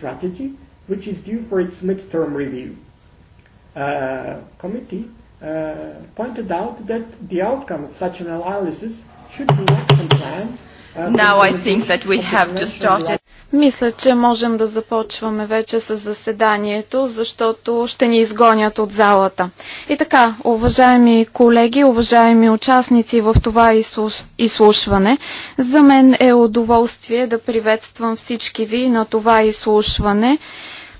strategy, which is due for its midterm review. Uh, committee uh, pointed out that the outcome of such an analysis should be an action plan. Uh, now I think that we have to start. It мисля, че можем да започваме вече с заседанието, защото ще ни изгонят от залата. И така, уважаеми колеги, уважаеми участници в това изслушване, за мен е удоволствие да приветствам всички ви на това изслушване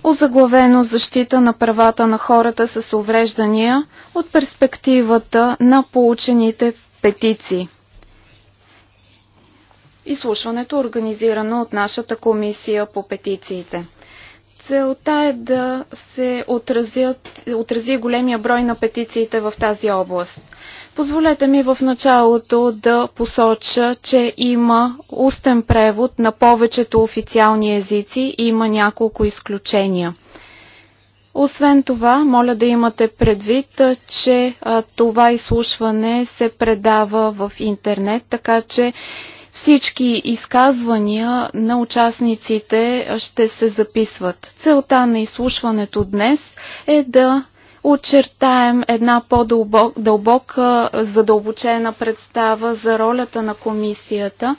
озаглавено защита на правата на хората с увреждания от перспективата на получените петиции изслушването, организирано от нашата комисия по петициите. Целта е да се отразят, отрази големия брой на петициите в тази област. Позволете ми в началото да посоча, че има устен превод на повечето официални езици и има няколко изключения. Освен това, моля да имате предвид, че това изслушване се предава в интернет, така че всички изказвания на участниците ще се записват. Целта на изслушването днес е да очертаем една по-дълбока, задълбочена представа за ролята на комисията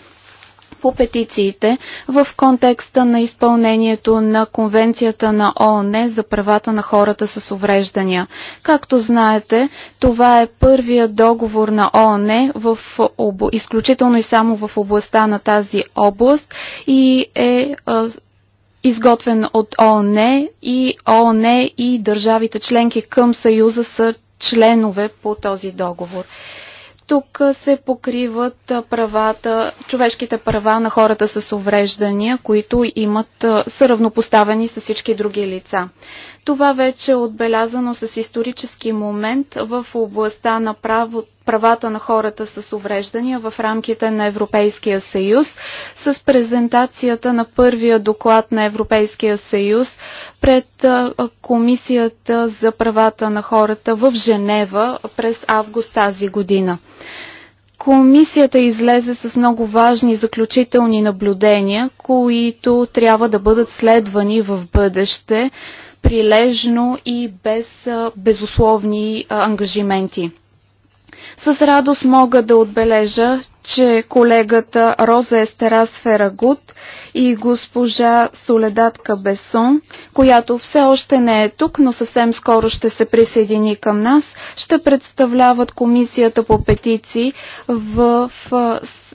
по петициите в контекста на изпълнението на Конвенцията на ООН за правата на хората с увреждания. Както знаете, това е първия договор на ООН в об... изключително и само в областта на тази област и е изготвен от ООН и ООН и държавите членки към Съюза са членове по този договор. Тук се покриват правата, човешките права на хората с увреждания, които имат, са равнопоставени с всички други лица. Това вече е отбелязано с исторически момент в областта на право, правата на хората с увреждания в рамките на Европейския съюз с презентацията на първия доклад на Европейския съюз пред Комисията за правата на хората в Женева през август тази година. Комисията излезе с много важни заключителни наблюдения, които трябва да бъдат следвани в бъдеще прилежно и без безусловни ангажименти. С радост мога да отбележа, че колегата Роза Естерас Ферагут и госпожа Соледат Кабесон, която все още не е тук, но съвсем скоро ще се присъедини към нас, ще представляват комисията по петиции в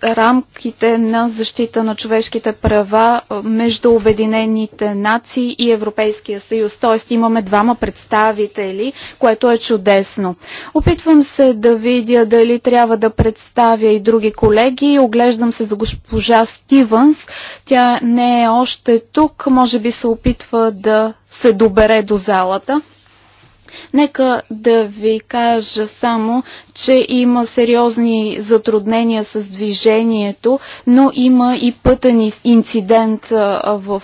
рамките на защита на човешките права между Обединените нации и Европейския съюз. Тоест имаме двама представители, което е чудесно. Опитвам се да видя дали трябва да представя и други колеги. Оглеждам се за госпожа Стивънс. Тя не е още тук, може би се опитва да се добере до залата. Нека да ви кажа само, че има сериозни затруднения с движението, но има и пътен инцидент в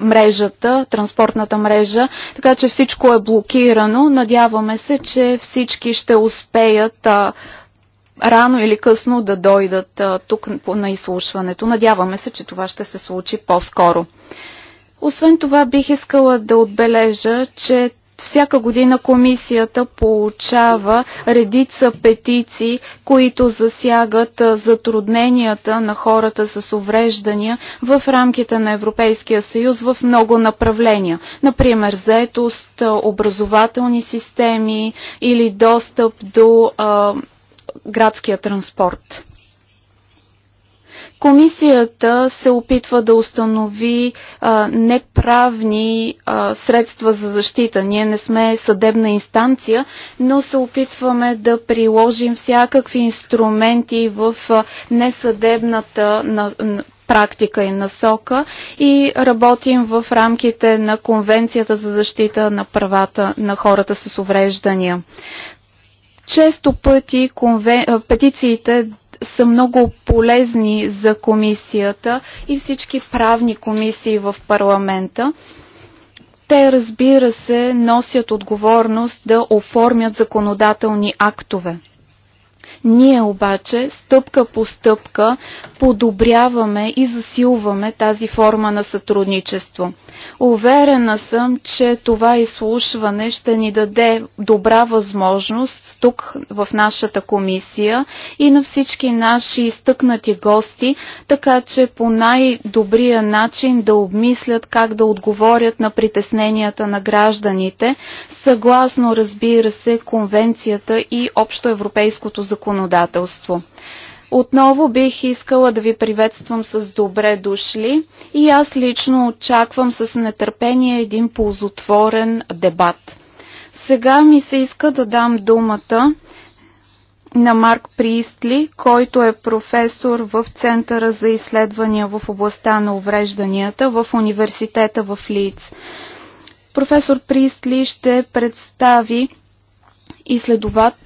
мрежата, транспортната мрежа, така че всичко е блокирано. Надяваме се, че всички ще успеят рано или късно да дойдат тук на изслушването. Надяваме се, че това ще се случи по-скоро. Освен това, бих искала да отбележа, че всяка година комисията получава редица петиции, които засягат затрудненията на хората с увреждания в рамките на Европейския съюз в много направления. Например, заетост, образователни системи или достъп до а, градския транспорт. Комисията се опитва да установи а, неправни а, средства за защита. Ние не сме съдебна инстанция, но се опитваме да приложим всякакви инструменти в а, несъдебната на, на, практика и насока и работим в рамките на Конвенцията за защита на правата на хората с увреждания. Често пъти конвен... петициите са много полезни за комисията и всички правни комисии в парламента. Те, разбира се, носят отговорност да оформят законодателни актове. Ние обаче стъпка по стъпка подобряваме и засилваме тази форма на сътрудничество. Уверена съм, че това изслушване ще ни даде добра възможност тук в нашата комисия и на всички наши изтъкнати гости, така че по най-добрия начин да обмислят как да отговорят на притесненията на гражданите, съгласно разбира се конвенцията и общоевропейското законодателство. Отново бих искала да ви приветствам с добре дошли и аз лично очаквам с нетърпение един ползотворен дебат. Сега ми се иска да дам думата на Марк Приистли, който е професор в Центъра за изследвания в областта на уврежданията в университета в Лиц. Професор Приистли ще представи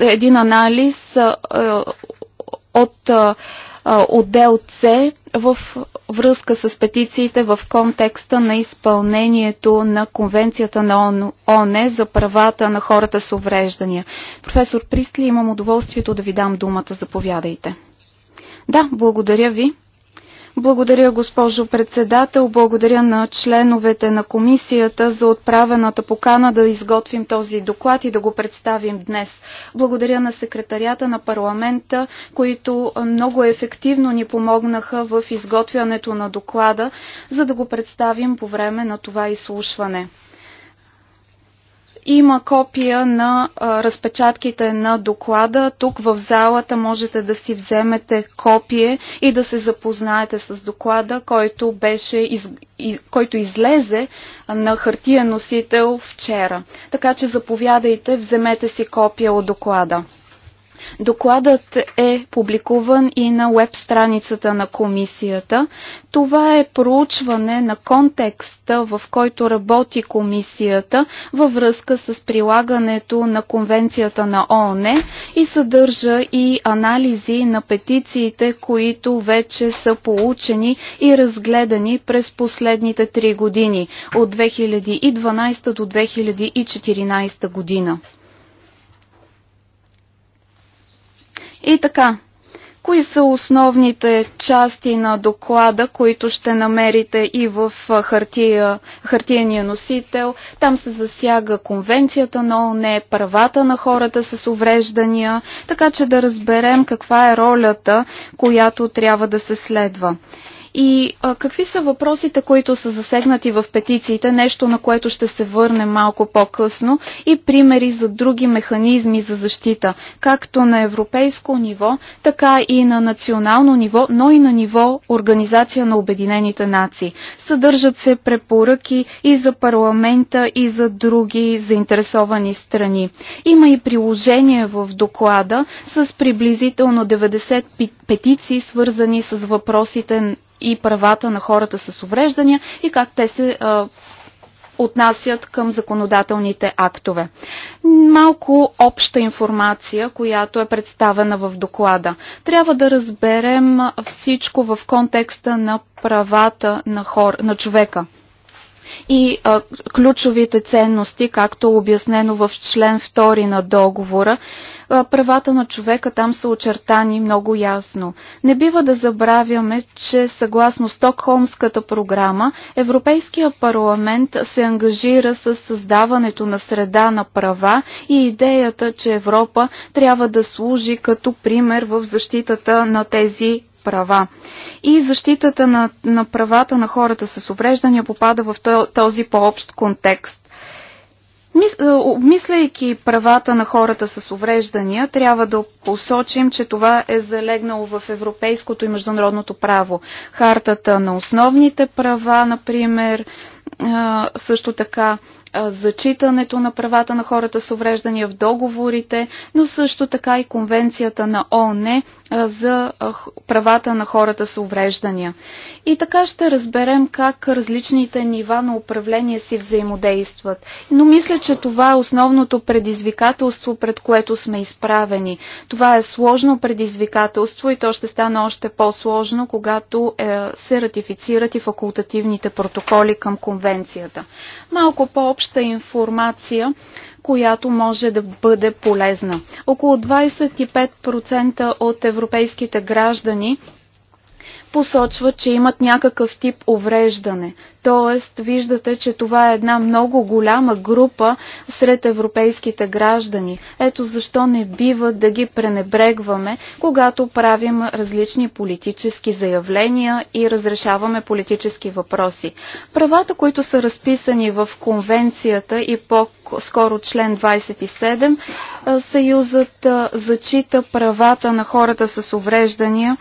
един анализ е, от отдел С в връзка с петициите в контекста на изпълнението на Конвенцията на ООН за правата на хората с увреждания. Професор Пристли, имам удоволствието да ви дам думата. Заповядайте. Да, благодаря ви. Благодаря, госпожо председател. Благодаря на членовете на комисията за отправената покана да изготвим този доклад и да го представим днес. Благодаря на секретарията на парламента, които много ефективно ни помогнаха в изготвянето на доклада, за да го представим по време на това изслушване. Има копия на разпечатките на доклада. Тук в залата можете да си вземете копие и да се запознаете с доклада, който, беше из, из, който излезе на хартия носител вчера. Така че заповядайте, вземете си копия от доклада. Докладът е публикуван и на веб страницата на комисията. Това е проучване на контекста, в който работи комисията във връзка с прилагането на Конвенцията на ООН и съдържа и анализи на петициите, които вече са получени и разгледани през последните три години от 2012 до 2014 година. И така, кои са основните части на доклада, които ще намерите и в хартия, хартияния носител. Там се засяга конвенцията на ООН, правата на хората с увреждания, така че да разберем каква е ролята, която трябва да се следва. И а, какви са въпросите, които са засегнати в петициите, нещо на което ще се върне малко по-късно и примери за други механизми за защита, както на европейско ниво, така и на национално ниво, но и на ниво Организация на Обединените нации. Съдържат се препоръки и за парламента, и за други заинтересовани страни. Има и приложение в доклада с приблизително 90 петиции, свързани с въпросите и правата на хората с увреждания и как те се а, отнасят към законодателните актове. Малко обща информация, която е представена в доклада. Трябва да разберем всичко в контекста на правата на, хор, на човека и а, ключовите ценности, както обяснено в член 2 на договора правата на човека там са очертани много ясно. Не бива да забравяме, че съгласно Стокхолмската програма, Европейския парламент се ангажира с създаването на среда на права и идеята, че Европа трябва да служи като пример в защитата на тези права. И защитата на, на правата на хората с увреждания попада в този по-общ контекст. Е, обмисляйки правата на хората с увреждания, трябва да посочим, че това е залегнало в европейското и международното право. Хартата на основните права, например, също така зачитането на правата на хората с увреждания в договорите, но също така и конвенцията на ООН за правата на хората с увреждания. И така ще разберем как различните нива на управление си взаимодействат. Но мисля, че това е основното предизвикателство, пред което сме изправени. Това е сложно предизвикателство и то ще стане още по-сложно, когато е, се ратифицират и факултативните протоколи към конвенцията. Малко по общо обща информация, която може да бъде полезна. Около 25% от европейските граждани посочват, че имат някакъв тип увреждане. Тоест, виждате, че това е една много голяма група сред европейските граждани. Ето защо не бива да ги пренебрегваме, когато правим различни политически заявления и разрешаваме политически въпроси. Правата, които са разписани в конвенцията и по-скоро член 27, Съюзът зачита правата на хората с увреждания,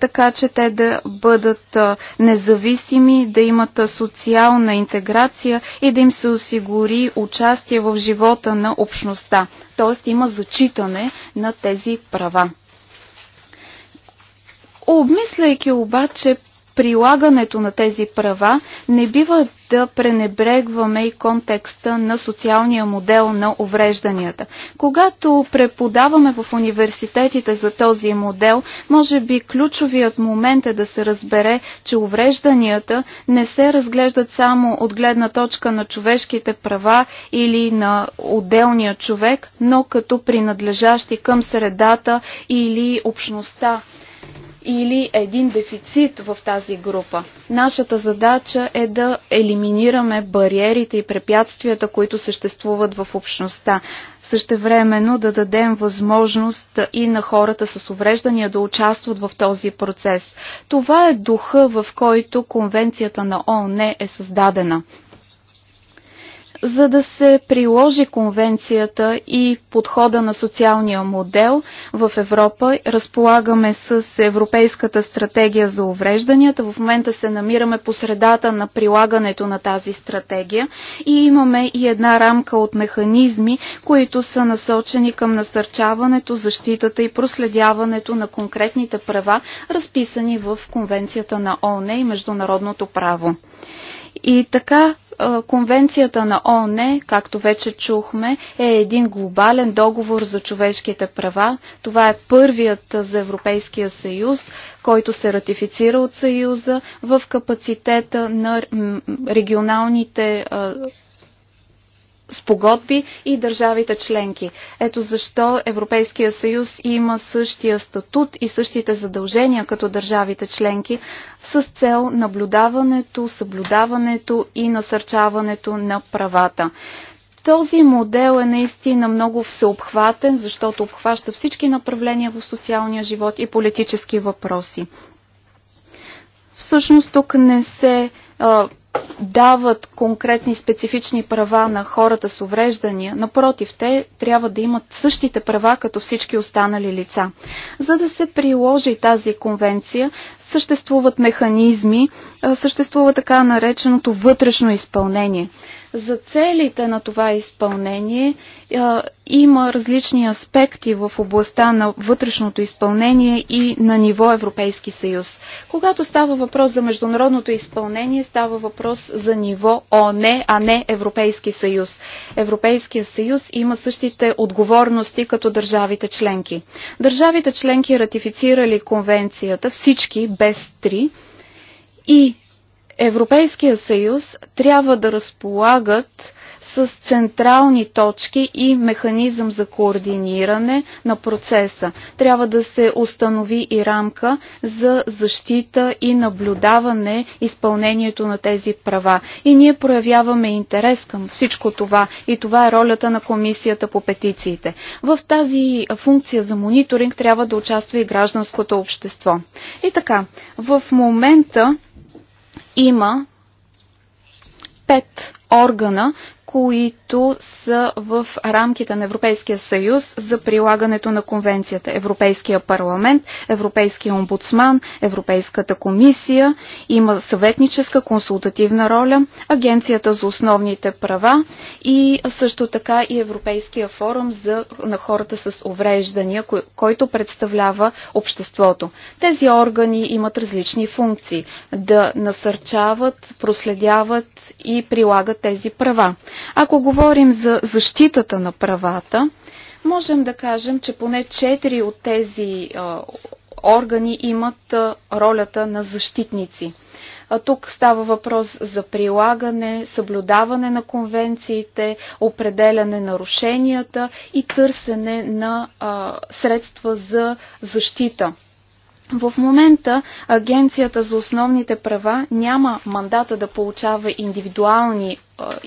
така че те да да бъдат независими, да имат социална интеграция и да им се осигури участие в живота на общността. Тоест има зачитане на тези права. Обмисляйки обаче прилагането на тези права не бива да пренебрегваме и контекста на социалния модел на уврежданията. Когато преподаваме в университетите за този модел, може би ключовият момент е да се разбере, че уврежданията не се разглеждат само от гледна точка на човешките права или на отделния човек, но като принадлежащи към средата или общността или един дефицит в тази група. Нашата задача е да елиминираме бариерите и препятствията, които съществуват в общността. Същевременно да дадем възможност и на хората с увреждания да участват в този процес. Това е духа, в който Конвенцията на ООН е създадена за да се приложи конвенцията и подхода на социалния модел в Европа. Разполагаме с Европейската стратегия за уврежданията. В момента се намираме по средата на прилагането на тази стратегия и имаме и една рамка от механизми, които са насочени към насърчаването, защитата и проследяването на конкретните права, разписани в Конвенцията на ОНЕ и международното право. И така Конвенцията на ООН, както вече чухме, е един глобален договор за човешките права. Това е първият за Европейския съюз, който се ратифицира от съюза в капацитета на регионалните спогодби и държавите членки. Ето защо Европейския съюз има същия статут и същите задължения като държавите членки с цел наблюдаването, съблюдаването и насърчаването на правата. Този модел е наистина много всеобхватен, защото обхваща всички направления в социалния живот и политически въпроси. Всъщност тук не се дават конкретни специфични права на хората с увреждания. Напротив, те трябва да имат същите права като всички останали лица. За да се приложи тази конвенция, съществуват механизми, съществува така нареченото вътрешно изпълнение. За целите на това изпълнение има различни аспекти в областта на вътрешното изпълнение и на ниво Европейски съюз. Когато става въпрос за международното изпълнение, става въпрос за ниво ОНЕ, а не Европейски съюз. Европейския съюз има същите отговорности като държавите членки. Държавите членки ратифицирали конвенцията, всички без три, и Европейския съюз трябва да разполагат с централни точки и механизъм за координиране на процеса. Трябва да се установи и рамка за защита и наблюдаване изпълнението на тези права. И ние проявяваме интерес към всичко това и това е ролята на Комисията по петициите. В тази функция за мониторинг трябва да участва и гражданското общество. И така, в момента има пет органа, които са в рамките на Европейския съюз за прилагането на конвенцията. Европейския парламент, Европейския омбудсман, Европейската комисия, има съветническа консултативна роля, Агенцията за основните права и също така и Европейския форум за, на хората с увреждания, кой, който представлява обществото. Тези органи имат различни функции да насърчават, проследяват и прилагат тези права. Ако говорим за защитата на правата, можем да кажем, че поне четири от тези а, органи имат а, ролята на защитници. А тук става въпрос за прилагане, съблюдаване на конвенциите, определяне нарушенията и търсене на а, средства за защита. В момента Агенцията за основните права няма мандата да получава индивидуални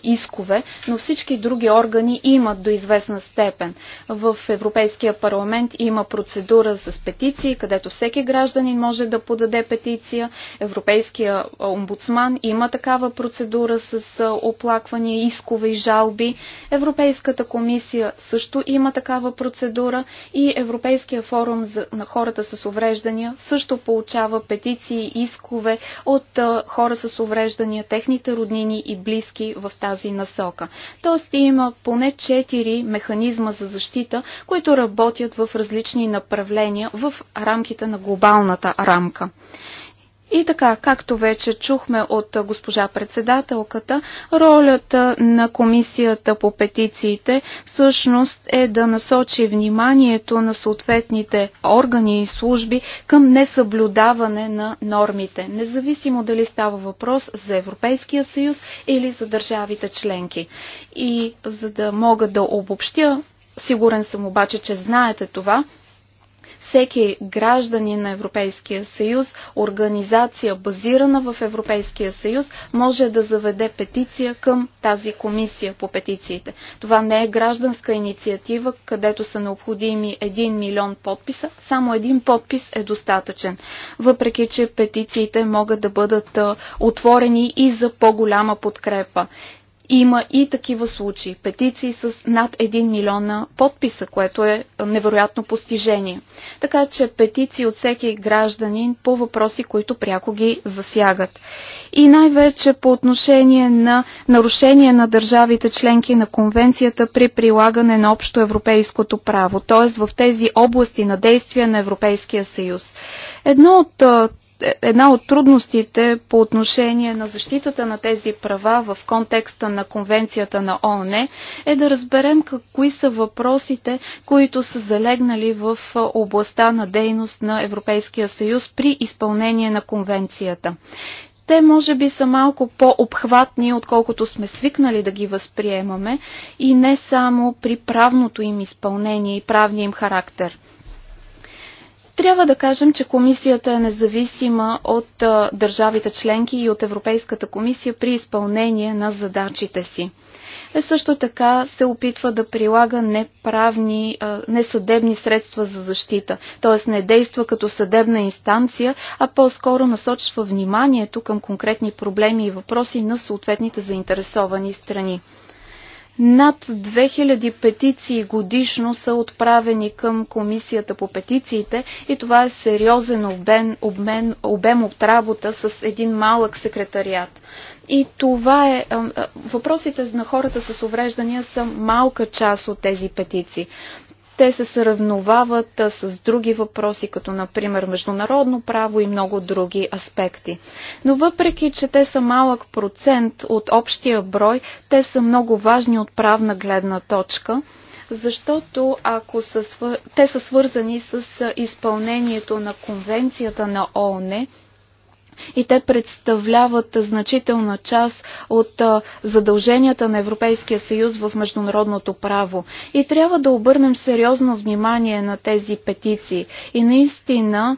искове, но всички други органи имат до известна степен. В Европейския парламент има процедура с петиции, където всеки гражданин може да подаде петиция. Европейския омбудсман има такава процедура с оплаквания, искове и жалби. Европейската комисия също има такава процедура и Европейския форум на хората с увреждания също получава петиции и искове от хора с увреждания, техните роднини и близки в тази насока. Тоест има поне 4 механизма за защита, които работят в различни направления в рамките на глобалната рамка. И така, както вече чухме от госпожа председателката, ролята на комисията по петициите всъщност е да насочи вниманието на съответните органи и служби към несъблюдаване на нормите, независимо дали става въпрос за Европейския съюз или за държавите членки. И за да мога да обобщя Сигурен съм обаче, че знаете това всеки гражданин на Европейския съюз, организация базирана в Европейския съюз, може да заведе петиция към тази комисия по петициите. Това не е гражданска инициатива, където са необходими 1 милион подписа. Само един подпис е достатъчен. Въпреки, че петициите могат да бъдат отворени и за по-голяма подкрепа. Има и такива случаи. Петиции с над 1 милиона подписа, което е невероятно постижение. Така че петиции от всеки гражданин по въпроси, които пряко ги засягат. И най-вече по отношение на нарушение на държавите членки на конвенцията при прилагане на общо европейското право, т.е. в тези области на действие на Европейския съюз. Едно от една от трудностите по отношение на защитата на тези права в контекста на конвенцията на ООН е да разберем как, кои са въпросите, които са залегнали в областта на дейност на Европейския съюз при изпълнение на конвенцията. Те може би са малко по-обхватни, отколкото сме свикнали да ги възприемаме и не само при правното им изпълнение и правния им характер. Трябва да кажем, че комисията е независима от държавите членки и от Европейската комисия при изпълнение на задачите си. Е също така се опитва да прилага неправни, несъдебни средства за защита, т.е. не действа като съдебна инстанция, а по-скоро насочва вниманието към конкретни проблеми и въпроси на съответните заинтересовани страни. Над 2000 петиции годишно са отправени към Комисията по петициите и това е сериозен обмен, обмен, обем от работа с един малък секретариат. И това е. Въпросите на хората с увреждания са малка част от тези петиции те се сравновават с други въпроси, като например международно право и много други аспекти. Но въпреки, че те са малък процент от общия брой, те са много важни от правна гледна точка защото ако са, те са свързани с изпълнението на Конвенцията на ООН и те представляват значителна част от задълженията на Европейския съюз в международното право. И трябва да обърнем сериозно внимание на тези петиции. И наистина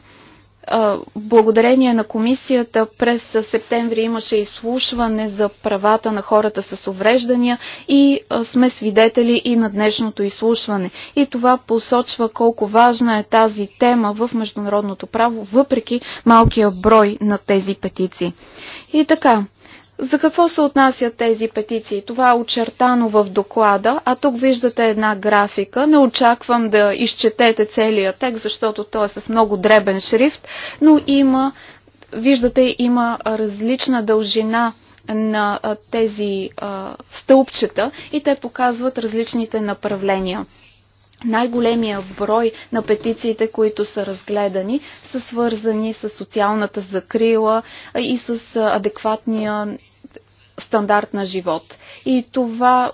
благодарение на комисията през септември имаше изслушване за правата на хората с увреждания и сме свидетели и на днешното изслушване. И това посочва колко важна е тази тема в международното право, въпреки малкия брой на тези петиции. И така, за какво се отнасят тези петиции? Това е очертано в доклада, а тук виждате една графика. Не очаквам да изчетете целия текст, защото той е с много дребен шрифт, но има, виждате, има различна дължина на тези а, стълбчета и те показват различните направления. Най-големия брой на петициите, които са разгледани, са свързани с социалната закрила и с адекватния стандарт на живот. И това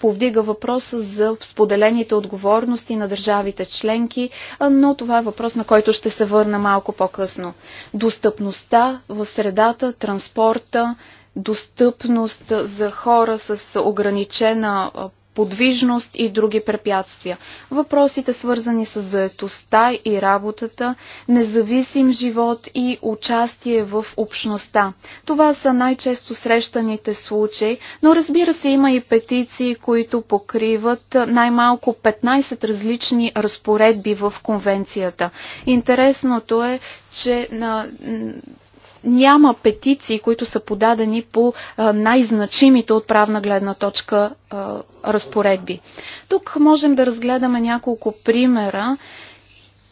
повдига въпроса за споделените отговорности на държавите членки, но това е въпрос, на който ще се върна малко по-късно. Достъпността в средата, транспорта, достъпност за хора с ограничена подвижност и други препятствия. Въпросите свързани с заетостта и работата, независим живот и участие в общността. Това са най-често срещаните случаи, но разбира се има и петиции, които покриват най-малко 15 различни разпоредби в конвенцията. Интересното е, че на няма петиции, които са подадени по най-значимите от правна гледна точка разпоредби. Тук можем да разгледаме няколко примера,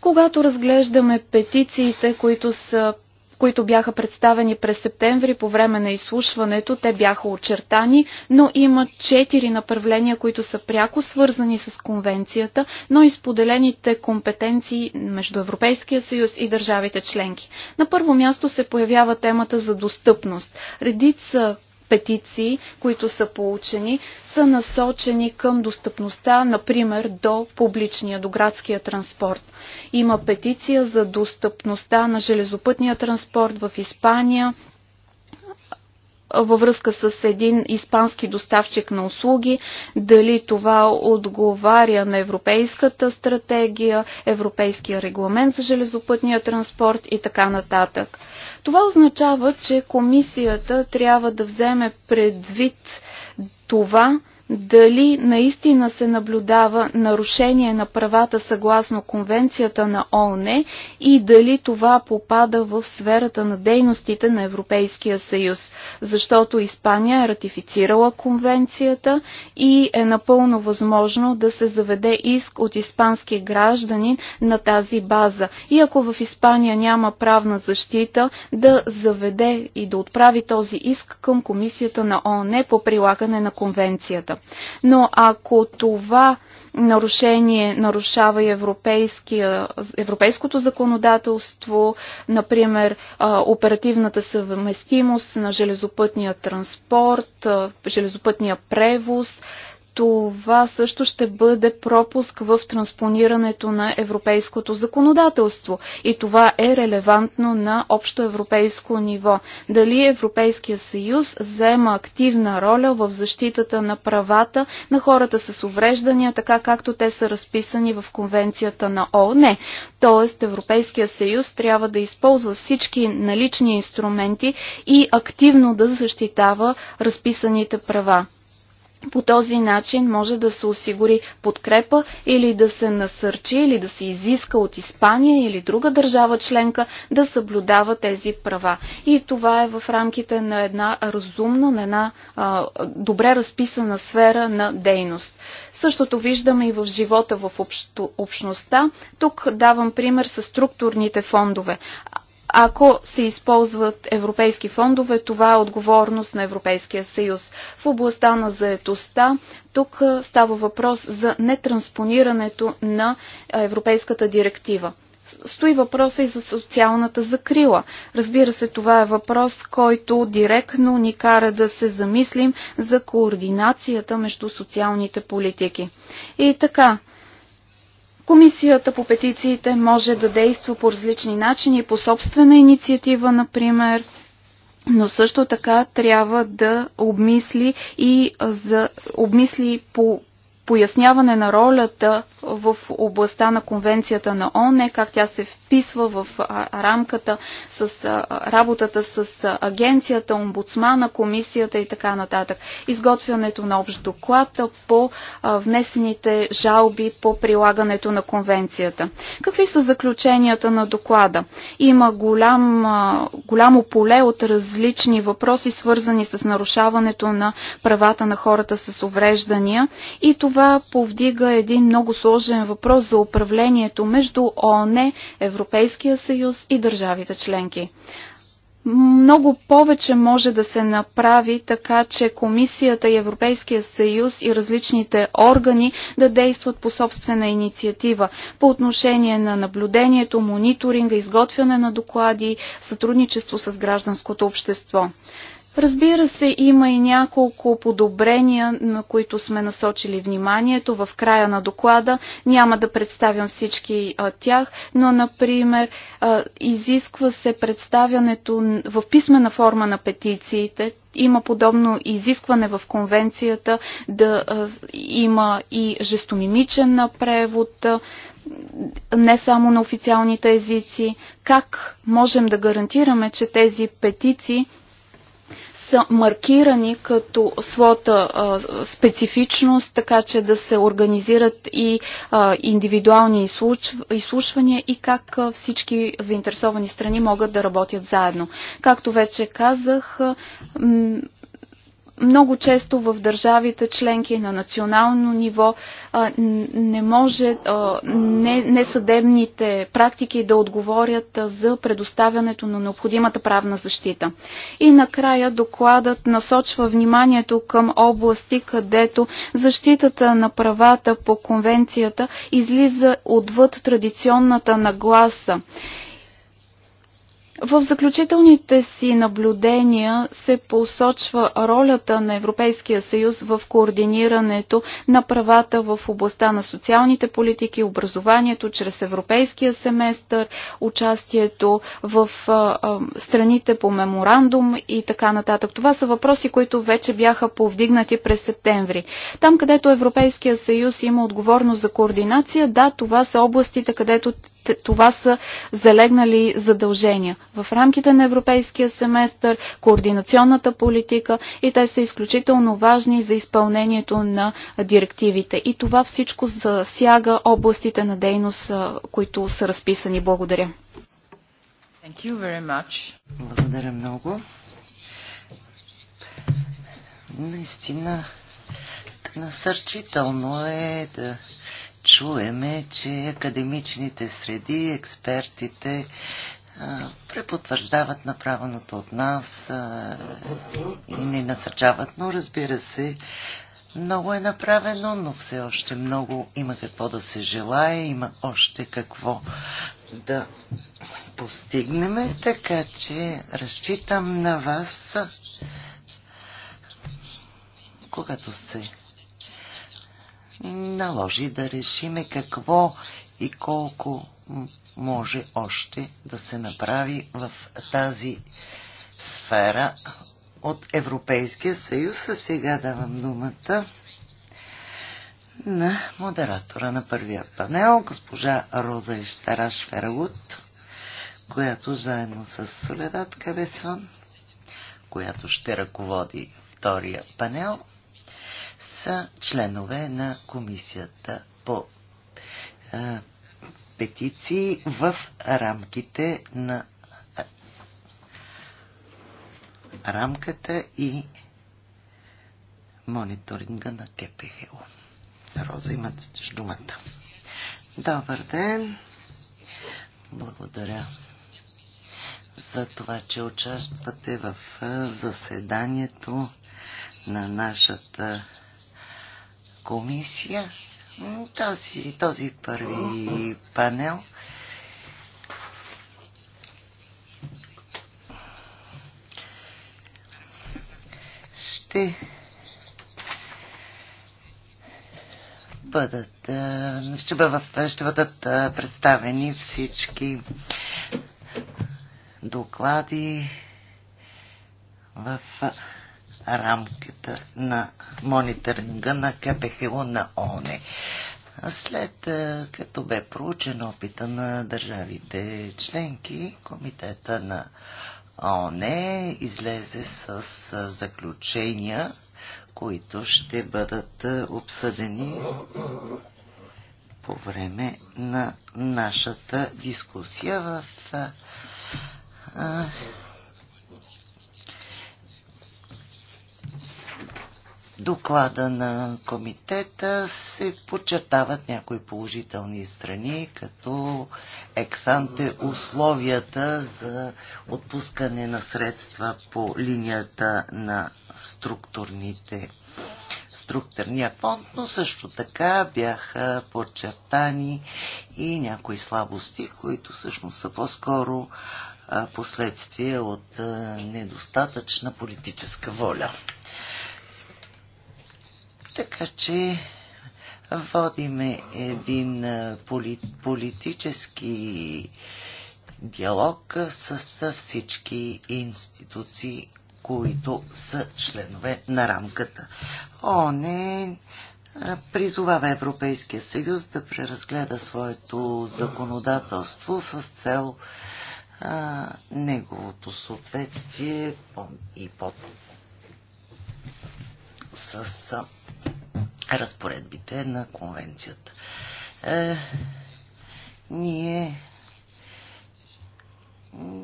когато разглеждаме петициите, които са които бяха представени през септември по време на изслушването. Те бяха очертани, но има четири направления, които са пряко свързани с конвенцията, но и споделените компетенции между Европейския съюз и държавите членки. На първо място се появява темата за достъпност. Редица петиции, които са получени, са насочени към достъпността, например, до публичния, до градския транспорт. Има петиция за достъпността на железопътния транспорт в Испания, във връзка с един испански доставчик на услуги, дали това отговаря на европейската стратегия, европейския регламент за железопътния транспорт и така нататък. Това означава, че комисията трябва да вземе предвид това, дали наистина се наблюдава нарушение на правата съгласно Конвенцията на ООН и дали това попада в сферата на дейностите на Европейския съюз, защото Испания е ратифицирала Конвенцията и е напълно възможно да се заведе иск от испански гражданин на тази база. И ако в Испания няма правна защита, да заведе и да отправи този иск към Комисията на ООН по прилагане на Конвенцията. Но ако това нарушение нарушава и европейското законодателство, например оперативната съвместимост на железопътния транспорт, железопътния превоз, това също ще бъде пропуск в транспонирането на европейското законодателство и това е релевантно на общо европейско ниво. Дали Европейския съюз взема активна роля в защитата на правата на хората с увреждания, така както те са разписани в конвенцията на ООН. Тоест Европейския съюз трябва да използва всички налични инструменти и активно да защитава разписаните права. По този начин може да се осигури подкрепа или да се насърчи или да се изиска от Испания или друга държава членка да съблюдава тези права. И това е в рамките на една разумна, на една а, добре разписана сфера на дейност. Същото виждаме и в живота в общо, общността. Тук давам пример с структурните фондове. Ако се използват европейски фондове, това е отговорност на Европейския съюз. В областта на заетостта, тук става въпрос за нетранспонирането на Европейската директива стои въпроса и за социалната закрила. Разбира се, това е въпрос, който директно ни кара да се замислим за координацията между социалните политики. И така, Комисията по петициите може да действа по различни начини, по собствена инициатива, например, но също така трябва да обмисли и за, обмисли по поясняване на ролята в областта на конвенцията на ОНЕ, как тя се вписва в рамката с работата с агенцията, омбудсмана, комисията и така нататък. Изготвянето на общ доклад по внесените жалби по прилагането на конвенцията. Какви са заключенията на доклада? Има голям, голямо поле от различни въпроси, свързани с нарушаването на правата на хората с увреждания и това това повдига един много сложен въпрос за управлението между ООН, Европейския съюз и държавите членки много повече може да се направи така, че Комисията и Европейския съюз и различните органи да действат по собствена инициатива по отношение на наблюдението, мониторинга, изготвяне на доклади, сътрудничество с гражданското общество. Разбира се, има и няколко подобрения, на които сме насочили вниманието в края на доклада. Няма да представям всички а, тях, но, например, а, изисква се представянето в писмена форма на петициите. Има подобно изискване в конвенцията да а, има и жестомимичен превод не само на официалните езици, как можем да гарантираме, че тези петиции са маркирани като своята а, специфичност, така че да се организират и а, индивидуални изслушвания и как а, всички заинтересовани страни могат да работят заедно. Както вече казах, много често в държавите членки на национално ниво не може несъдебните не практики да отговорят за предоставянето на необходимата правна защита. И накрая докладът насочва вниманието към области, където защитата на правата по конвенцията излиза отвъд традиционната нагласа в заключителните си наблюдения се посочва ролята на Европейския съюз в координирането на правата в областта на социалните политики, образованието чрез Европейския семестър, участието в а, а, страните по меморандум и така нататък. Това са въпроси, които вече бяха повдигнати през септември. Там, където Европейския съюз има отговорност за координация, да, това са областите, където това са залегнали задължения в рамките на европейския семестър, координационната политика и те са изключително важни за изпълнението на директивите. И това всичко засяга областите на дейност, които са разписани. Благодаря. Благодаря много. Наистина насърчително е да чуеме, че академичните среди, експертите препотвърждават направеното от нас и ни насърчават. Но разбира се, много е направено, но все още много има какво да се желая, има още какво да постигнем, така че разчитам на вас, когато се наложи да решиме какво и колко може още да се направи в тази сфера от Европейския съюз. А сега давам думата на модератора на първия панел, госпожа Роза Ищараш Ферагут, която заедно с Соледат Кабесон, която ще ръководи втория панел, са членове на комисията по а, петиции в рамките на а, рамката и мониторинга на КПХО. Роза, имате думата. Добър ден! Благодаря за това, че участвате в заседанието на нашата комисия. Този, този първи панел ще бъдат, ще бъдат, ще бъдат представени всички доклади в рамката на мониторинга на КПХО на ОНЕ. След е, като бе проучен опита на държавите членки, комитета на ОНЕ излезе с е, заключения, които ще бъдат е, обсъдени по време на нашата дискусия в доклада на комитета се подчертават някои положителни страни, като ексанте условията за отпускане на средства по линията на структурните структурния фонд, но също така бяха подчертани и някои слабости, които всъщност са по-скоро последствия от недостатъчна политическа воля. Така че водиме един политически диалог с всички институции, които са членове на рамката. ОНЕ призовава Европейския съюз да преразгледа своето законодателство с цел а, неговото съответствие и под с разпоредбите на конвенцията. Е, ние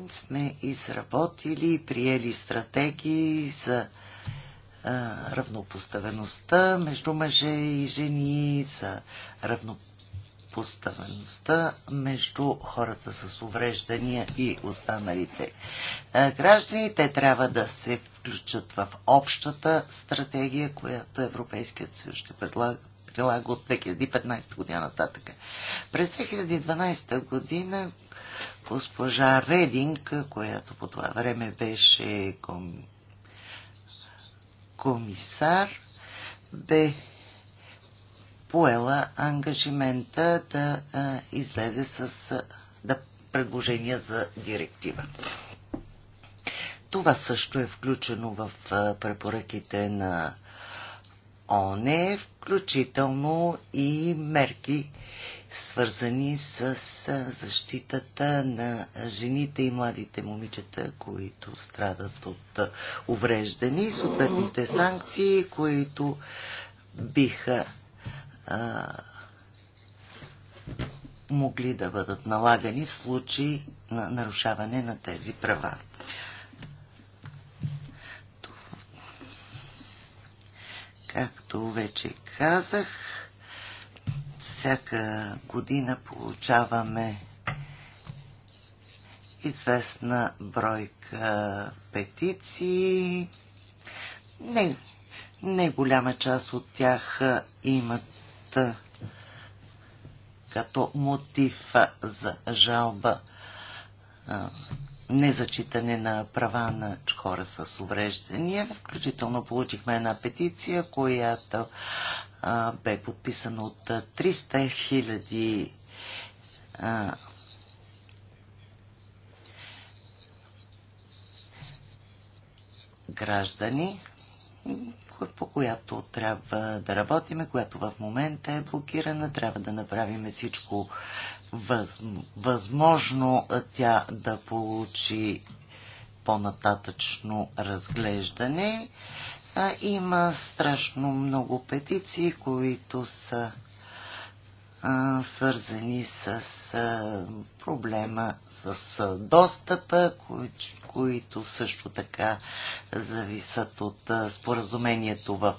сме изработили и приели стратегии за е, равнопоставеността между мъже и жени, за равнопоставеността между хората с увреждания и останалите е, граждани. Те трябва да се включат в общата стратегия, която Европейският съюз ще предлага прилага от 2015 година нататък. През 2012 година госпожа Рединг, която по това време беше ком... комисар, бе поела ангажимента да а, излезе с а, да предложения за директива. Това също е включено в препоръките на ОНЕ, включително и мерки, свързани с защитата на жените и младите момичета, които страдат от увреждани и съответните санкции, които биха а, могли да бъдат налагани в случай на нарушаване на тези права. Както вече казах, всяка година получаваме известна бройка петиции. Не, не голяма част от тях имат като мотив за жалба незачитане на права на хора с увреждания. Включително получихме една петиция, която а, бе подписана от 300 хиляди граждани, по която трябва да работиме, която в момента е блокирана. Трябва да направим всичко възможно тя да получи по-нататъчно разглеждане. Има страшно много петиции, които са свързани с проблема с достъпа, които също така зависят от споразумението в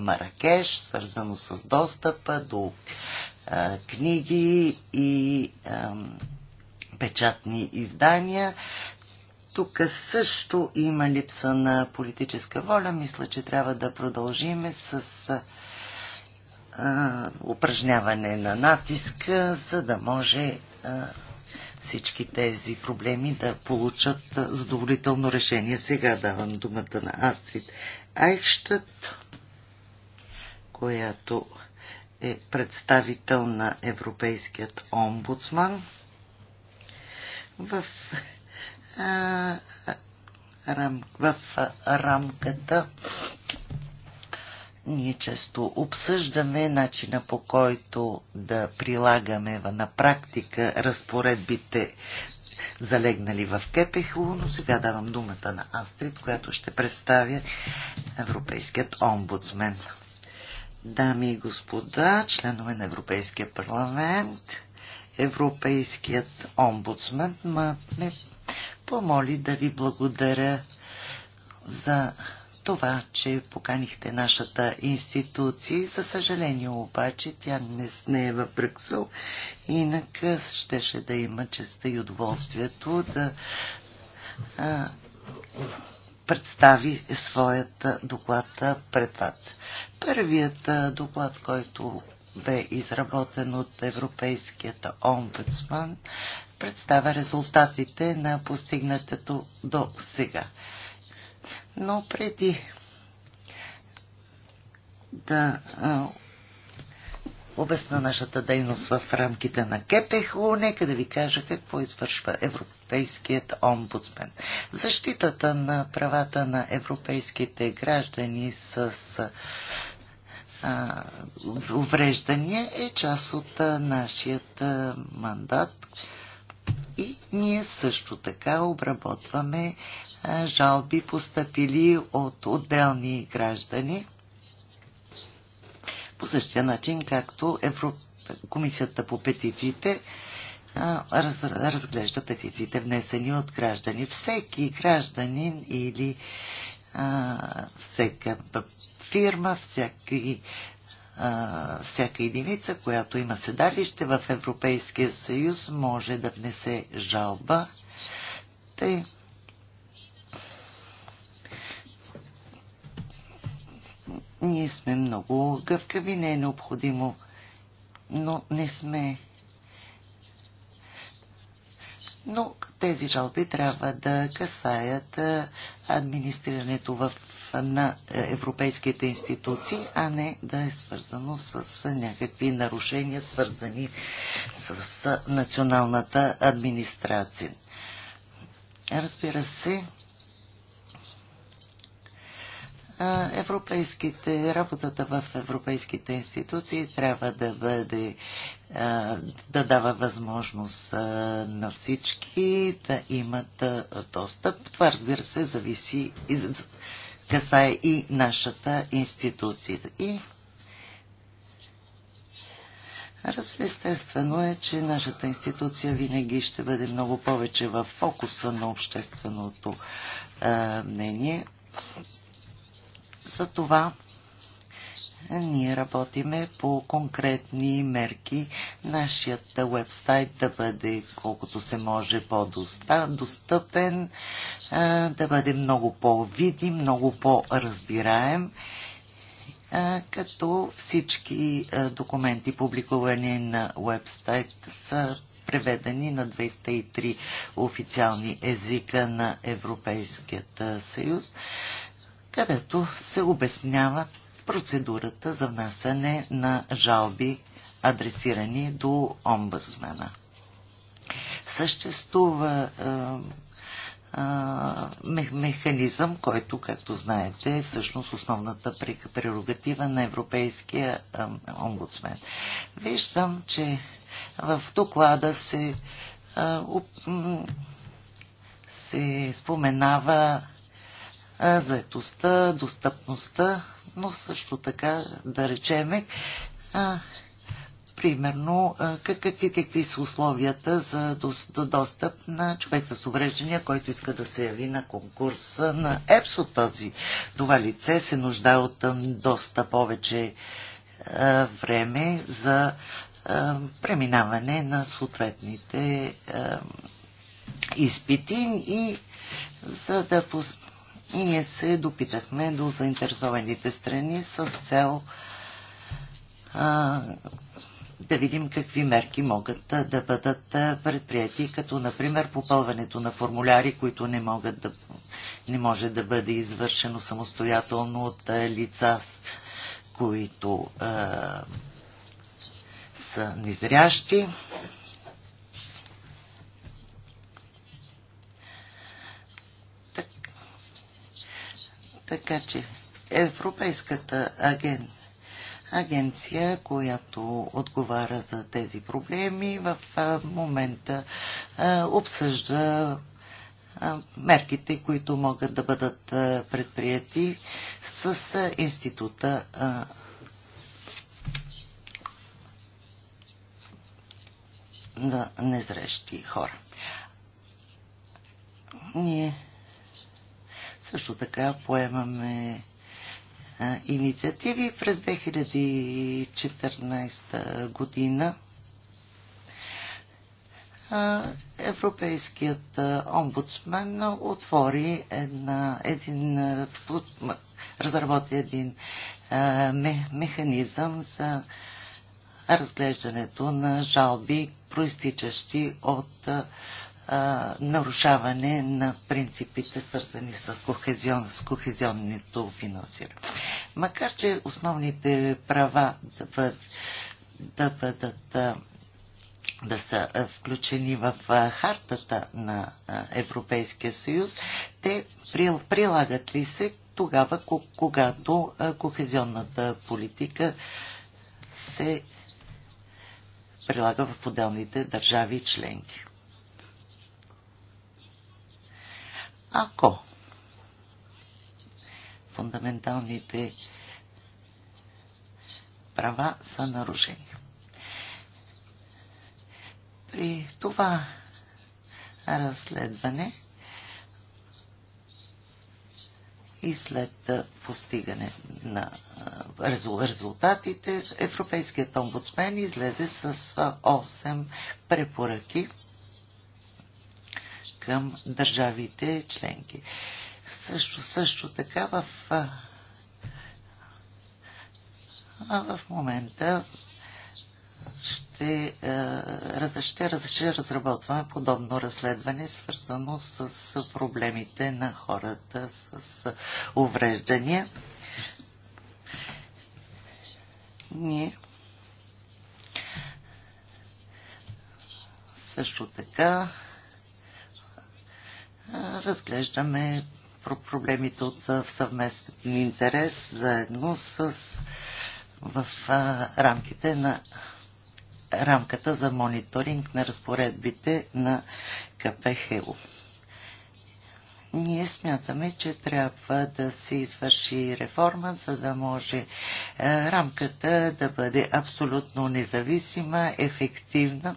Маракеш, свързано с достъпа до книги и а, печатни издания. Тук също има липса на политическа воля. Мисля, че трябва да продължим с а, упражняване на натиска, за да може а, всички тези проблеми да получат задоволително решение. Сега давам думата на Астрид Айхштът, която е представител на Европейският омбудсман. В, а, рам, в рамката ние често обсъждаме начина по който да прилагаме на практика разпоредбите залегнали в КПХУ, но сега давам думата на Астрид, която ще представя Европейският омбудсмен. Дами и господа, членове на Европейския парламент, Европейският омбудсмен ме помоли да ви благодаря за това, че поканихте нашата институция. За съжаление обаче тя не, не е в Брюксел. Инак щеше да има честа и удоволствието да а, представи своят доклад пред вас. Първият доклад, който бе изработен от Европейският омбудсман, представя резултатите на постигнатото до сега. Но преди да обясна нашата дейност в рамките на КПХО, нека да ви кажа какво извършва Европейският омбудсмен. Защитата на правата на европейските граждани с а, увреждания е част от а, нашият а, мандат и ние също така обработваме жалби, постъпили от отделни граждани по същия начин, както Европ... Комисията по петициите раз... разглежда петициите, внесени от граждани. Всеки гражданин или а, всека фирма, всяки всяка единица, която има седалище в Европейския съюз, може да внесе жалба, тъй Ние сме много гъвкави, не е необходимо, но не сме. Но тези жалби трябва да касаят администрирането в, на европейските институции, а не да е свързано с някакви нарушения, свързани с националната администрация. Разбира се, европейските, работата в европейските институции трябва да бъде да дава възможност на всички да имат достъп. Това разбира се зависи и касае и нашата институция. И Естествено е, че нашата институция винаги ще бъде много повече в фокуса на общественото а, мнение. За това ние работиме по конкретни мерки. Нашият вебсайт да бъде колкото се може по-достъпен, да бъде много по-видим, много по-разбираем, като всички документи, публикувани на вебсайт, са преведени на 203 официални езика на Европейският съюз където се обяснява процедурата за внасяне на жалби, адресирани до омбъсмена. Съществува механизъм, който, както знаете, е всъщност основната прерогатива на Европейския омбудсмен. Виждам, че в доклада се, се споменава заетостта, достъпността, но също така да речеме примерно какви, какви са условията за достъп на човек с увреждания, който иска да се яви на конкурс на ЕПСО този. Това лице се нуждае от доста повече време за преминаване на съответните изпити и за да пусне и ние се допитахме до заинтересованите страни с цел а, да видим какви мерки могат да бъдат предприяти, като например попълването на формуляри, които не, могат да, не може да бъде извършено самостоятелно от лица, които а, са незрящи. Така че Европейската аген... агенция, която отговаря за тези проблеми, в момента обсъжда мерките, които могат да бъдат предприяти с института на незрещи хора. Ние също така поемаме а, инициативи през 2014 година. Европейският омбудсмен отвори една, един, разработи един механизъм за разглеждането на жалби, проистичащи от а, нарушаване на принципите, свързани с, кохезион, с кохезионното финансиране. Макар, че основните права да бъдат, да, бъдат, да са включени в хартата на Европейския съюз, те прилагат ли се тогава, когато кохезионната политика се прилага в отделните държави и членки. ако фундаменталните права са нарушени. При това разследване и след постигане на резултатите, Европейският омбудсмен излезе с 8 препоръки към държавите членки. Също, също така в, в момента ще, ще, ще разработваме подобно разследване, свързано с проблемите на хората с увреждания. Ние също така разглеждаме проблемите от съвместен интерес заедно с в а, рамките на рамката за мониторинг на разпоредбите на КПХУ. Ние смятаме, че трябва да се извърши реформа, за да може рамката да бъде абсолютно независима, ефективна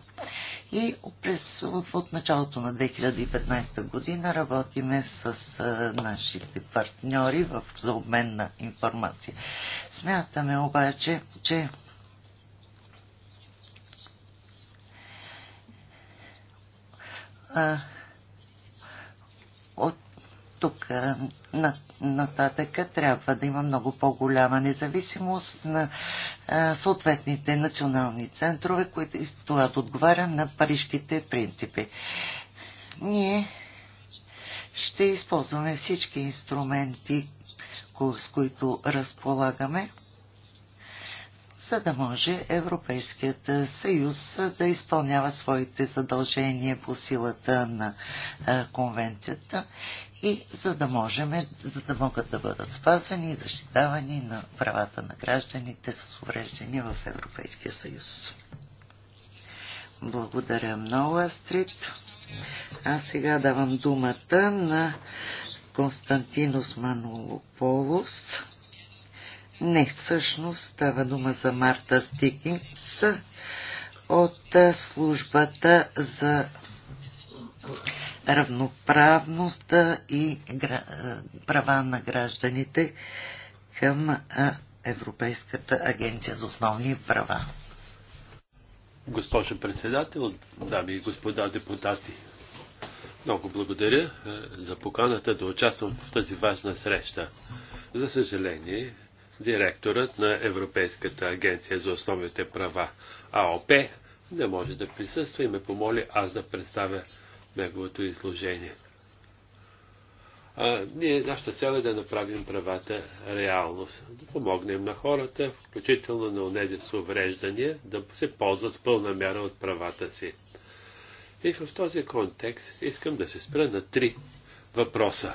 и през, от, от началото на 2015 година работиме с а, нашите партньори в, за обмен на информация. Смятаме обаче, че а, от тук на нататък трябва да има много по-голяма независимост на а, съответните национални центрове, които и това да отговаря на парижките принципи. Ние ще използваме всички инструменти, с които разполагаме, за да може Европейският съюз да изпълнява своите задължения по силата на конвенцията и за да можем, за да могат да бъдат спазвани и защитавани на правата на гражданите с увреждания в Европейския съюз. Благодаря много, Астрид. А сега давам думата на Константинос Манулополос. Не, всъщност става дума за Марта Стикинс от службата за равноправността и права на гражданите към Европейската агенция за основни права. Госпожо председател, дами и господа депутати, много благодаря за поканата да участвам в тази важна среща. За съжаление, директорът на Европейската агенция за основните права АОП не може да присъства и ме помоли аз да представя неговото изложение. А, ние, нашата цел е да направим правата реалност, да помогнем на хората, включително на тези с увреждания, да се ползват в пълна мяра от правата си. И в този контекст искам да се спра на три въпроса.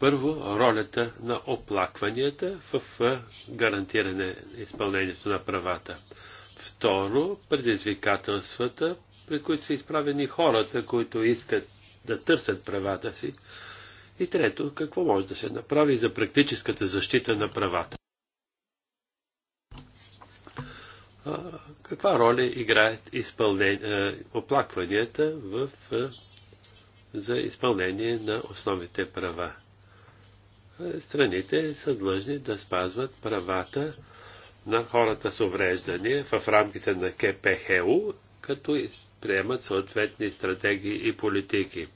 Първо, ролята на оплакванията в гарантиране изпълнението на правата. Второ, предизвикателствата пред които са изправени хората, които искат да търсят правата си. И трето, какво може да се направи за практическата защита на правата? каква роля играят оплакванията в, за изпълнение на основните права. Страните са длъжни да спазват правата на хората с увреждания в рамките на КПХУ като приемат съответни стратегии и политики.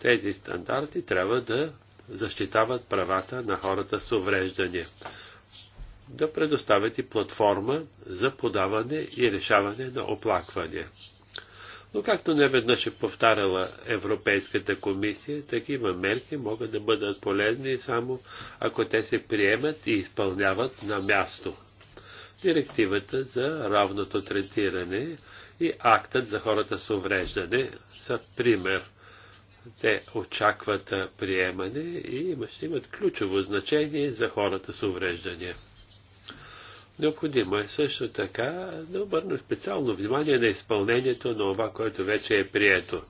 Тези стандарти трябва да защитават правата на хората с увреждания, да предоставят и платформа за подаване и решаване на оплаквания. Но както не веднъж е повтаряла Европейската комисия, такива мерки могат да бъдат полезни само ако те се приемат и изпълняват на място директивата за равното третиране и актът за хората с увреждане са пример. Те очакват приемане и ще имат ключово значение за хората с увреждане. Необходимо е също така да обърна специално внимание на изпълнението на това, което вече е прието.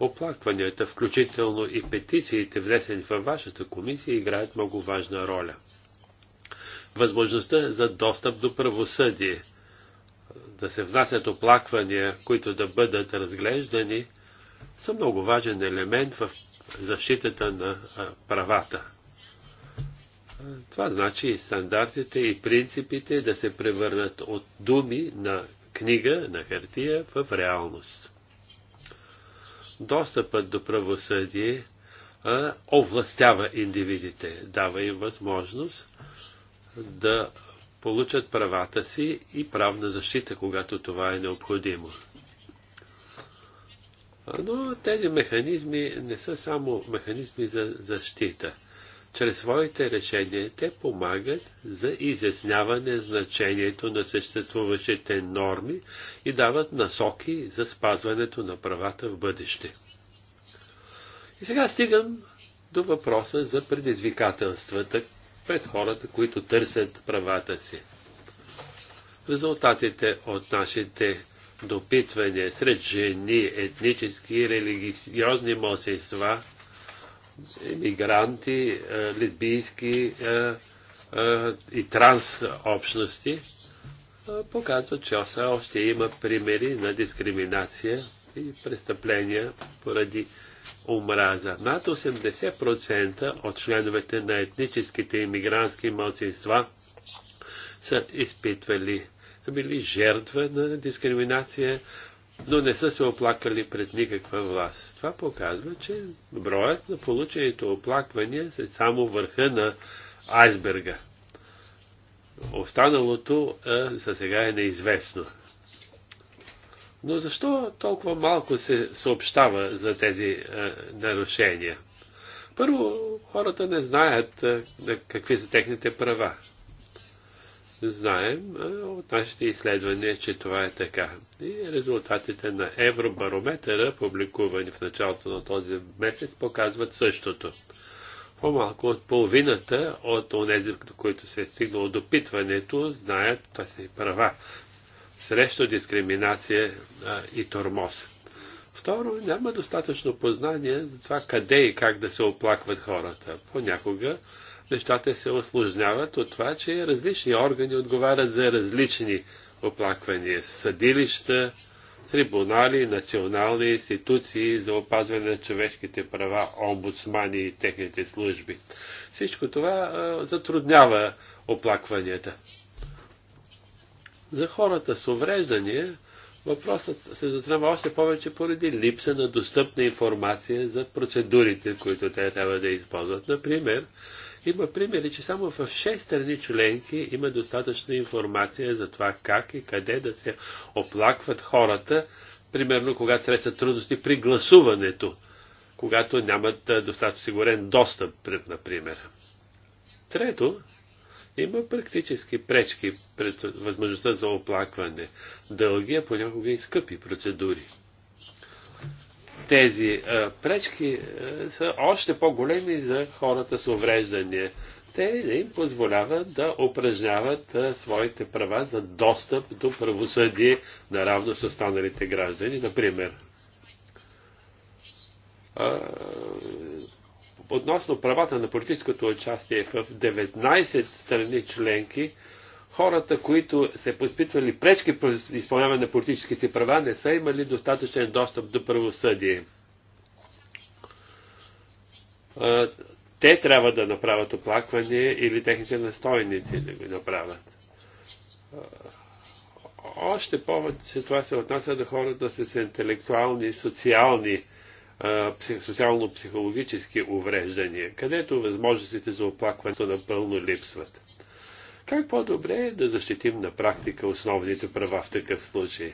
Оплакванията, включително и петициите, внесени във вашата комисия, играят много важна роля възможността за достъп до правосъдие, да се внасят оплаквания, които да бъдат разглеждани, са много важен елемент в защитата на правата. Това значи и стандартите, и принципите да се превърнат от думи на книга, на хартия в реалност. Достъпът до правосъдие овластява индивидите, дава им възможност да получат правата си и правна защита, когато това е необходимо. Но тези механизми не са само механизми за защита. Чрез своите решения те помагат за изясняване значението на съществуващите норми и дават насоки за спазването на правата в бъдеще. И сега стигам до въпроса за предизвикателствата, пред хората, които търсят правата си. Резултатите от нашите допитвания сред жени, етнически и религиозни младсинства, иммигранти, е, лесбийски е, е, и транс общности, показват, че все още има примери на дискриминация и престъпления поради омраза. Над 80% от членовете на етническите иммигрантски младсинства са изпитвали, са били жертва на дискриминация, но не са се оплакали пред никаква власт. Това показва, че броят на получените оплаквания е само върха на айсберга. Останалото за сега е неизвестно. Но защо толкова малко се съобщава за тези а, е, нарушения? Първо, хората не знаят е, а, какви са техните права. Знаем а, е, от нашите изследвания, че това е така. И резултатите на Евробарометъра, публикувани в началото на този месец, показват същото. По-малко от половината от тези, които се е стигнало до питването, знаят тези права срещу дискриминация а, и тормоз. Второ, няма достатъчно познание за това къде и как да се оплакват хората. Понякога нещата се осложняват от това, че различни органи отговарят за различни оплаквания. Съдилища, трибунали, национални институции за опазване на човешките права, омбудсмани и техните служби. Всичко това а, затруднява оплакванията. За хората с увреждания въпросът се затрема още повече поради липса на достъпна информация за процедурите, които те трябва да използват. Например, има примери, че само в 6 страни членки има достатъчна информация за това как и къде да се оплакват хората, примерно когато срещат трудности при гласуването, когато нямат достатъчно сигурен достъп, например. Трето, има практически пречки пред възможността за оплакване. Дългия понякога и скъпи процедури. Тези а, пречки а, са още по-големи за хората с увреждания. Те им позволяват да упражняват а, своите права за достъп до правосъдие наравно с останалите граждани, например относно правата на политическото участие в 19 страни членки, хората, които се поспитвали пречки по изпълняване на политически си права, не са имали достатъчен достъп до правосъдие. Те трябва да направят оплакване или техните настойници да го направят. Още повече това се отнася до хората с интелектуални и социални социално-психологически увреждания, където възможностите за оплакването напълно липсват. Как по-добре е да защитим на практика основните права в такъв случай?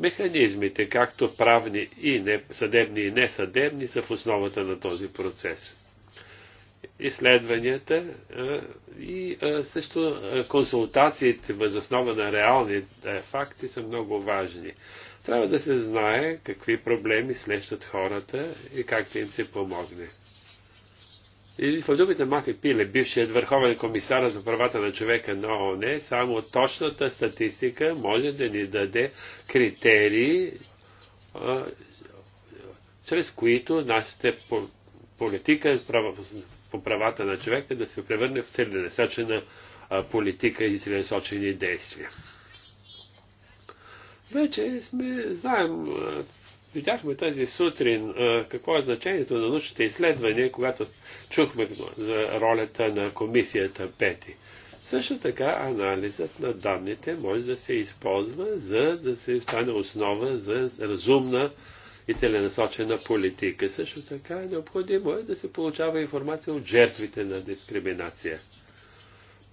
Механизмите, както правни и не, съдебни и несъдебни, са в основата на този процес. Изследванията а, и а, също а, консултациите въз основа на реални факти са много важни. Трябва да се знае какви проблеми срещат хората и как да им се помогне. И в думите Мати Пиле, бившият върховен комисар за правата на човека на ООН, само точната статистика може да ни даде критерии, а, чрез които нашата политика по правата на човека да се превърне в целенасочена политика и целенасочени действия. Вече сме, знаем, видяхме тази сутрин какво е значението на научните изследвания, когато чухме за ролята на комисията Пети. Също така анализът на данните може да се използва, за да се стане основа за разумна и целенасочена политика. Също така е необходимо е да се получава информация от жертвите на дискриминация.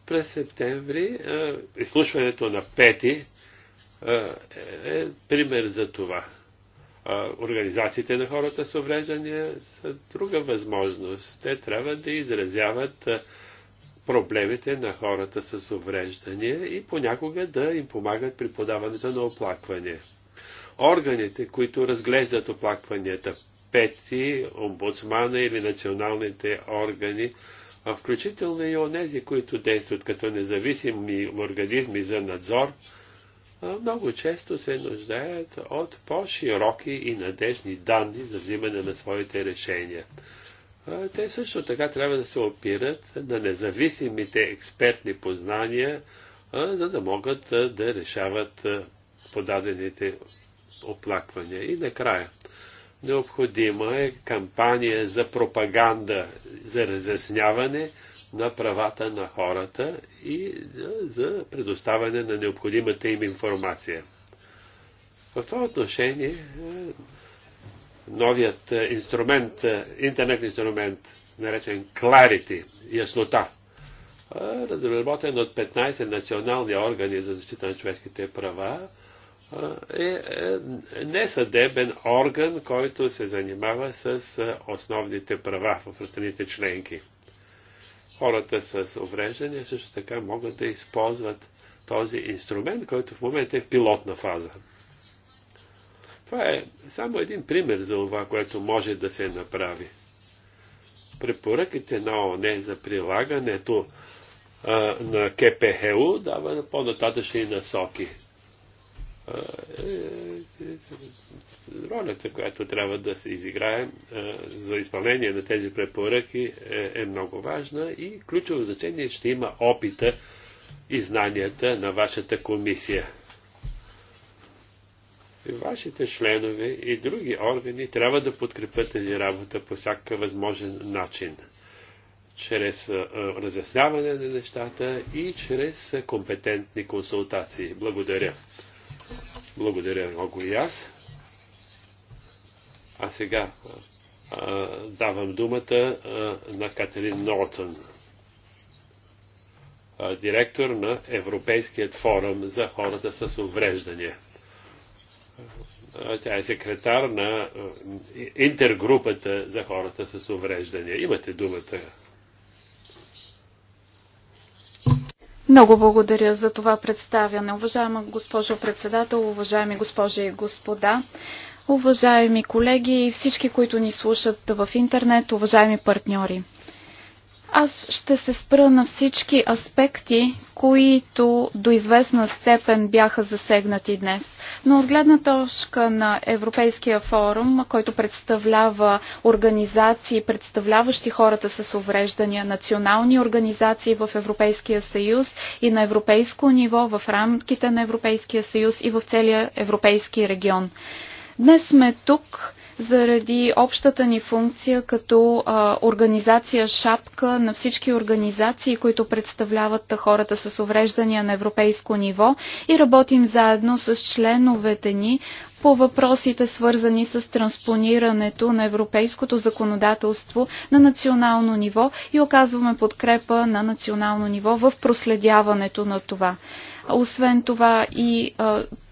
През септември изслушването на Пети е, е, е пример за това. Организациите на хората с увреждания са друга възможност. Те трябва да изразяват е, проблемите на хората с увреждания и понякога да им помагат при подаването на оплакване. Органите, които разглеждат оплакванията, пеци, омбудсмана или националните органи, а включително и онези, които действат като независими организми за надзор, много често се нуждаят от по-широки и надежни данни за взимане на своите решения. Те също така трябва да се опират на независимите експертни познания, за да могат да решават подадените оплаквания. И накрая, необходима е кампания за пропаганда, за разясняване, на правата на хората и за предоставяне на необходимата им информация. В това отношение новият инструмент, интернет инструмент, наречен Clarity, яснота, разработен от 15 национални органи за защита на човешките права, е, е несъдебен орган, който се занимава с основните права в страните членки хората с увреждания също така могат да използват този инструмент, който в момента е в пилотна фаза. Това е само един пример за това, което може да се направи. Препоръките на ОНЕ за прилагането а, на КПХУ дава по-нататъчни насоки. Е, е, е, ролята, която трябва да се изиграе за изпълнение на тези препоръки е много важна и ключово значение ще има опита и знанията на вашата комисия. И вашите членове и други органи трябва да подкрепят тази работа по всякакъв възможен начин. Чрез разясняване на нещата и чрез компетентни консултации. Благодаря. Благодаря много и аз. А сега а, давам думата а, на Катерин Нортън, а, директор на Европейският форум за хората с увреждания. Тя е секретар на интергрупата за хората с увреждания. Имате думата, Много благодаря за това представяне. Уважаема госпожо председател, уважаеми госпожи и господа, уважаеми колеги и всички, които ни слушат в интернет, уважаеми партньори. Аз ще се спра на всички аспекти, които до известна степен бяха засегнати днес. Но от гледна точка на Европейския форум, който представлява организации, представляващи хората с увреждания, национални организации в Европейския съюз и на европейско ниво в рамките на Европейския съюз и в целия европейски регион. Днес сме тук заради общата ни функция като а, организация шапка на всички организации, които представляват хората с увреждания на европейско ниво и работим заедно с членовете ни по въпросите свързани с транспонирането на европейското законодателство на национално ниво и оказваме подкрепа на национално ниво в проследяването на това. Освен това и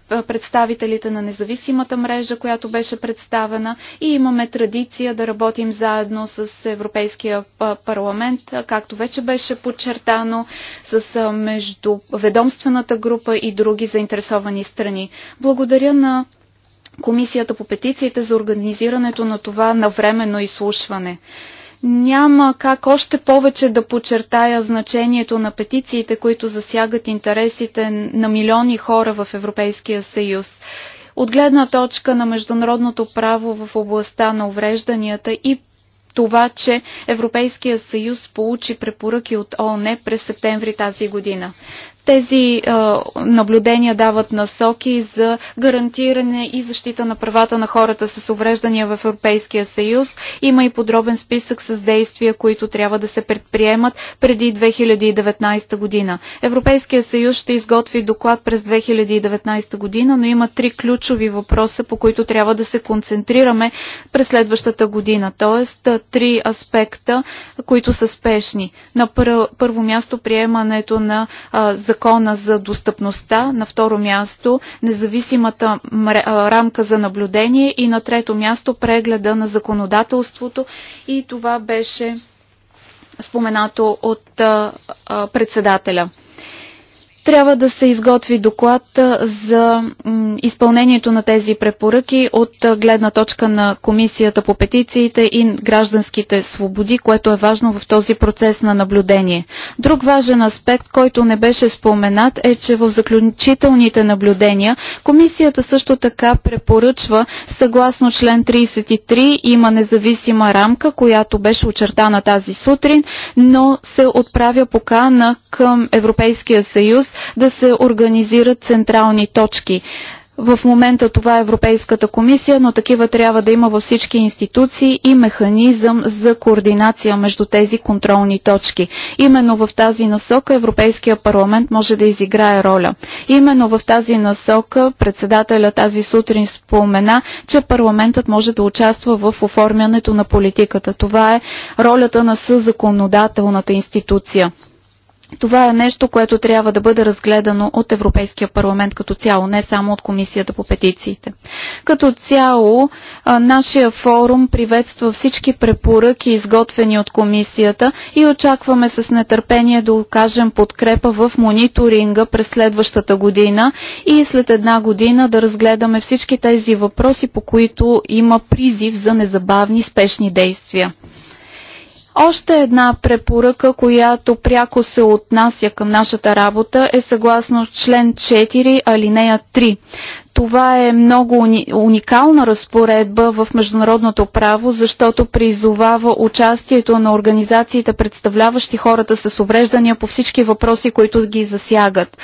представителите на независимата мрежа, която беше представена и имаме традиция да работим заедно с Европейския парламент, както вече беше подчертано, с междуведомствената група и други заинтересовани страни. Благодаря на Комисията по петициите за организирането на това навременно изслушване. Няма как още повече да подчертая значението на петициите, които засягат интересите на милиони хора в Европейския съюз от гледна точка на международното право в областта на уврежданията и това, че Европейския съюз получи препоръки от ООН през септември тази година. Тези е, наблюдения дават насоки за гарантиране и защита на правата на хората с увреждания в Европейския съюз. Има и подробен списък с действия, които трябва да се предприемат преди 2019 година. Европейския съюз ще изготви доклад през 2019 година, но има три ключови въпроса, по които трябва да се концентрираме през следващата година. Тоест, три аспекта, които са спешни. На първо място приемането на а, закона за достъпността, на второ място независимата рамка за наблюдение и на трето място прегледа на законодателството и това беше споменато от председателя. Трябва да се изготви доклад за изпълнението на тези препоръки от гледна точка на Комисията по петициите и гражданските свободи, което е важно в този процес на наблюдение. Друг важен аспект, който не беше споменат е, че в заключителните наблюдения Комисията също така препоръчва съгласно член 33 има независима рамка, която беше очертана тази сутрин, но се отправя покана към Европейския съюз да се организират централни точки. В момента това е Европейската комисия, но такива трябва да има във всички институции и механизъм за координация между тези контролни точки. Именно в тази насока Европейския парламент може да изиграе роля. Именно в тази насока председателя тази сутрин спомена, че парламентът може да участва в оформянето на политиката. Това е ролята на съзаконодателната институция. Това е нещо, което трябва да бъде разгледано от Европейския парламент като цяло, не само от Комисията по петициите. Като цяло, нашия форум приветства всички препоръки, изготвени от Комисията и очакваме с нетърпение да окажем подкрепа в мониторинга през следващата година и след една година да разгледаме всички тези въпроси, по които има призив за незабавни спешни действия. Още една препоръка, която пряко се отнася към нашата работа е съгласно член 4, алинея 3. Това е много уникална разпоредба в международното право, защото призовава участието на организациите, представляващи хората с увреждания по всички въпроси, които ги засягат.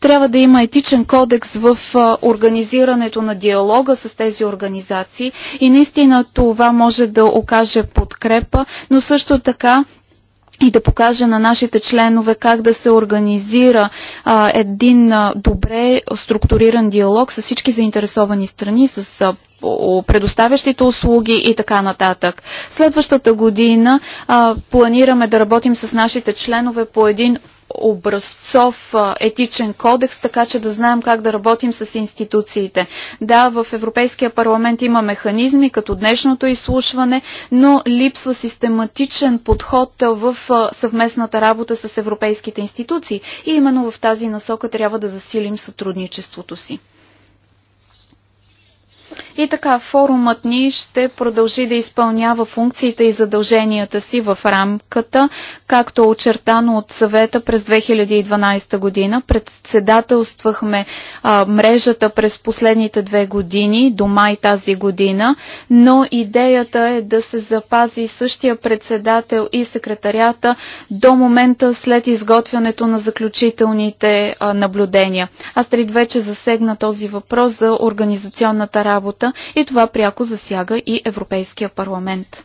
Трябва да има етичен кодекс в организирането на диалога с тези организации и наистина това може да окаже подкрепа, но също така и да покаже на нашите членове как да се организира а, един а, добре структуриран диалог с всички заинтересовани страни, с а, предоставящите услуги и така нататък. Следващата година а, планираме да работим с нашите членове по един образцов етичен кодекс, така че да знаем как да работим с институциите. Да, в Европейския парламент има механизми, като днешното изслушване, но липсва систематичен подход в съвместната работа с европейските институции и именно в тази насока трябва да засилим сътрудничеството си. И така, форумът ни ще продължи да изпълнява функциите и задълженията си в рамката, както е очертано от съвета през 2012 година. Председателствахме а, мрежата през последните две години, до май тази година, но идеята е да се запази същия председател и секретарята до момента след изготвянето на заключителните а, наблюдения. Аз Астрид вече засегна този въпрос за организационната работа и това пряко засяга и Европейския парламент.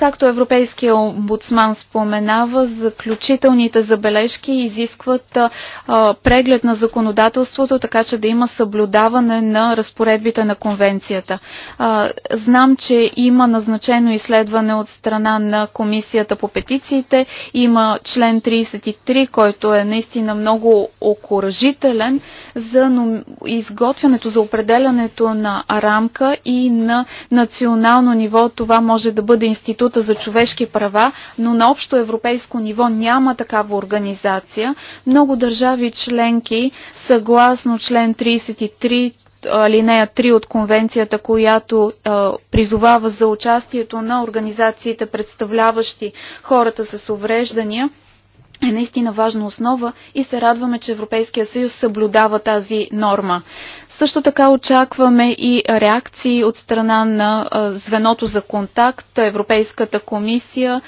Както Европейския омбудсман споменава, заключителните забележки изискват а, преглед на законодателството, така че да има съблюдаване на разпоредбите на конвенцията. А, знам, че има назначено изследване от страна на комисията по петициите. Има член 33, който е наистина много окоръжителен за изготвянето, за определянето на рамка и на национално ниво това може да бъде институт Института за човешки права, но на общо европейско ниво няма такава организация. Много държави членки, съгласно член 33, алинея 3 от конвенцията, която а, призовава за участието на организациите, представляващи хората с увреждания, е наистина важна основа и се радваме, че Европейския съюз съблюдава тази норма. Също така очакваме и реакции от страна на звеното за контакт, Европейската комисия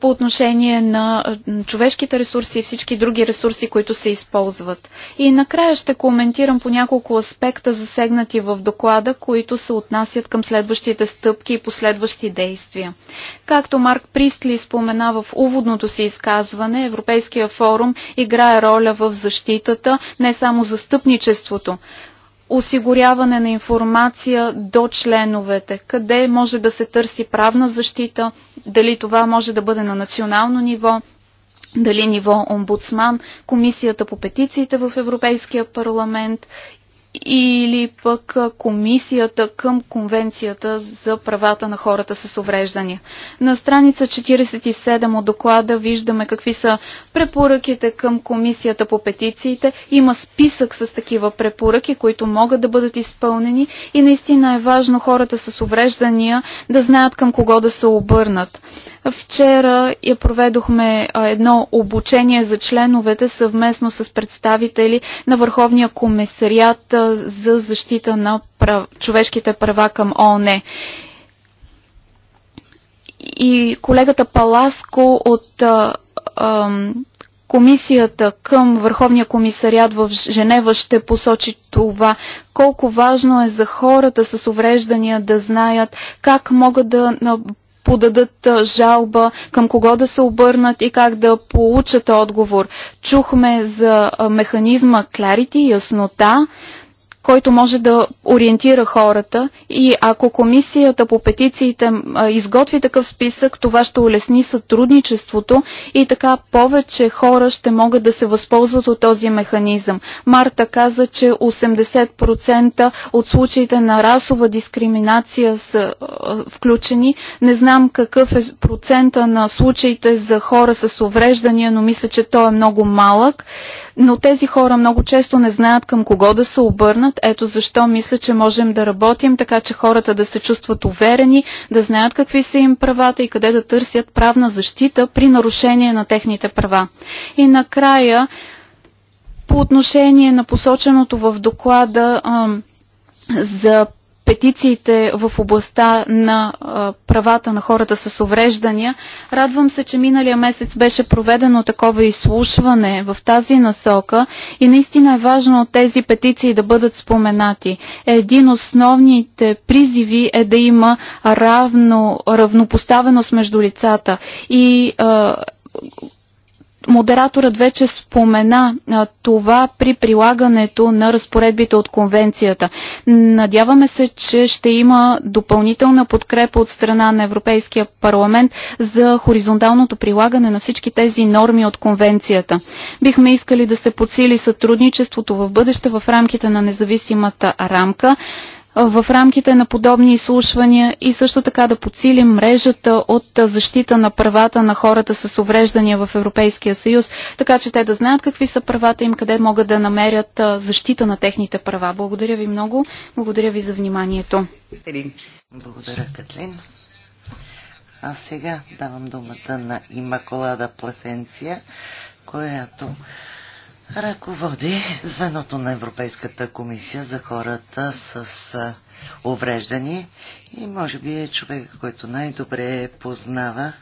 по отношение на човешките ресурси и всички други ресурси, които се използват. И накрая ще коментирам по няколко аспекта засегнати в доклада, които се отнасят към следващите стъпки и последващи действия. Както Марк Пристли спомена в уводното си изказване, Европейския форум играе роля в защитата, не само застъпничеството осигуряване на информация до членовете, къде може да се търси правна защита, дали това може да бъде на национално ниво, дали ниво омбудсман, комисията по петициите в Европейския парламент или пък комисията към Конвенцията за правата на хората с увреждания. На страница 47 от доклада виждаме какви са препоръките към комисията по петициите. Има списък с такива препоръки, които могат да бъдат изпълнени и наистина е важно хората с увреждания да знаят към кого да се обърнат. Вчера я проведохме едно обучение за членовете съвместно с представители на Върховния комисариат за защита на прав... човешките права към ООН и колегата Паласко от а, а, комисията към Върховния комисариат в Женева ще посочи това, колко важно е за хората с увреждания да знаят как могат да подадат жалба, към кого да се обърнат и как да получат отговор. Чухме за механизма Clarity, яснота който може да ориентира хората и ако комисията по петициите изготви такъв списък, това ще улесни сътрудничеството и така повече хора ще могат да се възползват от този механизъм. Марта каза, че 80% от случаите на расова дискриминация са включени. Не знам какъв е процента на случаите за хора с увреждания, но мисля, че той е много малък. Но тези хора много често не знаят към кого да се обърнат приемат. Ето защо мисля, че можем да работим така, че хората да се чувстват уверени, да знаят какви са им правата и къде да търсят правна защита при нарушение на техните права. И накрая, по отношение на посоченото в доклада за петициите в областта на а, правата на хората с увреждания. Радвам се, че миналия месец беше проведено такова изслушване в тази насока и наистина е важно тези петиции да бъдат споменати. Един от основните призиви е да има равно, равнопоставеност между лицата и а, Модераторът вече спомена а, това при прилагането на разпоредбите от конвенцията. Надяваме се, че ще има допълнителна подкрепа от страна на Европейския парламент за хоризонталното прилагане на всички тези норми от конвенцията. Бихме искали да се подсили сътрудничеството в бъдеще в рамките на независимата рамка в рамките на подобни изслушвания и също така да подсилим мрежата от защита на правата на хората с увреждания в Европейския съюз, така че те да знаят какви са правата им, къде могат да намерят защита на техните права. Благодаря ви много. Благодаря ви за вниманието. Благодаря, Катлин. А сега давам думата на Имаколада Пласенция, която ръководи звеното на Европейската комисия за хората с увреждани и може би е човек, който най-добре познава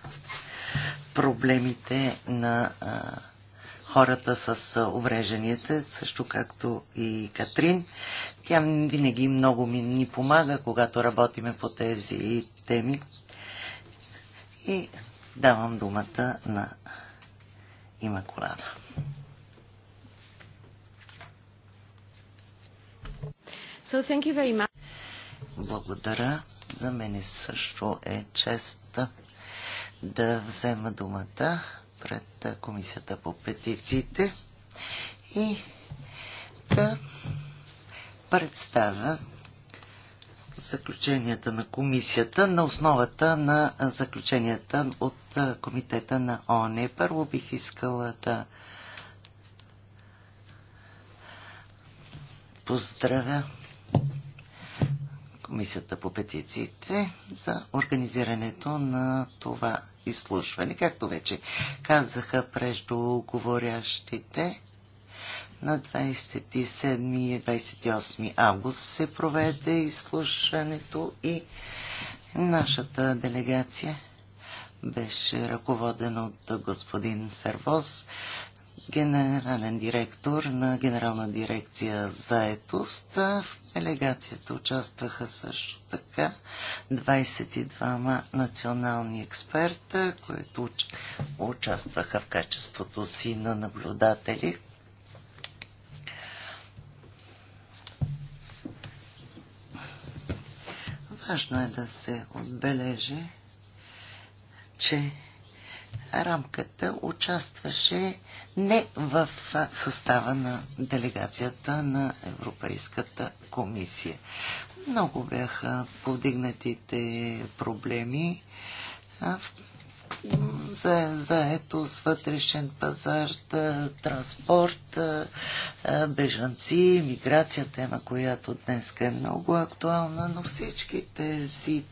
проблемите на а, хората с уврежданията, също както и Катрин. Тя винаги много ми ни помага, когато работиме по тези теми. И давам думата на Имакулада. So thank you very much. Благодаря. За мен също е чест да взема думата пред Комисията по петициите и да представя заключенията на комисията на основата на заключенията от комитета на ОНЕ. Първо бих искала да поздравя Комисията по петициите за организирането на това изслушване. Както вече казаха преждоговорящите, на 27 и 28 август се проведе изслушването и нашата делегация беше ръководена от господин Сервоз, генерален директор на Генерална дирекция за етост. В делегацията участваха също така 22 национални експерта, които участваха в качеството си на наблюдатели. Важно е да се отбележи, че рамката участваше не в състава на делегацията на Европейската комисия. Много бяха повдигнатите проблеми за с вътрешен пазар, транспорт, бежанци, миграция, тема, която днес е много актуална, но всички тези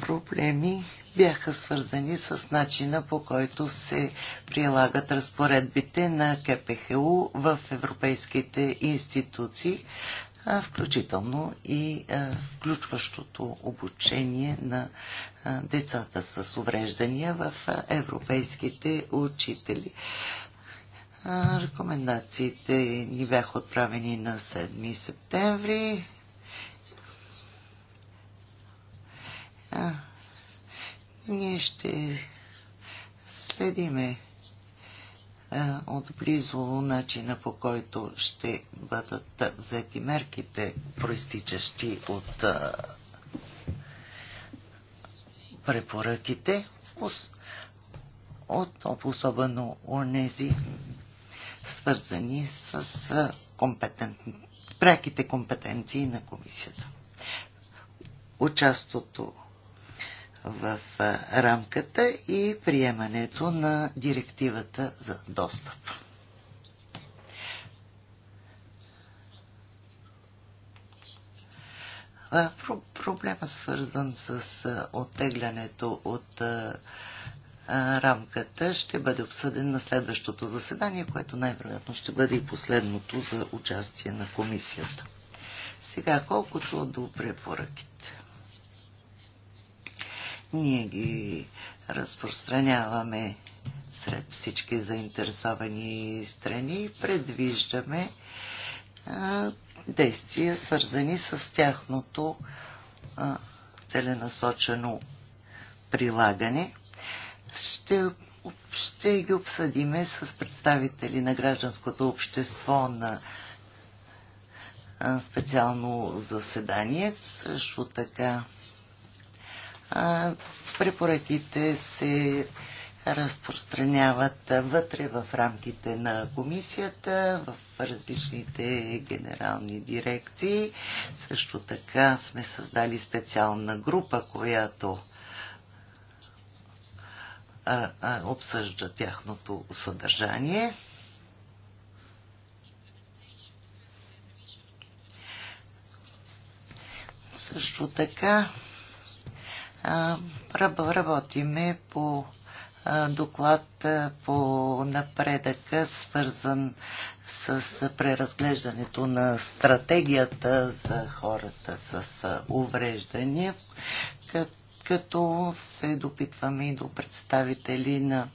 проблеми бяха свързани с начина по който се прилагат разпоредбите на КПХУ в европейските институции, включително и включващото обучение на децата с увреждания в европейските учители. Рекомендациите ни бяха отправени на 7 септември. Ние ще следиме отблизо начина по който ще бъдат взети мерките, проистичащи от препоръките, от особено онези, свързани с компетент, преките компетенции на комисията. Участото в рамката и приемането на директивата за достъп. Проблема свързан с оттеглянето от рамката ще бъде обсъден на следващото заседание, което най-вероятно ще бъде и последното за участие на комисията. Сега, колкото до препоръките. Ние ги разпространяваме сред всички заинтересовани страни и предвиждаме а, действия, свързани с тяхното а, целенасочено прилагане. Ще, ще ги обсъдиме с представители на гражданското общество на специално заседание. Също така препоръките се разпространяват вътре в рамките на комисията, в различните генерални дирекции. Също така сме създали специална група, която обсъжда тяхното съдържание. Също така Работиме по доклад по напредъка, свързан с преразглеждането на стратегията за хората с увреждания, като се допитваме и до представители на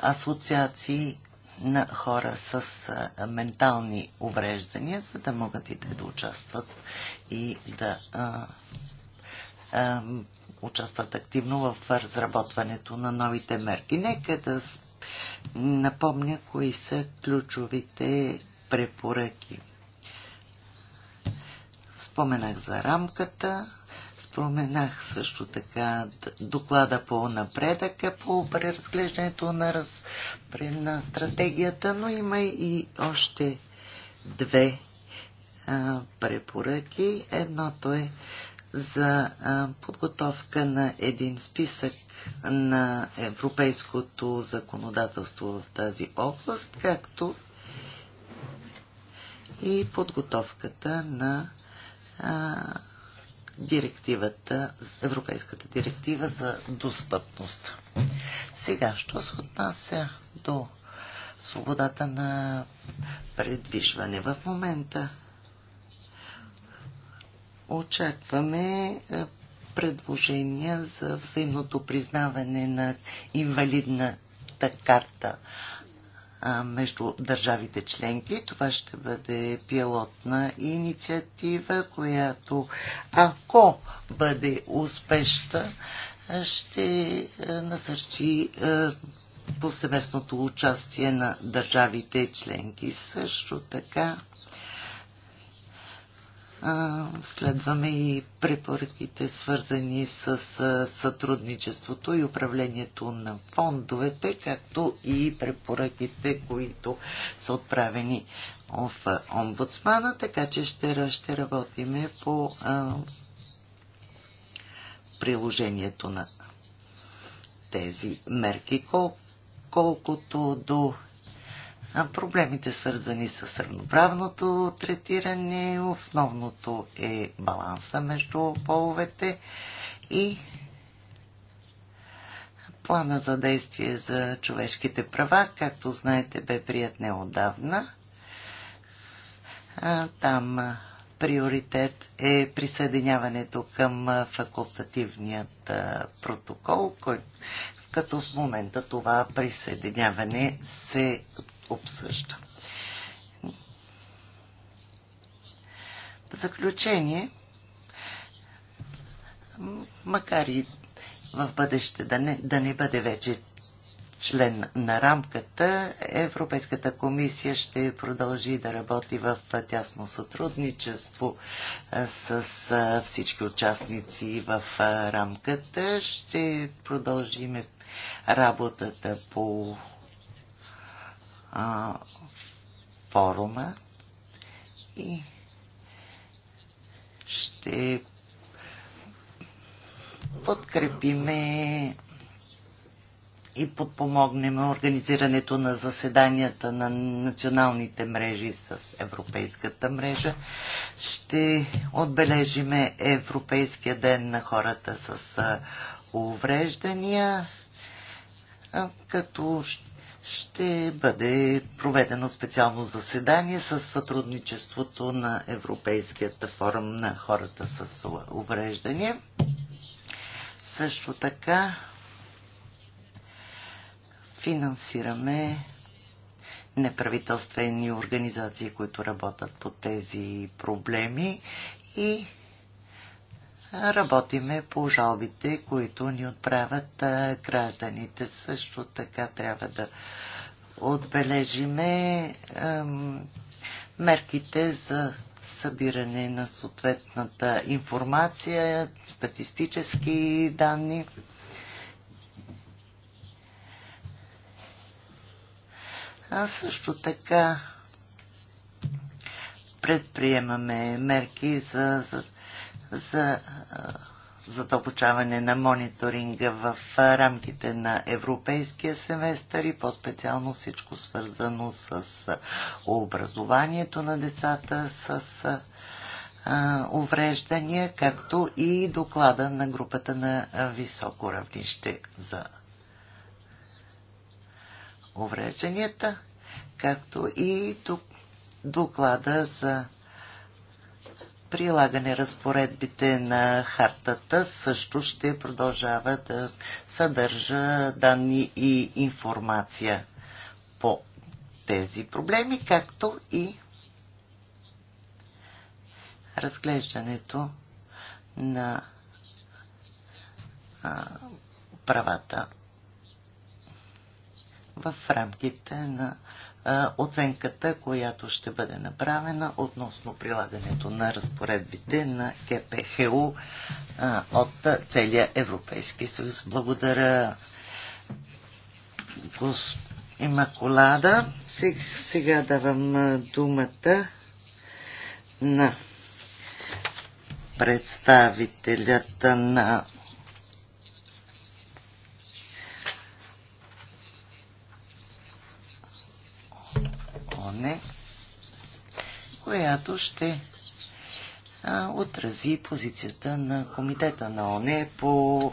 асоциации на хора с ментални увреждания, за да могат и те да участват и да участват активно в разработването на новите мерки. Нека да напомня кои са ключовите препоръки. Споменах за рамката, споменах също така доклада по напредъка, по преразглеждането на, раз... на стратегията, но има и още две а, препоръки. Едното е за подготовка на един списък на европейското законодателство в тази област, както и подготовката на директивата, Европейската директива за достъпност. Сега, що се отнася до свободата на предвижване? В момента очакваме е, предложения за взаимното признаване на инвалидната карта между държавите членки. Това ще бъде пилотна инициатива, която ако бъде успешна, ще е, насърчи е, повсеместното участие на държавите членки. Също така следваме и препоръките, свързани с сътрудничеството и управлението на фондовете, както и препоръките, които са отправени в омбудсмана, така че ще, ще работиме по а, приложението на тези мерки. колкото до проблемите свързани с равноправното третиране, основното е баланса между половете и плана за действие за човешките права, както знаете, бе прият неодавна. Там приоритет е присъединяването към факултативният протокол, който като в момента това присъединяване се обсъжда. В заключение, макар и в бъдеще да не, да не бъде вече член на рамката, Европейската комисия ще продължи да работи в тясно сътрудничество с всички участници в рамката. Ще продължиме работата по а, форума и ще подкрепиме и подпомогнем организирането на заседанията на националните мрежи с Европейската мрежа. Ще отбележиме Европейския ден на хората с увреждания, като ще ще бъде проведено специално заседание с сътрудничеството на Европейскията форум на хората с увреждания. Също така финансираме неправителствени организации, които работят по тези проблеми и работиме по жалбите, които ни отправят гражданите. Също така трябва да отбележиме мерките за събиране на съответната информация, статистически данни. А също така предприемаме мерки за, за за задълбочаване на мониторинга в рамките на европейския семестър и по-специално всичко свързано с образованието на децата, с увреждания, както и доклада на групата на високо равнище за уврежданията, както и доклада за прилагане разпоредбите на хартата също ще продължава да съдържа данни и информация по тези проблеми, както и разглеждането на а, правата в рамките на оценката, която ще бъде направена относно прилагането на разпоредбите на КПХУ от целия Европейски съюз. Благодаря Имакулада. Сега давам думата на представителята на изследване, която ще а, отрази позицията на комитета на ОНЕ по...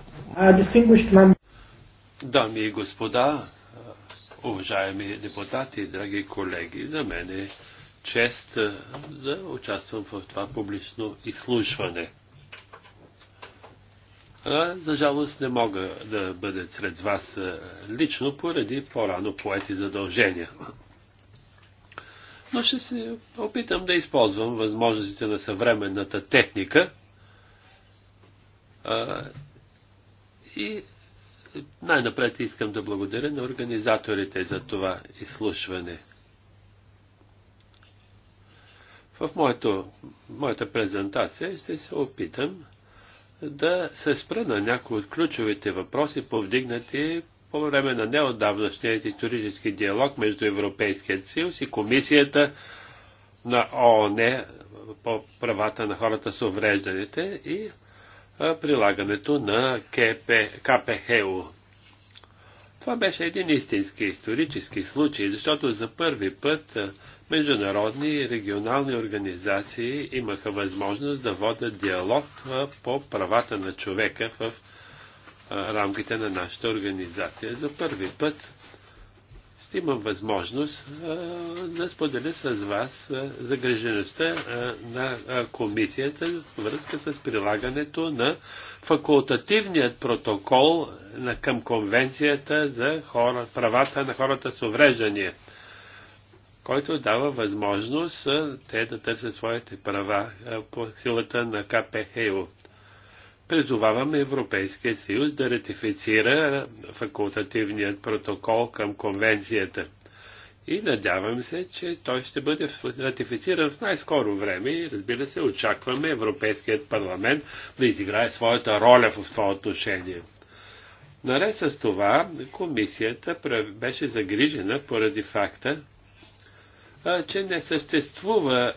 Дами и господа, уважаеми депутати, драги колеги, за мен е чест да участвам в това публично изслушване. за жалост не мога да бъда сред вас лично поради по-рано поети задължения но ще се опитам да използвам възможностите на съвременната техника а, и най-напред искам да благодаря на организаторите за това изслушване. В моето, моята презентация ще се опитам да се спра на някои от ключовите въпроси, повдигнати по време на неотдавнашният исторически диалог между Европейският съюз и Комисията на ООН по правата на хората с уврежданите и прилагането на КП, КПХУ. Е Това беше един истински исторически случай, защото за първи път международни и регионални организации имаха възможност да водят диалог по правата на човека в рамките на нашата организация. За първи път ще имам възможност да споделя с вас загрежеността на комисията в връзка с прилагането на факултативният протокол към конвенцията за хора, правата на хората с увреждания, който дава възможност те да търсят своите права по силата на КПХО призоваваме Европейския съюз да ратифицира факултативният протокол към конвенцията. И надявам се, че той ще бъде ратифициран в най-скоро време и разбира се, очакваме Европейският парламент да изиграе своята роля в това отношение. Наред с това, комисията беше загрижена поради факта, че не съществува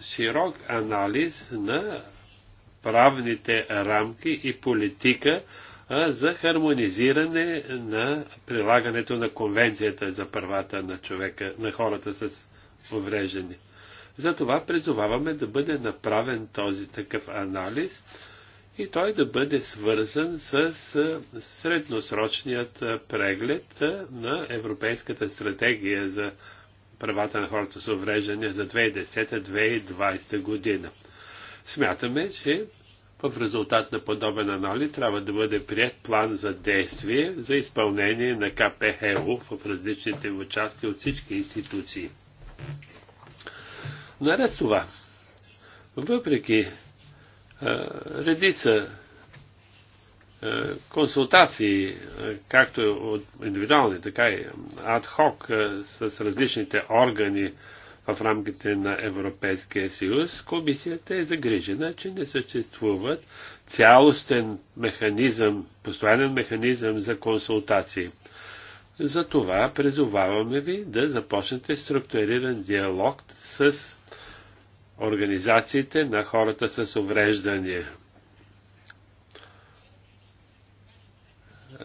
широк анализ на правните рамки и политика за хармонизиране на прилагането на Конвенцията за правата на човека, на хората с увреждане. Затова призоваваме да бъде направен този такъв анализ и той да бъде свързан с средносрочният преглед на Европейската стратегия за правата на хората с увреждане за 2010-2020 година. Смятаме, че в резултат на подобен анализ трябва да бъде прият план за действие за изпълнение на КПХУ в различните части от всички институции. Наред с това, въпреки а, редица а, консултации, а, както от индивидуални, така и адхок с различните органи, в рамките на Европейския съюз, комисията е загрижена, че не съществуват цялостен механизъм, постоянен механизъм за консултации. Затова призоваваме ви да започнете структуриран диалог с организациите на хората с увреждания.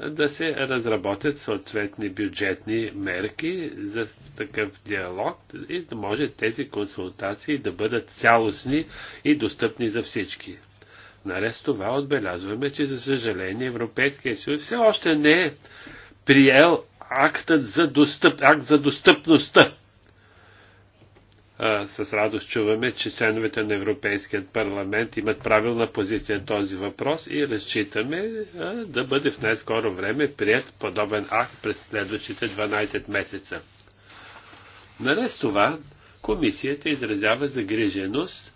да се разработят съответни бюджетни мерки за такъв диалог и да може тези консултации да бъдат цялостни и достъпни за всички. Наред с това отбелязваме, че за съжаление Европейския съюз все още не е приел актът за достъп, акт за достъпността с радост чуваме, че членовете на Европейският парламент имат правилна позиция на този въпрос и разчитаме да бъде в най-скоро време прият подобен акт през следващите 12 месеца. Наред с това, комисията изразява загриженост,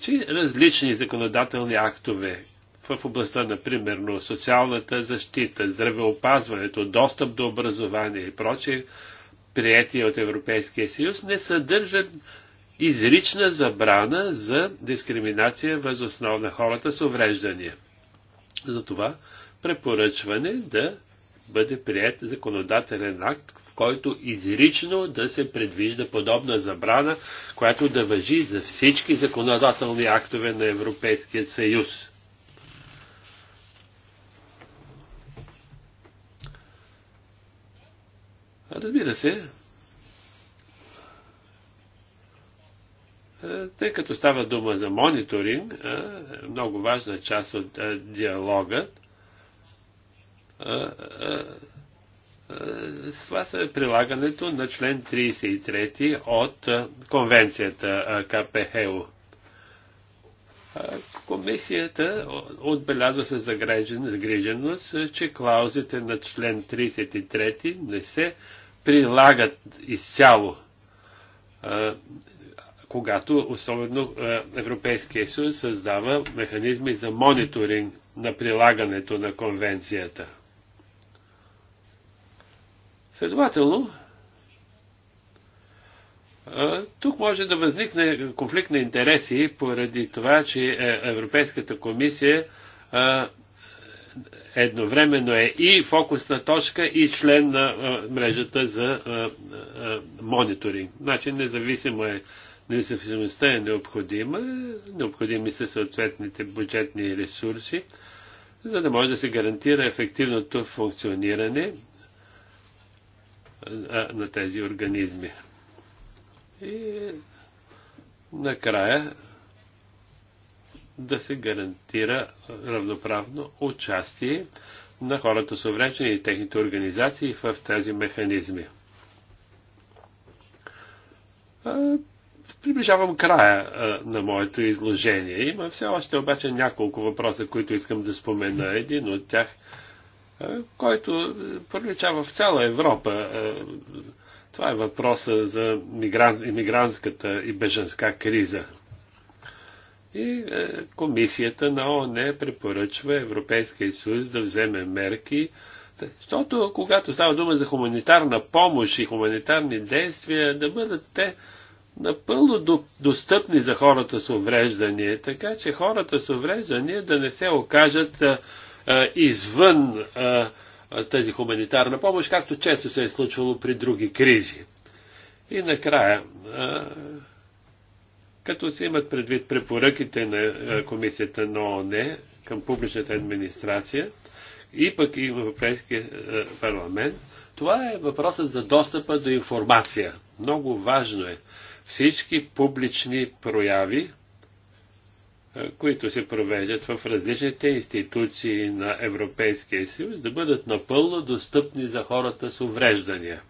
че различни законодателни актове в областта на, примерно, социалната защита, здравеопазването, достъп до образование и прочее, приятия от Европейския съюз, не съдържат изрична забрана за дискриминация въз основа на хората с увреждания. Затова препоръчване да бъде прият законодателен акт, в който изрично да се предвижда подобна забрана, която да въжи за всички законодателни актове на Европейския съюз. Разбира се, е, тъй като става дума за мониторинг, е, е много важна част от диалогът, това са прилагането на член 33 от конвенцията КПХУ. Комисията отбелязва с загриженост, че клаузите на член 33 не се прилагат изцяло, когато особено Европейския съюз създава механизми за мониторинг на прилагането на конвенцията. Следователно, тук може да възникне конфликт на интереси поради това, че е, Европейската комисия едновременно е и фокусна точка, и член на а, мрежата за а, а, мониторинг. Значи независимо е, независимостта е необходима, необходими са съответните бюджетни ресурси, за да може да се гарантира ефективното функциониране на тези организми. И накрая да се гарантира равноправно участие на хората с увреждане и техните организации в тези механизми. Приближавам края на моето изложение. Има все още обаче няколко въпроса, които искам да спомена. Един от тях, който проличава в цяла Европа. Това е въпроса за иммигрантската и беженска криза. И е, комисията на ООН препоръчва Европейския съюз да вземе мерки, защото когато става дума за хуманитарна помощ и хуманитарни действия, да бъдат те напълно до, достъпни за хората с увреждания, така че хората с увреждания да не се окажат а, е, е, извън а, е, тази хуманитарна помощ, както често се е случвало при други кризи. И накрая, като се имат предвид препоръките на е, комисията на ООН към публичната администрация и пък и в Европейския е, парламент, това е въпросът за достъпа до информация. Много важно е всички публични прояви, е, които се провеждат в различните институции на Европейския съюз, да бъдат напълно достъпни за хората с увреждания.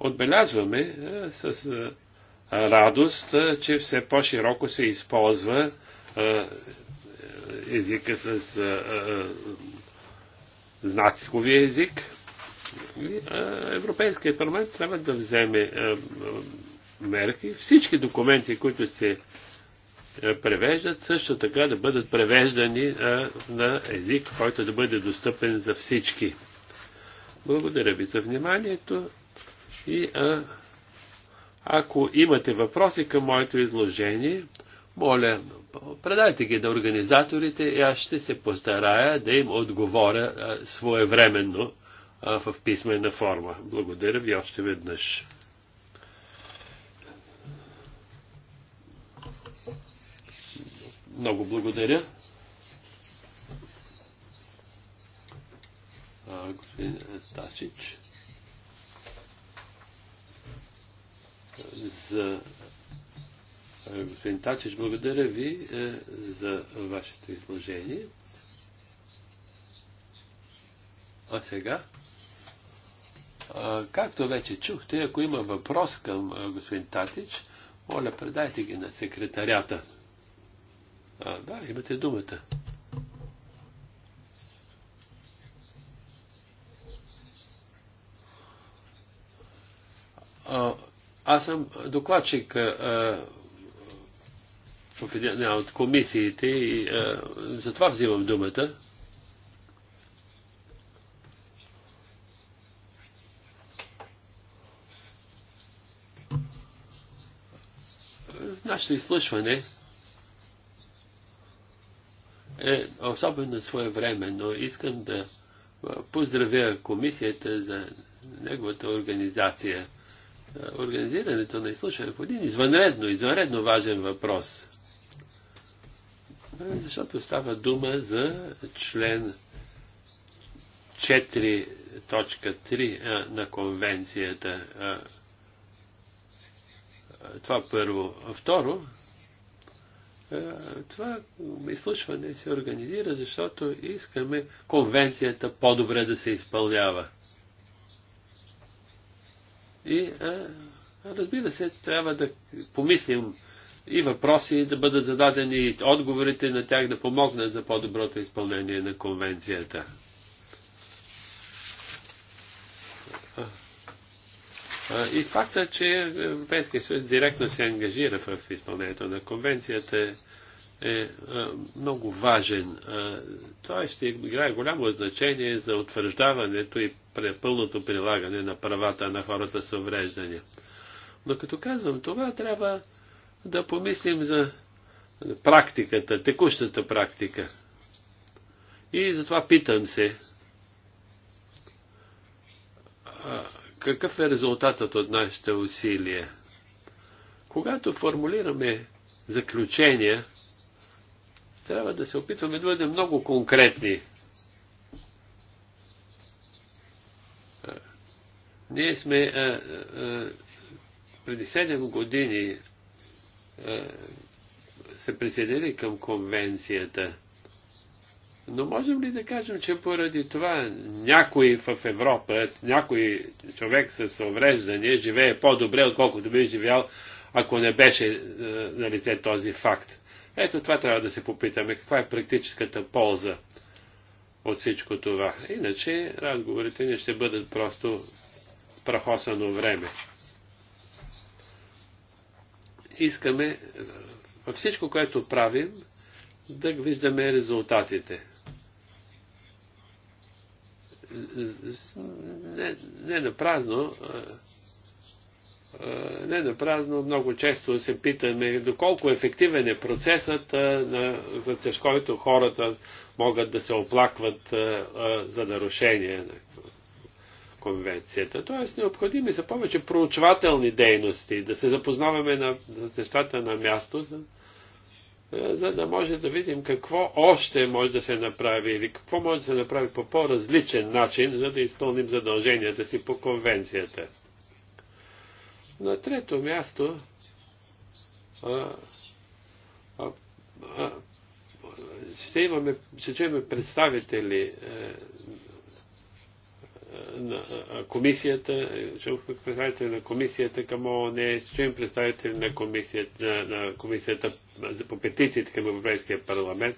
Отбелязваме с радост, че все по-широко се използва езика с знаковия език. Европейският парламент трябва да вземе мерки. Всички документи, които се превеждат, също така да бъдат превеждани на език, който да бъде достъпен за всички. Благодаря ви за вниманието и а, ако имате въпроси към моето изложение, моля, предайте ги на организаторите и аз ще се постарая да им отговоря своевременно в писмена форма. Благодаря ви още веднъж. Много благодаря. А, господин Стачич. за е, господин Тачич. Благодаря ви е, за вашето изложение. А сега, както вече чухте, ако има въпрос към е, господин Татич, моля, предайте ги на секретарята. А, да, имате думата. А, аз съм докладчик в една от комисиите и а, затова взимам думата. Нашето изслушване е особено свое време, но Искам да поздравя комисията за неговата организация организирането на изслушване по един извънредно, извънредно важен въпрос. Е, защото става дума за член 4.3 на конвенцията. Това първо. Второ, това изслушване се организира, защото искаме конвенцията по-добре да се изпълнява. И а, разбира се, трябва да помислим и въпроси да бъдат зададени, и отговорите на тях да помогнат за по-доброто изпълнение на конвенцията. И факта, че Европейския съюз директно се ангажира в изпълнението на конвенцията е, е много важен. Той ще играе голямо значение за утвърждаването и пълното прилагане на правата на хората с увреждания. Но като казвам това, трябва да помислим за практиката, текущата практика. И затова питам се, какъв е резултатът от нашите усилия? Когато формулираме заключения, трябва да се опитваме да бъдем много конкретни Ние сме а, е, а, е, е, преди 7 години а, се присъединили към конвенцията. Но можем ли да кажем, че поради това някой в Европа, някой човек с увреждане живее по-добре, отколкото би живял, ако не беше а, на лице този факт? Ето това трябва да се попитаме. Каква е практическата полза от всичко това? Иначе разговорите ни ще бъдат просто прахосано време. Искаме във всичко, което правим, да виждаме резултатите. Не, не на празно, не на празно, много често се питаме доколко ефективен е процесът, за който хората могат да се оплакват за нарушения конвенцията. Т.е. необходими са повече проучвателни дейности, да се запознаваме на, на нещата на място, за, е, за да може да видим какво още може да се направи или какво може да се направи по по-различен начин, за да изпълним задълженията си по конвенцията. На трето място, а, а, а, ще имаме, ще чуем представители е, на комисията, представител на комисията към ООН, чуем представител на комисията, на, на комисията за по петициите към Европейския парламент,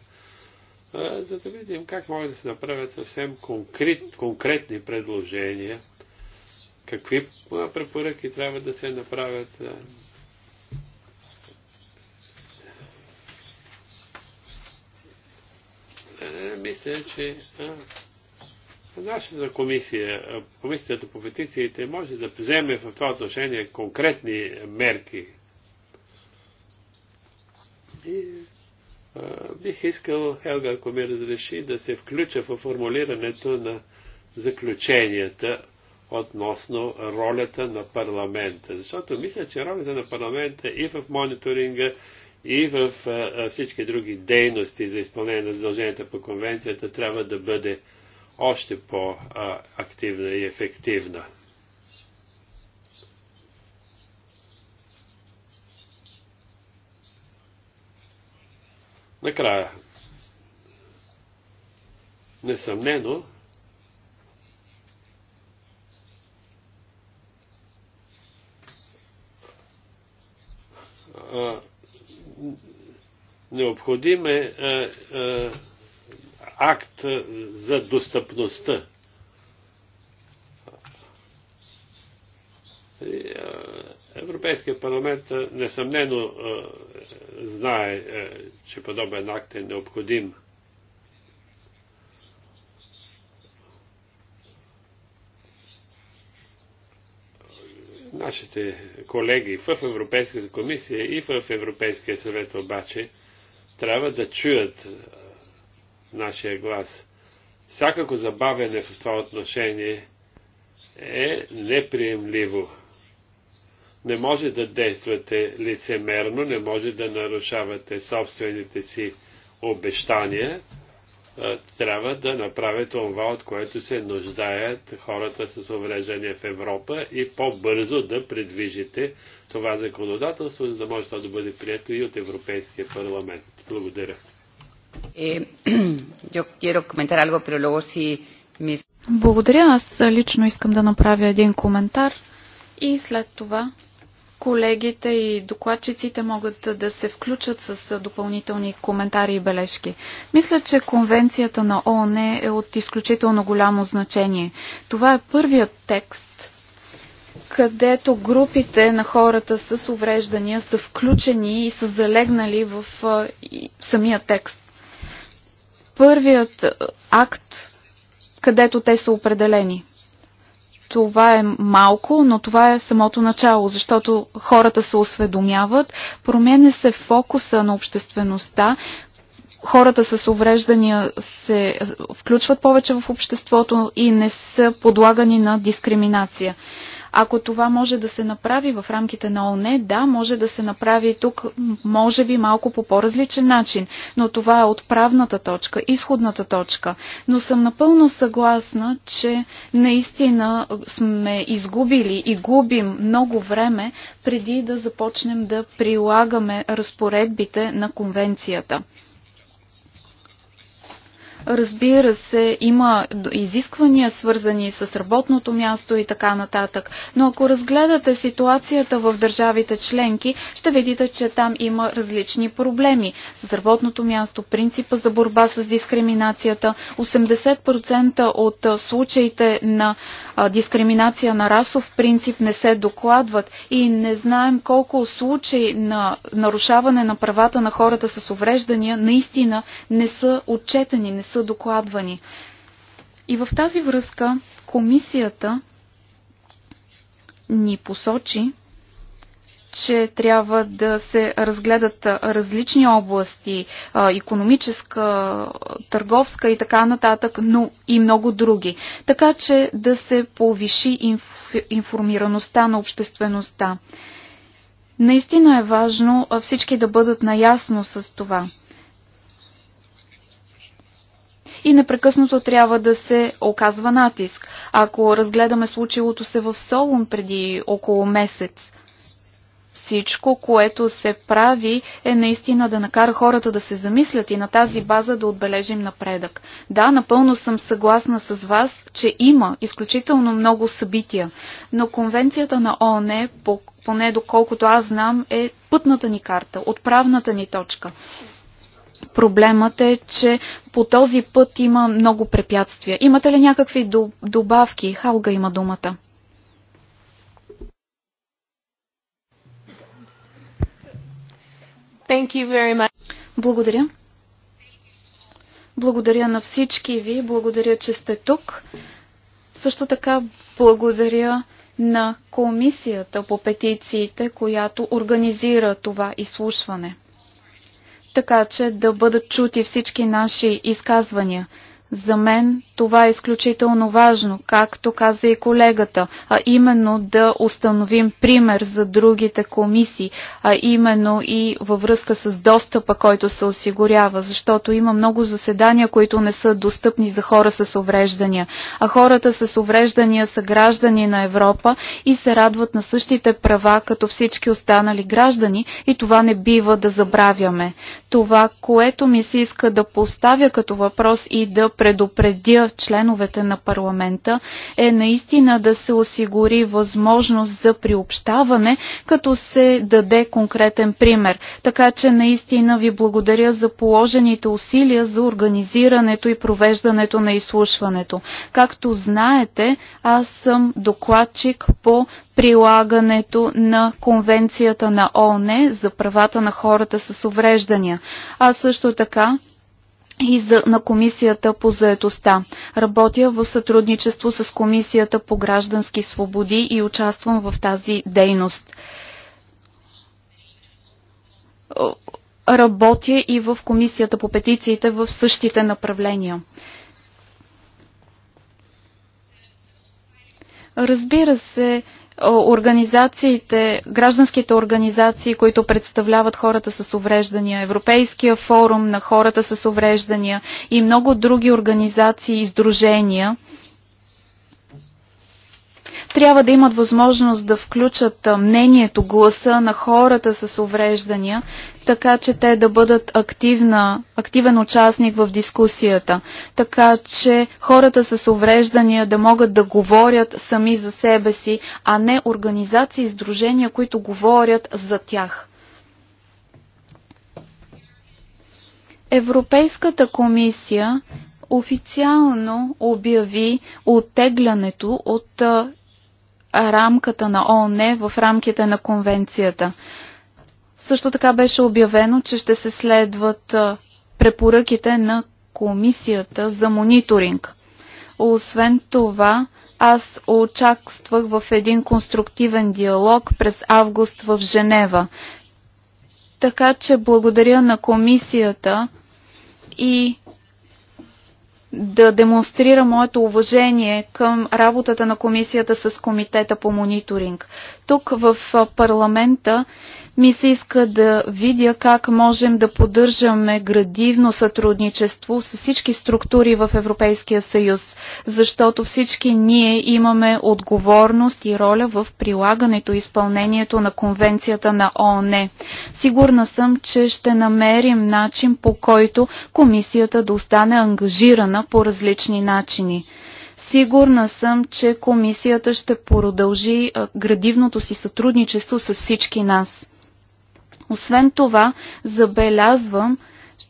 за да видим как могат да се направят съвсем конкрет, конкретни предложения, какви препоръки трябва да се направят. Е, мисля, че Нашата комисия, комисията по петициите, може да вземе в това отношение конкретни мерки. И а, бих искал, Хелга, ако ми разреши, да се включа в формулирането на заключенията относно ролята на парламента. Защото мисля, че ролята на парламента и в мониторинга, и в а, всички други дейности за изпълнение на задълженията по конвенцията трябва да бъде още по-активна и ефективна. Накрая. Несъмнено, необходим е а, акт за достъпността. Европейския парламент несъмнено знае, че подобен акт е необходим. Нашите колеги в Европейската комисия и в Европейския съвет обаче трябва да чуят нашия глас. Всякако забавяне в това отношение е неприемливо. Не може да действате лицемерно, не може да нарушавате собствените си обещания. Трябва да направят това, от което се нуждаят хората с увреждания в Европа и по-бързо да предвижите това законодателство, за да може това да бъде прието и от Европейския парламент. Благодаря. Eh, Благодаря. Аз лично искам да направя един коментар и след това колегите и докладчиците могат да се включат с допълнителни коментари и бележки. Мисля, че конвенцията на ООН е от изключително голямо значение. Това е първият текст, където групите на хората с увреждания са включени и са залегнали в самия текст първият е, акт, където те са определени. Това е малко, но това е самото начало, защото хората се осведомяват, променя се фокуса на обществеността, хората с увреждания се включват повече в обществото и не са подлагани на дискриминация. Ако това може да се направи в рамките на ОНЕ, да, може да се направи тук, може би малко по по-различен начин, но това е отправната точка, изходната точка. Но съм напълно съгласна, че наистина сме изгубили и губим много време преди да започнем да прилагаме разпоредбите на конвенцията. Разбира се, има изисквания свързани с работното място и така нататък. Но ако разгледате ситуацията в държавите членки, ще видите, че там има различни проблеми. С работното място, принципа за борба с дискриминацията, 80% от случаите на дискриминация на расов принцип не се докладват и не знаем колко случаи на нарушаване на правата на хората с увреждания наистина не са отчетени, не са са докладвани. И в тази връзка комисията ни посочи, че трябва да се разгледат различни области, економическа, търговска и така нататък, но и много други. Така че да се повиши инф... информираността на обществеността. Наистина е важно всички да бъдат наясно с това и непрекъснато трябва да се оказва натиск. Ако разгледаме случилото се в Солун преди около месец, всичко, което се прави, е наистина да накара хората да се замислят и на тази база да отбележим напредък. Да, напълно съм съгласна с вас, че има изключително много събития, но конвенцията на ООН, поне доколкото аз знам, е пътната ни карта, отправната ни точка. Проблемът е, че по този път има много препятствия. Имате ли някакви добавки? Халга има думата. Thank you very much. Благодаря. Благодаря на всички ви. Благодаря, че сте тук. Също така благодаря на комисията по петициите, която организира това изслушване така че да бъдат чути всички наши изказвания. За мен това е изключително важно, както каза и колегата, а именно да установим пример за другите комисии, а именно и във връзка с достъпа, който се осигурява, защото има много заседания, които не са достъпни за хора с увреждания. А хората с увреждания са граждани на Европа и се радват на същите права, като всички останали граждани и това не бива да забравяме. Това, което ми се иска да поставя като въпрос и да предупредя членовете на парламента е наистина да се осигури възможност за приобщаване, като се даде конкретен пример. Така че наистина ви благодаря за положените усилия за организирането и провеждането на изслушването. Както знаете, аз съм докладчик по прилагането на Конвенцията на ООН за правата на хората с увреждания. А също така и за, на Комисията по заедостта. Работя в сътрудничество с Комисията по граждански свободи и участвам в тази дейност. Работя и в Комисията по петициите в същите направления. Разбира се, организациите, гражданските организации, които представляват хората с увреждания, Европейския форум на хората с увреждания и много други организации и издружения – трябва да имат възможност да включат мнението, гласа на хората с увреждания, така че те да бъдат активна, активен участник в дискусията, така че хората с увреждания да могат да говорят сами за себе си, а не организации и сдружения, които говорят за тях. Европейската комисия официално обяви оттеглянето от рамката на ООН в рамките на конвенцията. Също така беше обявено, че ще се следват препоръките на комисията за мониторинг. Освен това, аз участвах в един конструктивен диалог през август в Женева. Така че благодаря на комисията и да демонстрира моето уважение към работата на комисията с комитета по мониторинг. Тук в парламента ми се иска да видя как можем да поддържаме градивно сътрудничество с всички структури в Европейския съюз, защото всички ние имаме отговорност и роля в прилагането и изпълнението на Конвенцията на ООН. Сигурна съм, че ще намерим начин по който комисията да остане ангажирана по различни начини. Сигурна съм, че комисията ще продължи градивното си сътрудничество с всички нас. Освен това, забелязвам,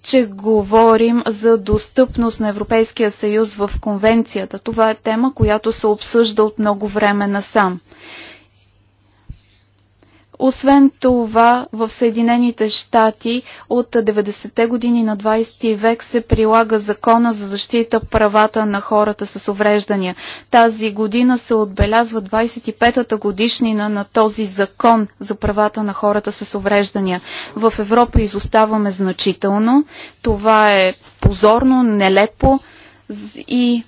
че говорим за достъпност на Европейския съюз в конвенцията. Това е тема, която се обсъжда от много време насам. Освен това, в Съединените щати от 90-те години на 20 век се прилага закона за защита правата на хората с увреждания. Тази година се отбелязва 25-та годишнина на този закон за правата на хората с увреждания. В Европа изоставаме значително. Това е позорно, нелепо и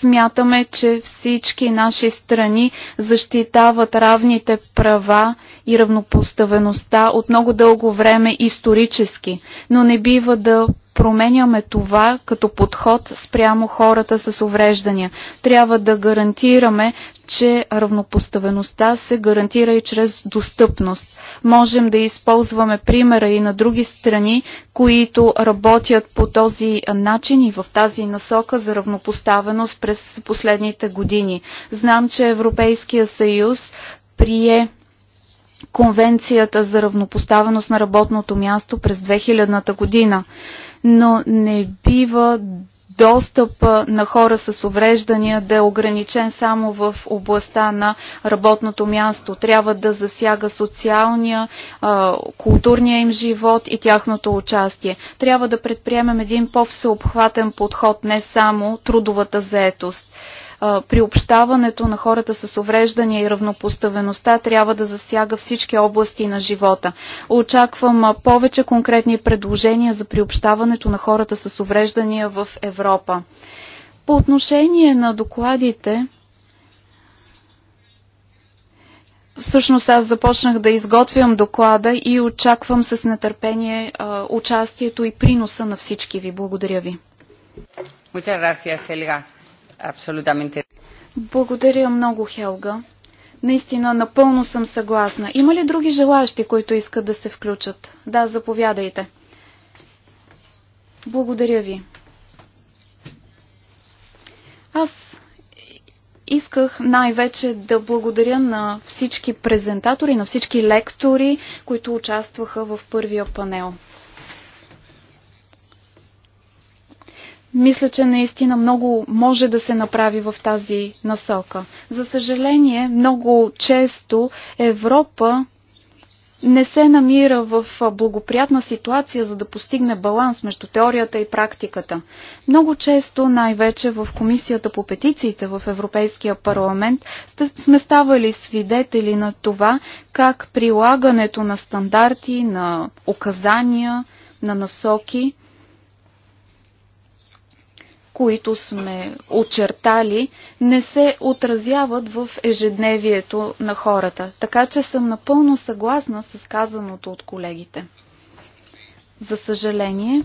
Смятаме, че всички наши страни защитават равните права и равнопоставеността от много дълго време исторически, но не бива да променяме това като подход спрямо хората с увреждания. Трябва да гарантираме, че равнопоставеността се гарантира и чрез достъпност. Можем да използваме примера и на други страни, които работят по този начин и в тази насока за равнопоставеност през последните години. Знам, че Европейския съюз прие Конвенцията за равнопоставеност на работното място през 2000-та година но не бива достъп на хора с увреждания да е ограничен само в областта на работното място. Трябва да засяга социалния, културния им живот и тяхното участие. Трябва да предприемем един по-всеобхватен подход, не само трудовата заетост приобщаването на хората с увреждания и равнопоставеността трябва да засяга всички области на живота. Очаквам повече конкретни предложения за приобщаването на хората с увреждания в Европа. По отношение на докладите, всъщност аз започнах да изготвям доклада и очаквам с нетърпение а, участието и приноса на всички ви. Благодаря ви. Muchas gracias, абсолютно. Благодаря много, Хелга. Наистина, напълно съм съгласна. Има ли други желаящи, които искат да се включат? Да, заповядайте. Благодаря ви. Аз исках най-вече да благодаря на всички презентатори, на всички лектори, които участваха в първия панел. Мисля, че наистина много може да се направи в тази насока. За съжаление, много често Европа не се намира в благоприятна ситуация, за да постигне баланс между теорията и практиката. Много често, най-вече в Комисията по петициите в Европейския парламент, сме ставали свидетели на това, как прилагането на стандарти, на указания, на насоки – които сме очертали, не се отразяват в ежедневието на хората. Така че съм напълно съгласна с казаното от колегите. За съжаление,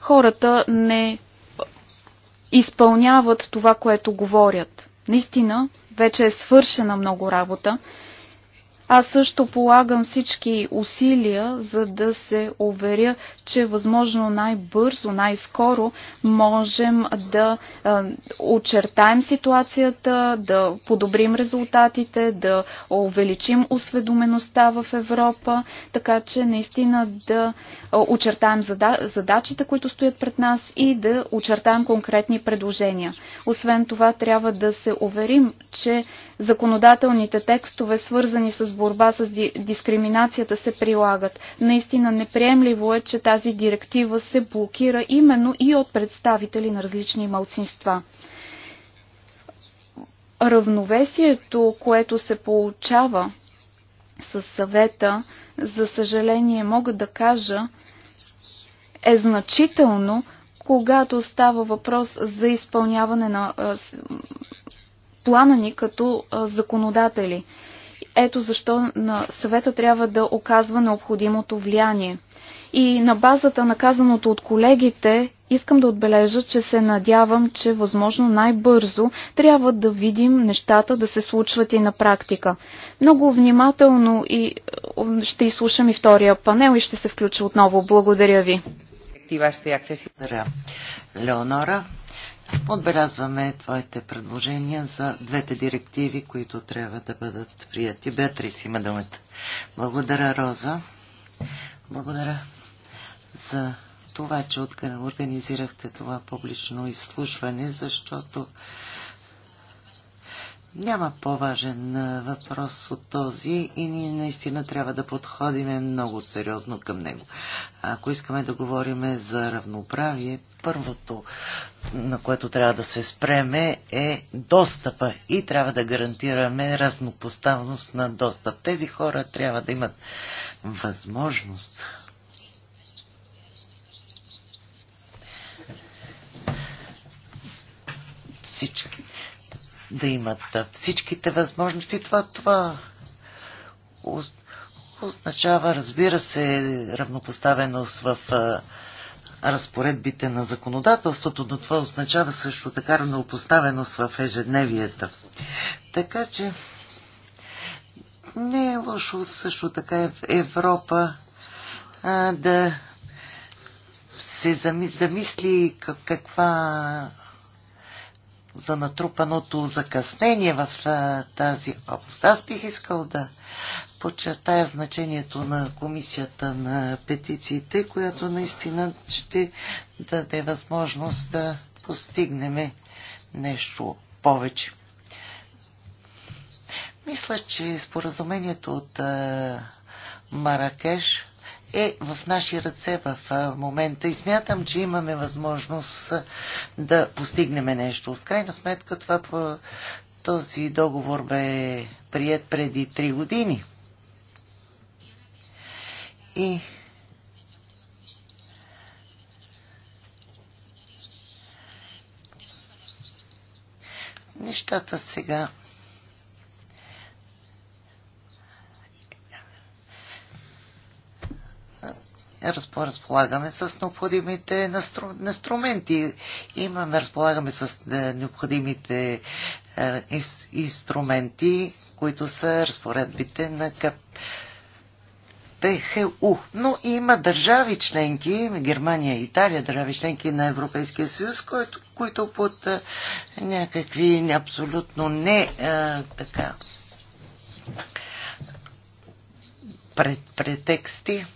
хората не изпълняват това, което говорят. Наистина, вече е свършена много работа, аз също полагам всички усилия, за да се уверя, че възможно най-бързо, най-скоро можем да очертаем ситуацията, да подобрим резултатите, да увеличим осведомеността в Европа, така че наистина да очертаем задачите, които стоят пред нас и да очертаем конкретни предложения. Освен това, трябва да се уверим, че законодателните текстове, свързани с борба с дискриминацията, се прилагат. Наистина неприемливо е, че тази директива се блокира именно и от представители на различни малцинства равновесието, което се получава със съвета, за съжаление мога да кажа, е значително, когато става въпрос за изпълняване на плана ни като законодатели. Ето защо на съвета трябва да оказва необходимото влияние. И на базата на казаното от колегите, искам да отбележа, че се надявам, че възможно най-бързо трябва да видим нещата да се случват и на практика. Много внимателно и ще изслушам и втория панел и ще се включа отново. Благодаря ви. Леонора, Отбелязваме твоите предложения за двете директиви, които трябва да бъдат прияти. Беатрис има думата. Благодаря, Роза. Благодаря за това, че организирахте това публично изслушване, защото няма по-важен въпрос от този и ние наистина трябва да подходиме много сериозно към него. Ако искаме да говорим за равноправие, първото, на което трябва да се спреме, е достъпа и трябва да гарантираме разнопоставност на достъп. Тези хора трябва да имат възможност всички да имат всичките възможности. Това, това означава, разбира се, равнопоставеност в разпоредбите на законодателството, но това означава също така равнопоставеност в ежедневията. Така че не е лошо също така Европа а, да се замисли каква за натрупаното закъснение в а, тази област. Аз бих искал да подчертая значението на комисията на петициите, която наистина ще даде възможност да постигнем нещо повече. Мисля, че споразумението от а, Маракеш е в наши ръце в момента и смятам, че имаме възможност да постигнем нещо. В крайна сметка това, този договор бе прият преди три години. И нещата сега разполагаме с необходимите инструменти. Имаме, разполагаме с е, необходимите е, инструменти, които са разпоредбите на КАП. ТХУ. Но има държави членки, Германия и Италия, държави членки на Европейския съюз, които, които под а, е, някакви абсолютно не а, така пред, претексти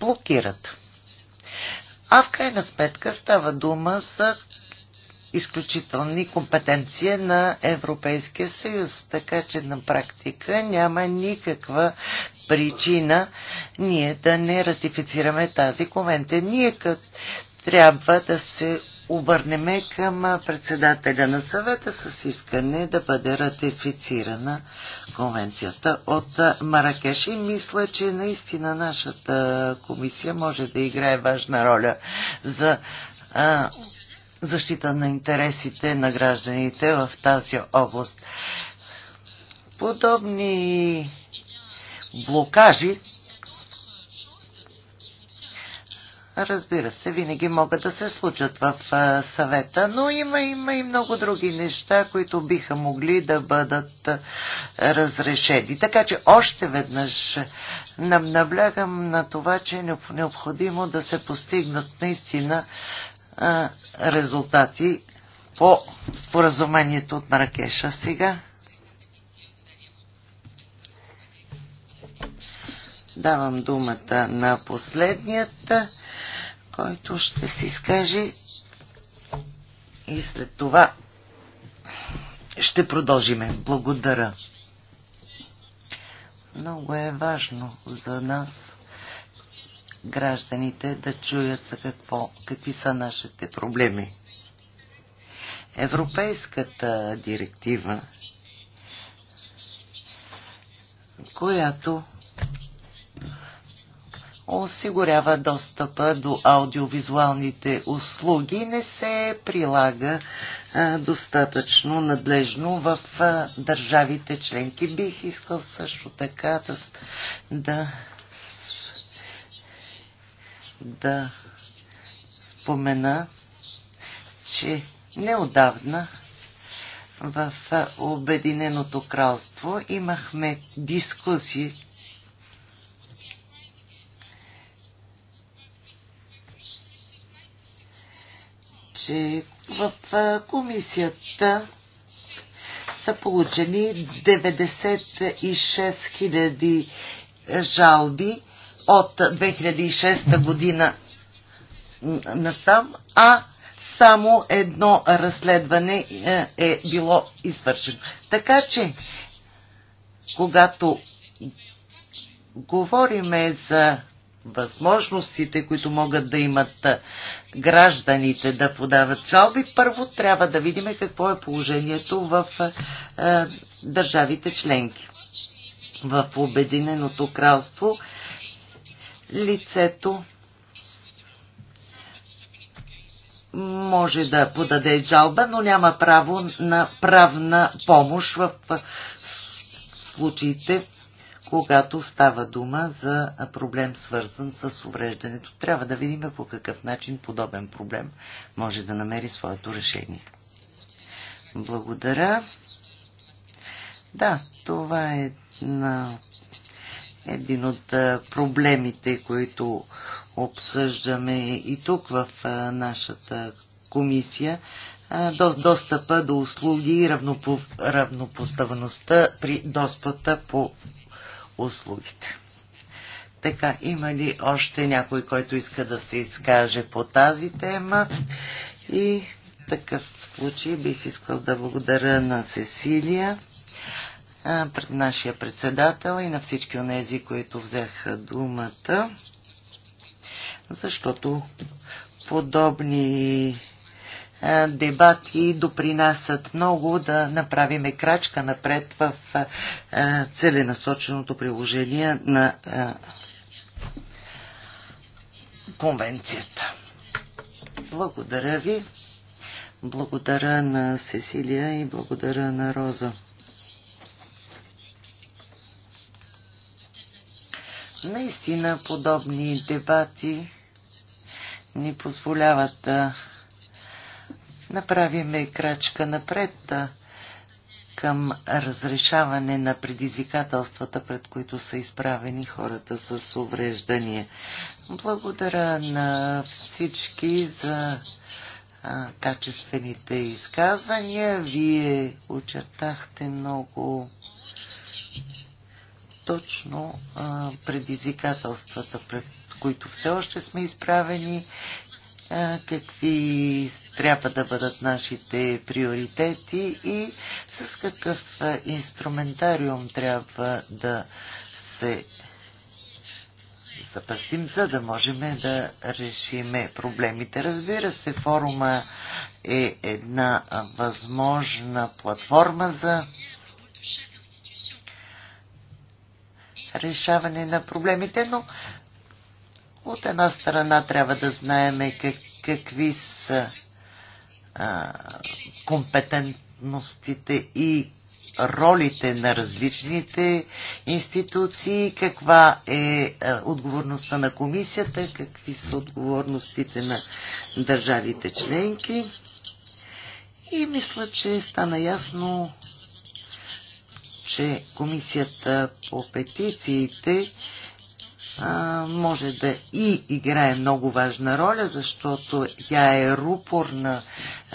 блокират. А в крайна сметка става дума за изключителни компетенции на Европейския съюз, така че на практика няма никаква причина ние да не ратифицираме тази конвенция. Ние като трябва да се обърнеме към председателя на съвета с искане да бъде ратифицирана конвенцията от Маракеш. И мисля, че наистина нашата комисия може да играе важна роля за защита на интересите на гражданите в тази област. Подобни блокажи Разбира се, винаги могат да се случат в съвета, но има, има и много други неща, които биха могли да бъдат разрешени. Така че още веднъж нам наблягам на това, че е необходимо да се постигнат наистина резултати по споразумението от Маракеша сега. Давам думата на последният който ще се изкаже и след това ще продължиме. Благодаря. Много е важно за нас гражданите да чуят за какво, какви са нашите проблеми. Европейската директива, която осигурява достъпа до аудиовизуалните услуги, не се прилага достатъчно надлежно в държавите членки. Бих искал също така да, да, да спомена, че неодавна в Обединеното кралство имахме дискусии че в комисията са получени 96 000 е, жалби от 2006 година насам, а само едно разследване е, е било извършено. Така че, когато говориме за възможностите, които могат да имат гражданите да подават жалби, първо трябва да видим какво е положението в държавите членки. В Обединеното кралство лицето може да подаде жалба, но няма право на правна помощ в случаите, когато става дума за проблем свързан с увреждането. Трябва да видим по какъв начин подобен проблем може да намери своето решение. Благодаря. Да, това е на един от проблемите, които обсъждаме и тук в нашата комисия до, достъпа до услуги и равнопо, равнопоставеността при достъпа по услугите. Така, има ли още някой, който иска да се изкаже по тази тема? И в такъв случай бих искал да благодаря на Сесилия, пред нашия председател и на всички онези, които взеха думата, защото подобни дебати допринасят много да направиме крачка напред в целенасоченото приложение на конвенцията. Благодаря ви. Благодаря на Сесилия и благодаря на Роза. Наистина подобни дебати ни позволяват да направиме крачка напред към разрешаване на предизвикателствата, пред които са изправени хората с увреждания. Благодаря на всички за а, качествените изказвания. Вие очертахте много точно а, предизвикателствата, пред които все още сме изправени какви трябва да бъдат нашите приоритети и с какъв инструментариум трябва да се запасим, за да можем да решим проблемите. Разбира се, форума е една възможна платформа за решаване на проблемите, но от една страна трябва да знаеме как, какви са а, компетентностите и ролите на различните институции, каква е отговорността на комисията, какви са отговорностите на държавите членки. И мисля, че стана ясно, че комисията по петициите може да и играе много важна роля, защото тя е рупор на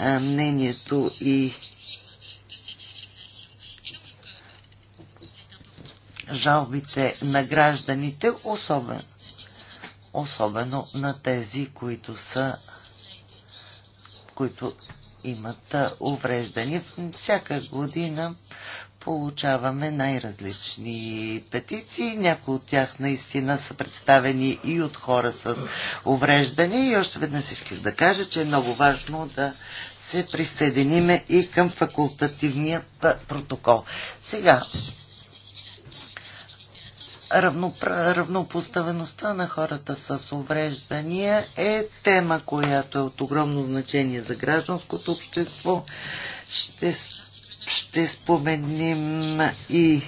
мнението и жалбите на гражданите, особено, особено на тези, които са които имат увреждания. Всяка година получаваме най-различни петиции. Някои от тях наистина са представени и от хора с увреждане. И още веднъж исках да кажа, че е много важно да се присъединиме и към факултативния протокол. Сега, равнопоставеността на хората с увреждания е тема, която е от огромно значение за гражданското общество. Ще ще споменим и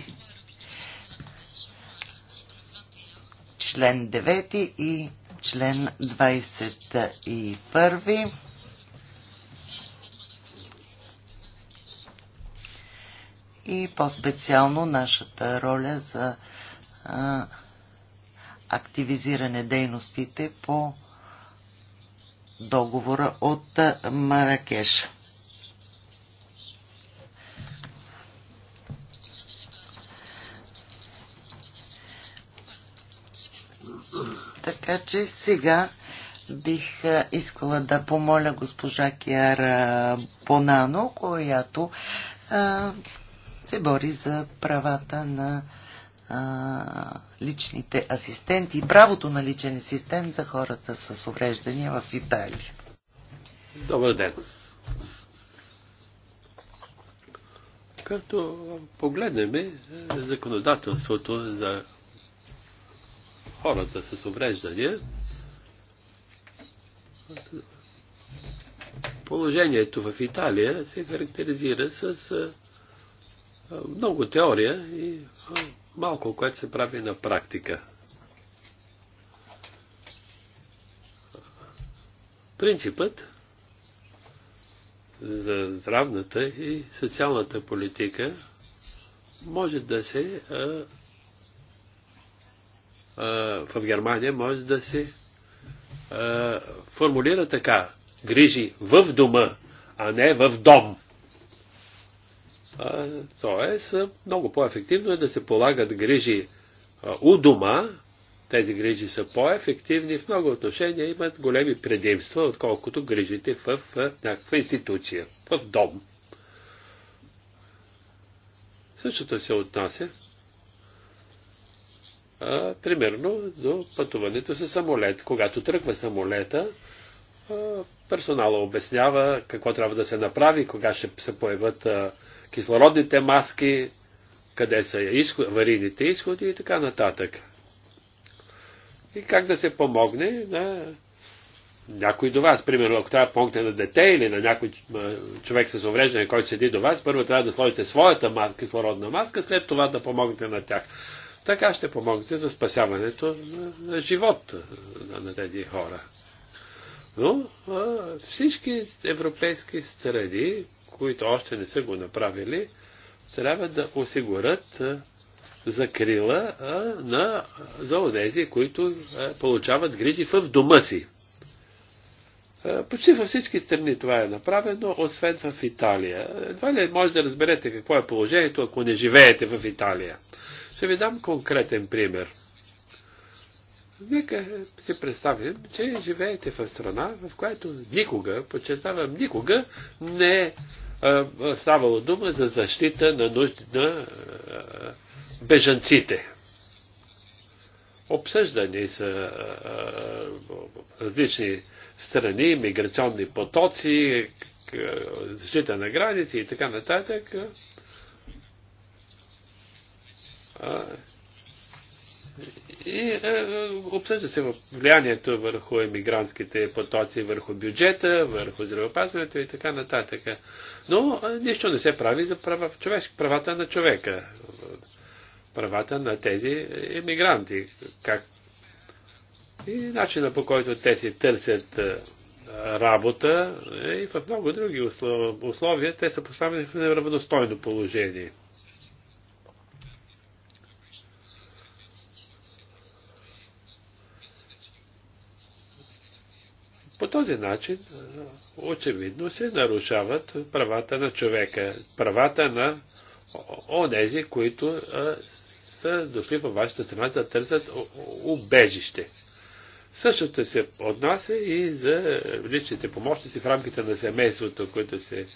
член 9 и член 21. И по-специално нашата роля за а, активизиране дейностите по договора от Маракеша. Така че сега бих искала да помоля госпожа Киара Понано, която а, се бори за правата на а, личните асистенти и правото на личен асистент за хората с увреждания в Италия. Добър ден! Като погледнем е, законодателството за хората с увреждания, положението в Италия се характеризира с много теория и малко, което се прави на практика. Принципът за здравната и социалната политика може да се в Германия може да се формулира така. Грижи в дома, а не в дом. Тоест, много по-ефективно е да се полагат грижи у дома. Тези грижи са по-ефективни, в много отношения имат големи предимства, отколкото грижите в някаква институция, в дом. Същото се отнася а, примерно до пътуването с самолет. Когато тръгва самолета, а, персонала обяснява какво трябва да се направи, кога ще се появят а, кислородните маски, къде са изход, аварийните изходи и така нататък. И как да се помогне на някой до вас. Примерно, ако трябва да помогне на дете или на някой човек с увреждане, който седи до вас, първо трябва да сложите своята кислородна маска, след това да помогнете на тях. Така ще помогнете за спасяването на живота на тези хора. Но а, всички европейски страни, които още не са го направили, трябва да осигурят а, закрила а, на, за които а, получават грижи в дома си. почти във всички страни това е направено, освен в Италия. Едва ли може да разберете какво е положението, ако не живеете в Италия. Ще ви дам конкретен пример. Нека си представим, че живеете в страна, в която никога, подчертавам, никога не е ставало дума за защита на, нужди на бежанците. Обсъждани са различни страни, миграционни потоци, защита на граници и така нататък. И е, е, обсъжда се влиянието върху емигрантските потоци, върху бюджета, върху здравеопазването и така нататък. Но нищо не се прави за права, човеш, правата на човека, правата на тези емигранти. Как... И начина по който те си търсят е, работа и в много други условия те са поставени в неравностойно положение. По този начин очевидно се нарушават правата на човека, правата на онези, които са дошли във вашата страна да търсят убежище. Същото се отнася и за личните помощници в рамките на семейството, които се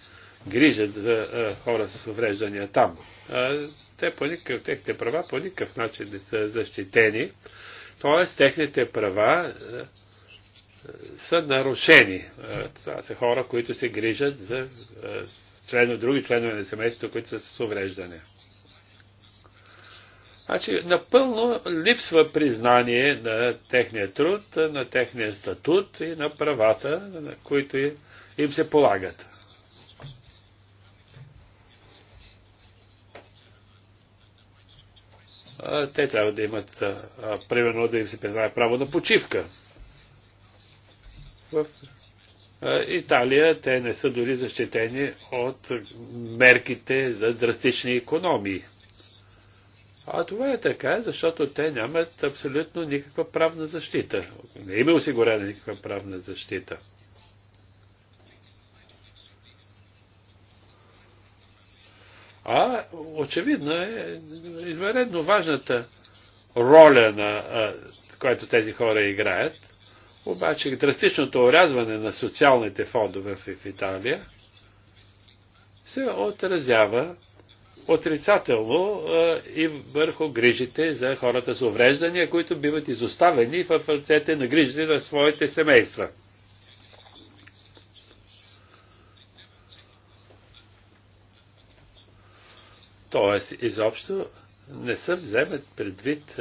грижат за хора с увреждания там. те по никакъв, техните права по никакъв начин не са защитени, т.е. техните права са нарушени. Е, това са хора, които се грижат за е, члено, други членове на семейството, които са с увреждане. Значи, напълно липсва признание на техния труд, на техния статут и на правата, на които им се полагат. Е, те трябва да имат, примерно, да им се признае право на почивка. В Италия те не са дори защитени от мерките за драстични економии. А това е така, защото те нямат абсолютно никаква правна защита. Не има е осигурена никаква правна защита. А очевидно е извънредно важната роля, на, която тези хора играят обаче драстичното орязване на социалните фондове в Италия се отразява отрицателно а, и върху грижите за хората с увреждания, които биват изоставени в ръцете на грижите на своите семейства. Тоест, изобщо не съм вземат предвид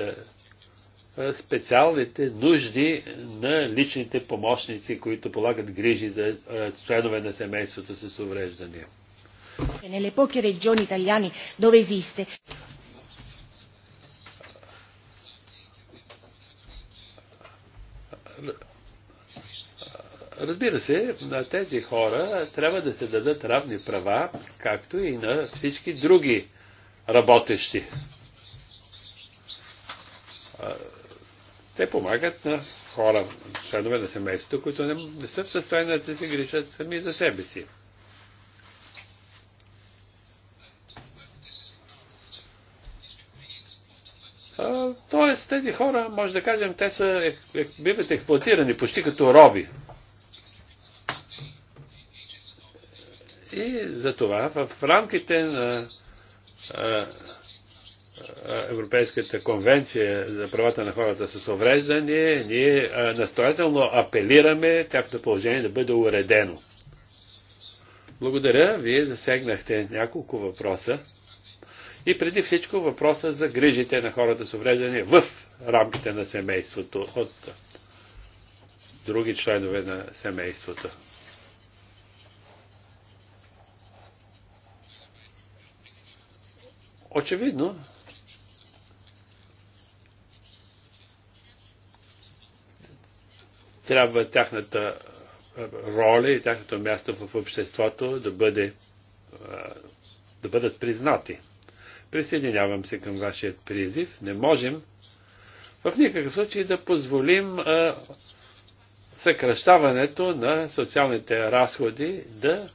специалните нужди на личните помощници, които полагат грижи за членове на семейството с увреждания. Nelle poche regioni italiane dove esiste. Разбира се, на тези хора трябва да се дадат равни права, както и на всички други работещи. Те помагат на хора, членове на семейството, които не, не са в състояние да се грешат сами за себе си. тоест, тези хора, може да кажем, те са, е, е, биват експлуатирани почти като роби. И затова в рамките на Европейската конвенция за правата на хората с увреждане, ние настоятелно апелираме тяхното положение да бъде уредено. Благодаря, вие засегнахте няколко въпроса. И преди всичко въпроса за грижите на хората с увреждане в рамките на семейството от други членове на семейството. Очевидно, Трябва тяхната е, роля и тяхното място в обществото да, бъде, е, да бъдат признати. Присъединявам се към вашият призив. Не можем в никакъв случай да позволим е, съкръщаването на социалните разходи да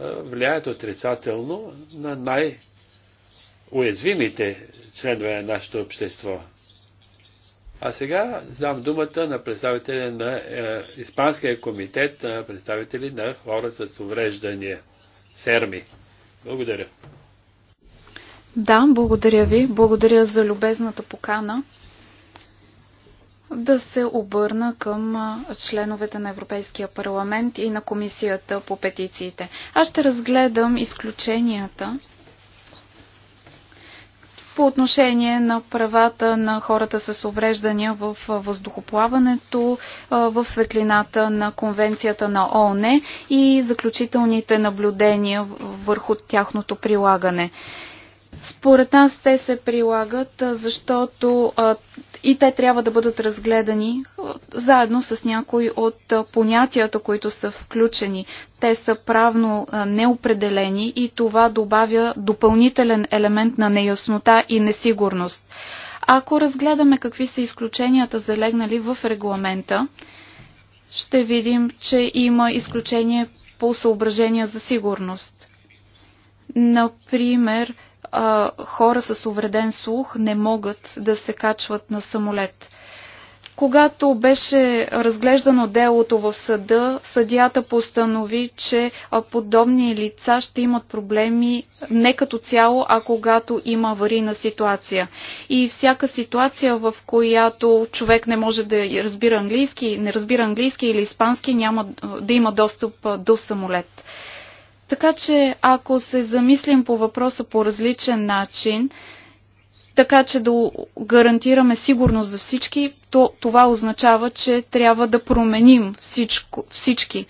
влияят отрицателно на най-уязвимите членове на нашето общество. А сега дам думата на представители на е, Испанския комитет на е, представители на хора с увреждания. СЕРМИ. Благодаря. Да, благодаря ви. Благодаря за любезната покана да се обърна към е, членовете на Европейския парламент и на Комисията по петициите. Аз ще разгледам изключенията по отношение на правата на хората с увреждания в въздухоплаването в светлината на Конвенцията на ООН и заключителните наблюдения върху тяхното прилагане. Според нас те се прилагат, защото и те трябва да бъдат разгледани заедно с някои от понятията, които са включени. Те са правно неопределени и това добавя допълнителен елемент на неяснота и несигурност. Ако разгледаме какви са изключенията залегнали в регламента, ще видим, че има изключение по съображения за сигурност. Например, а, хора с увреден слух не могат да се качват на самолет. Когато беше разглеждано делото в съда, съдията постанови, че подобни лица ще имат проблеми не като цяло, а когато има аварийна ситуация. И всяка ситуация, в която човек не може да разбира английски, не разбира английски или испански, няма да има достъп до самолет. Така че ако се замислим по въпроса по различен начин, така че да гарантираме сигурност за всички, то това означава, че трябва да променим всичко, всички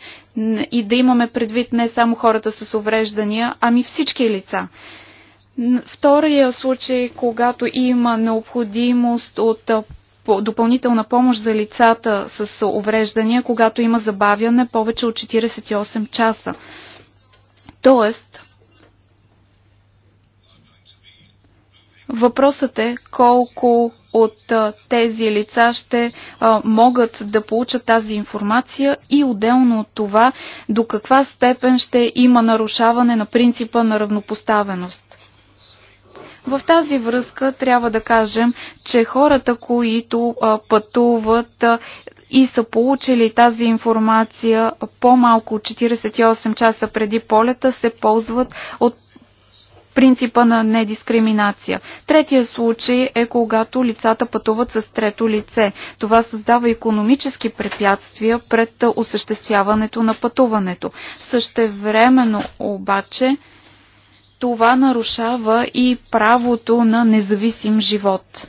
и да имаме предвид не само хората с увреждания, ами всички лица. Втория случай, когато има необходимост от допълнителна помощ за лицата с увреждания, когато има забавяне повече от 48 часа. Тоест, Въпросът е колко от а, тези лица ще а, могат да получат тази информация и отделно от това до каква степен ще има нарушаване на принципа на равнопоставеност. В тази връзка трябва да кажем, че хората, които а, пътуват и са получили тази информация по-малко от 48 часа преди полета, се ползват от принципа на недискриминация. Третия случай е когато лицата пътуват с трето лице. Това създава економически препятствия пред осъществяването на пътуването. Същевременно обаче това нарушава и правото на независим живот.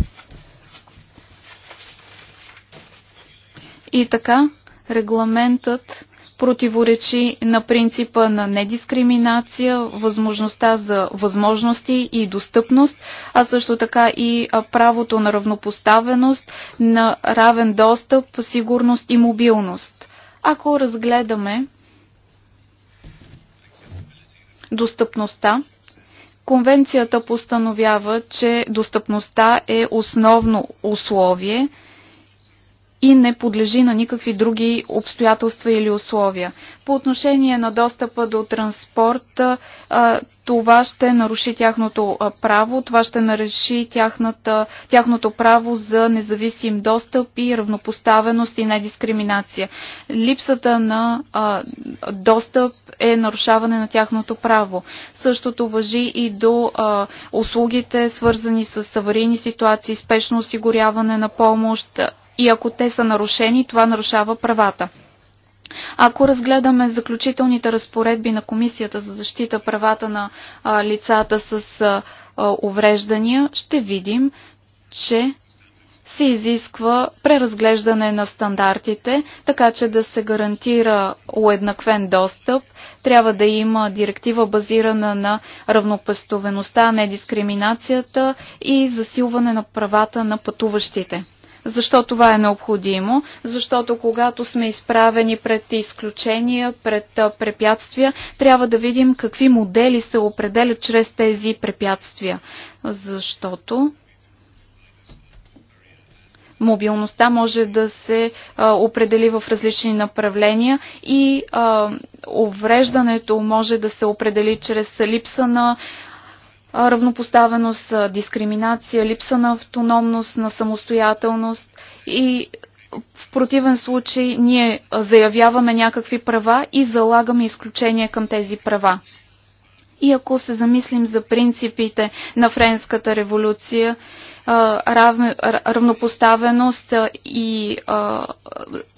И така, регламентът противоречи на принципа на недискриминация, възможността за възможности и достъпност, а също така и правото на равнопоставеност, на равен достъп, сигурност и мобилност. Ако разгледаме достъпността, Конвенцията постановява, че достъпността е основно условие – и не подлежи на никакви други обстоятелства или условия. По отношение на достъпа до транспорт, това ще наруши тяхното право, това ще нареши тяхната, тяхното право за независим достъп и равнопоставеност и недискриминация. Липсата на а, достъп е нарушаване на тяхното право. Същото въжи и до а, услугите, свързани с аварийни ситуации, спешно осигуряване на помощ и ако те са нарушени, това нарушава правата. Ако разгледаме заключителните разпоредби на Комисията за защита правата на а, лицата с а, увреждания, ще видим, че се изисква преразглеждане на стандартите, така че да се гарантира уеднаквен достъп. Трябва да има директива базирана на равнопестовеността, недискриминацията и засилване на правата на пътуващите. Защо това е необходимо? Защото когато сме изправени пред изключения, пред препятствия, трябва да видим какви модели се определят чрез тези препятствия. Защото мобилността може да се а, определи в различни направления и а, увреждането може да се определи чрез липса на равнопоставеност, дискриминация, липса на автономност, на самостоятелност и в противен случай ние заявяваме някакви права и залагаме изключение към тези права. И ако се замислим за принципите на Френската революция равнопоставеност и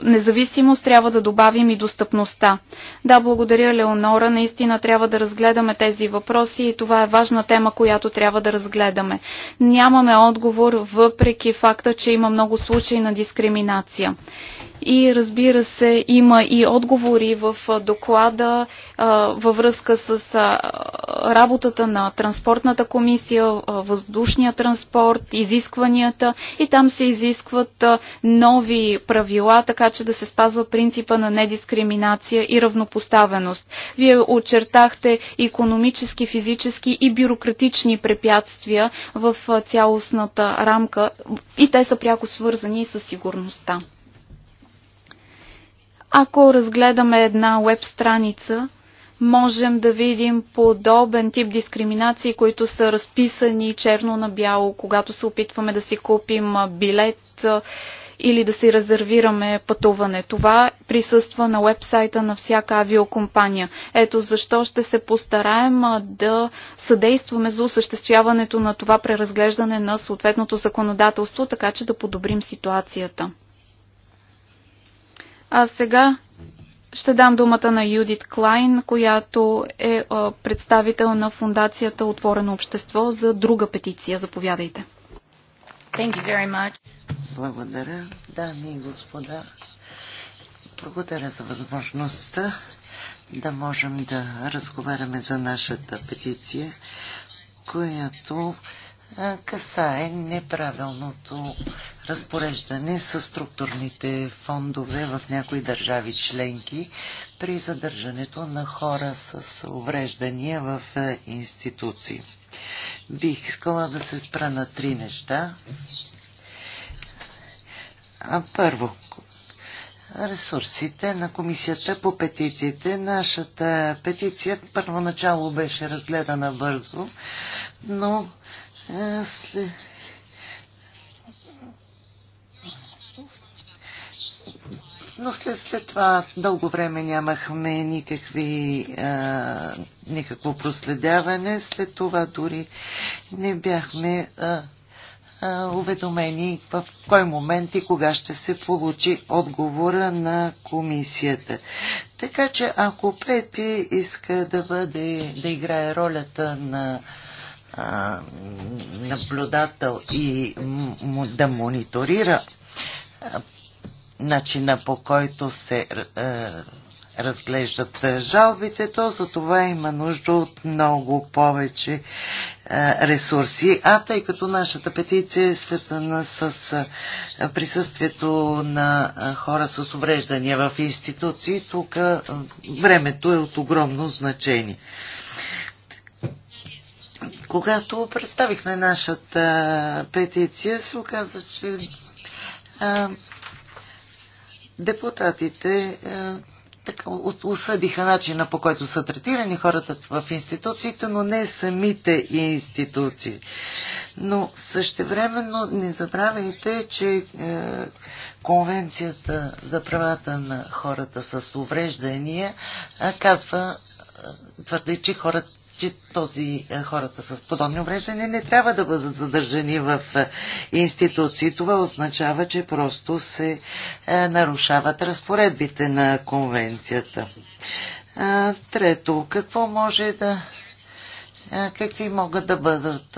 независимост, трябва да добавим и достъпността. Да, благодаря Леонора, наистина трябва да разгледаме тези въпроси и това е важна тема, която трябва да разгледаме. Нямаме отговор въпреки факта, че има много случаи на дискриминация. И разбира се, има и отговори в доклада във връзка с работата на Транспортната комисия, въздушния транспорт, изискванията и там се изискват нови правила, така че да се спазва принципа на недискриминация и равнопоставеност. Вие очертахте економически, физически и бюрократични препятствия в цялостната рамка и те са пряко свързани с сигурността. Ако разгледаме една веб страница, можем да видим подобен тип дискриминации, които са разписани черно на бяло, когато се опитваме да си купим билет или да си резервираме пътуване. Това присъства на вебсайта на всяка авиокомпания. Ето защо ще се постараем да съдействаме за осъществяването на това преразглеждане на съответното законодателство, така че да подобрим ситуацията. А сега ще дам думата на Юдит Клайн, която е, е представител на фундацията Отворено общество за друга петиция. Заповядайте. Thank you very much. Благодаря, дами и господа. Благодаря за възможността да можем да разговаряме за нашата петиция, която е, касае неправилното разпореждане с структурните фондове в някои държави членки при задържането на хора с увреждания в е, институции. Бих искала да се спра на три неща. А първо, ресурсите на комисията по петициите. Нашата петиция първоначало беше разгледана бързо, но е, след Но след, след това дълго време нямахме никакви, а, никакво проследяване. След това дори не бяхме а, а, уведомени в кой момент и кога ще се получи отговора на комисията. Така че ако Пети иска да, бъде, да играе ролята на а, наблюдател и да мониторира начина по който се е, разглеждат е, жалбите, то за това има нужда от много повече е, ресурси. А тъй като нашата петиция е свързана с е, присъствието на е, хора с увреждания в институции, тук е, времето е от огромно значение. Когато представихме нашата е, петиция, се оказа, че е, депутатите е, така, осъдиха начина по който са третирани хората в институциите, но не самите институции. Но същевременно не забравяйте, че е, Конвенцията за правата на хората с увреждания е, казва, е, твърди, че хората че този, е, хората с подобни увреждания не трябва да бъдат задържани в е, институции. Това означава, че просто се е, нарушават разпоредбите на конвенцията. Трето, какво може да. Какви могат да бъдат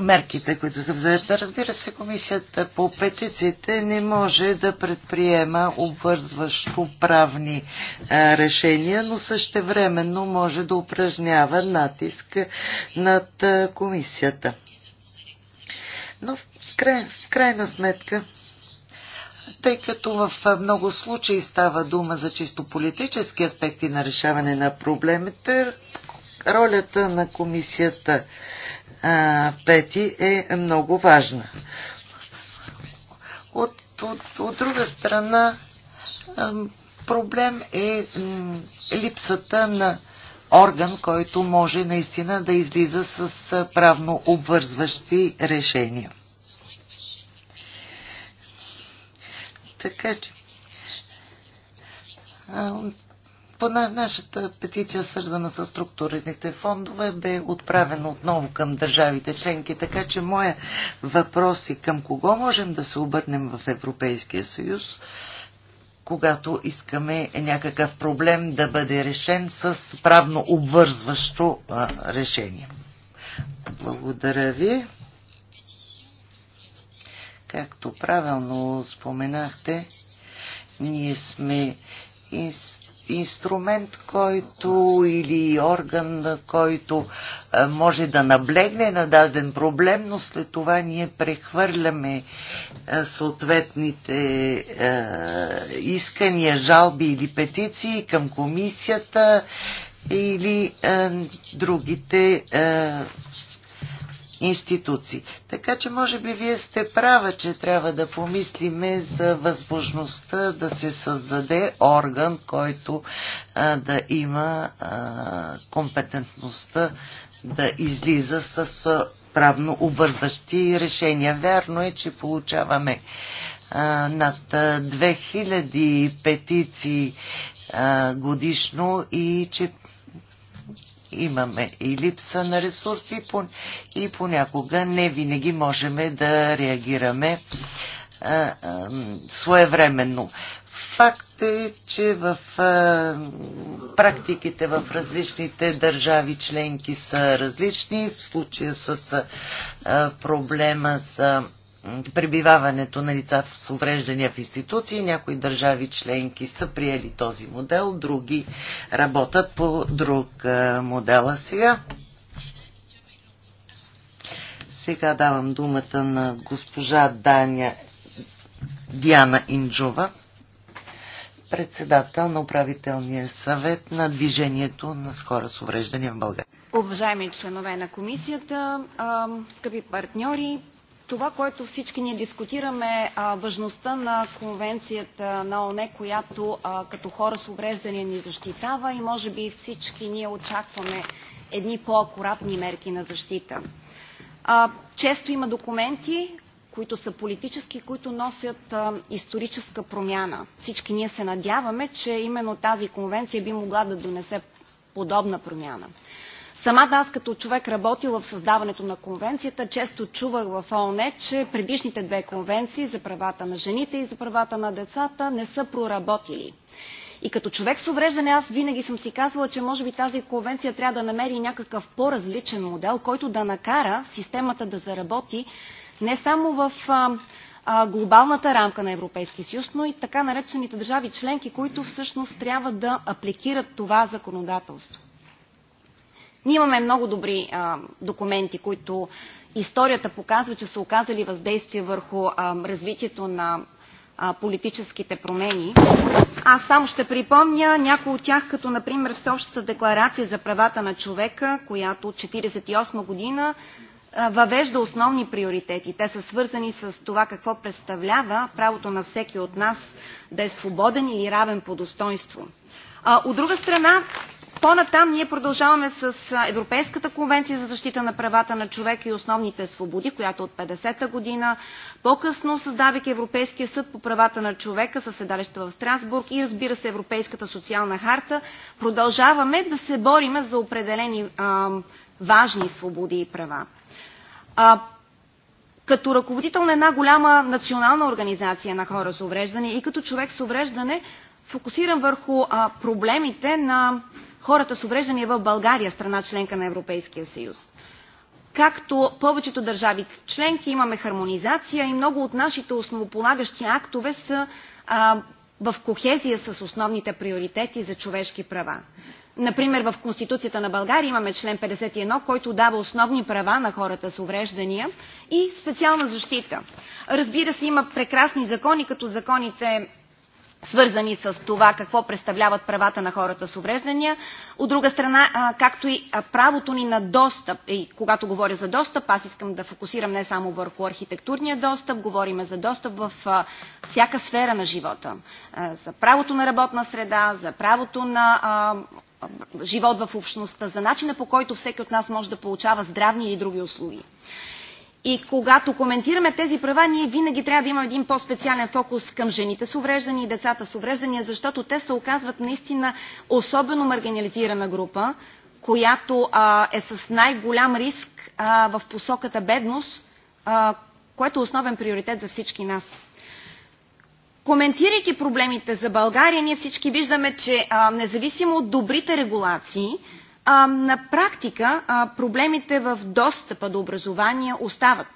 мерките, които са вземат. Разбира се, комисията по петициите не може да предприема обвързващо правни а, е, решения, но същевременно може да упражнява натиск над а, е, комисията. Но в, край, в крайна сметка, тъй като в много случаи става дума за чисто политически аспекти на решаване на проблемите, ролята на комисията пети е много важна. От, от, от друга страна, проблем е липсата на орган, който може наистина да излиза с правно обвързващи решения. Така че по на, нашата петиция, свързана с структурните фондове, бе отправена отново към държавите членки, така че моя въпрос е към кого можем да се обърнем в Европейския съюз, когато искаме някакъв проблем да бъде решен с правно обвързващо а, решение. Благодаря ви. Както правилно споменахте, ние сме из инструмент, който или орган, който може да наблегне на даден проблем, но след това ние прехвърляме съответните искания, жалби или петиции към комисията или другите институции. Така че може би вие сте права, че трябва да помислиме за възможността да се създаде орган, който а, да има а, компетентността да излиза с а, правно обвързващи решения. Вярно е, че получаваме а, над 2000 петиции а, годишно и че имаме и липса на ресурси и понякога не винаги можем да реагираме своевременно. Факт е, че в а, практиките в различните държави членки са различни. В случая с а, проблема за пребиваването на лица с увреждания в институции. Някои държави членки са приели този модел, други работят по друг е, модела сега. Сега давам думата на госпожа Даня Диана Инджова, председател на управителния съвет на движението на хора с увреждания в България. Уважаеми членове на комисията, скъпи партньори, това, което всички ние дискутираме, а, важността на конвенцията на ОНЕ, която а, като хора с увреждане ни защитава и може би всички ние очакваме едни по-акуратни мерки на защита. А, често има документи, които са политически, които носят а, историческа промяна. Всички ние се надяваме, че именно тази конвенция би могла да донесе подобна промяна. Самата аз като човек работил в създаването на конвенцията, често чувах в ООН, че предишните две конвенции за правата на жените и за правата на децата не са проработили. И като човек с увреждане, аз винаги съм си казвала, че може би тази конвенция трябва да намери някакъв по-различен модел, който да накара системата да заработи не само в а, а, глобалната рамка на Европейския съюз, но и така наречените държави членки, които всъщност трябва да апликират това законодателство. Ние имаме много добри а, документи, които историята показва, че са оказали въздействие върху а, развитието на а, политическите промени. Аз само ще припомня някои от тях, като например Всеобщата декларация за правата на човека, която от 1948 година въвежда основни приоритети. Те са свързани с това какво представлява правото на всеки от нас да е свободен или равен по достоинство. От друга страна, по-натам ние продължаваме с Европейската конвенция за защита на правата на човека и основните свободи, която от 50-та година, по-късно създавайки Европейския съд по правата на човека със седалище в Страсбург и разбира се Европейската социална харта, продължаваме да се бориме за определени а, важни свободи и права. А, като ръководител на една голяма национална организация на хора с увреждане и като човек с увреждане, фокусирам върху а, проблемите на хората с увреждания в България, страна членка на Европейския съюз. Както повечето държави членки имаме хармонизация и много от нашите основополагащи актове са а, в кохезия с основните приоритети за човешки права. Например, в Конституцията на България имаме член 51, който дава основни права на хората с увреждания и специална защита. Разбира се, има прекрасни закони, като законите свързани с това какво представляват правата на хората с увреждания. От друга страна, както и правото ни на достъп, и когато говоря за достъп, аз искам да фокусирам не само върху архитектурния достъп, говорим за достъп в всяка сфера на живота. За правото на работна среда, за правото на живот в общността, за начина по който всеки от нас може да получава здравни или други услуги. И когато коментираме тези права, ние винаги трябва да имаме един по-специален фокус към жените с увреждания и децата с увреждания, защото те се оказват наистина особено маргинализирана група, която а, е с най-голям риск а, в посоката бедност, а, което е основен приоритет за всички нас. Коментирайки проблемите за България, ние всички виждаме, че а, независимо от добрите регулации, а, на практика а, проблемите в достъпа до образование остават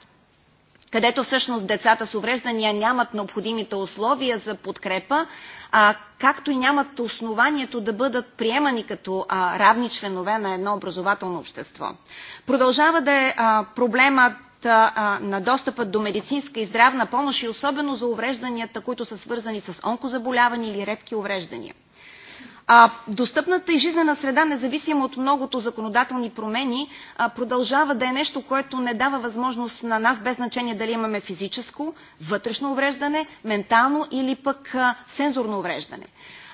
където всъщност децата с увреждания нямат необходимите условия за подкрепа, а, както и нямат основанието да бъдат приемани като а, равни членове на едно образователно общество. Продължава да е а, проблемът на достъпа до медицинска и здравна помощ и особено за уврежданията, които са свързани с онкозаболяване или редки увреждания. А достъпната и жизнена среда, независимо от многото законодателни промени, продължава да е нещо, което не дава възможност на нас, без значение дали имаме физическо, вътрешно увреждане, ментално или пък сензорно увреждане.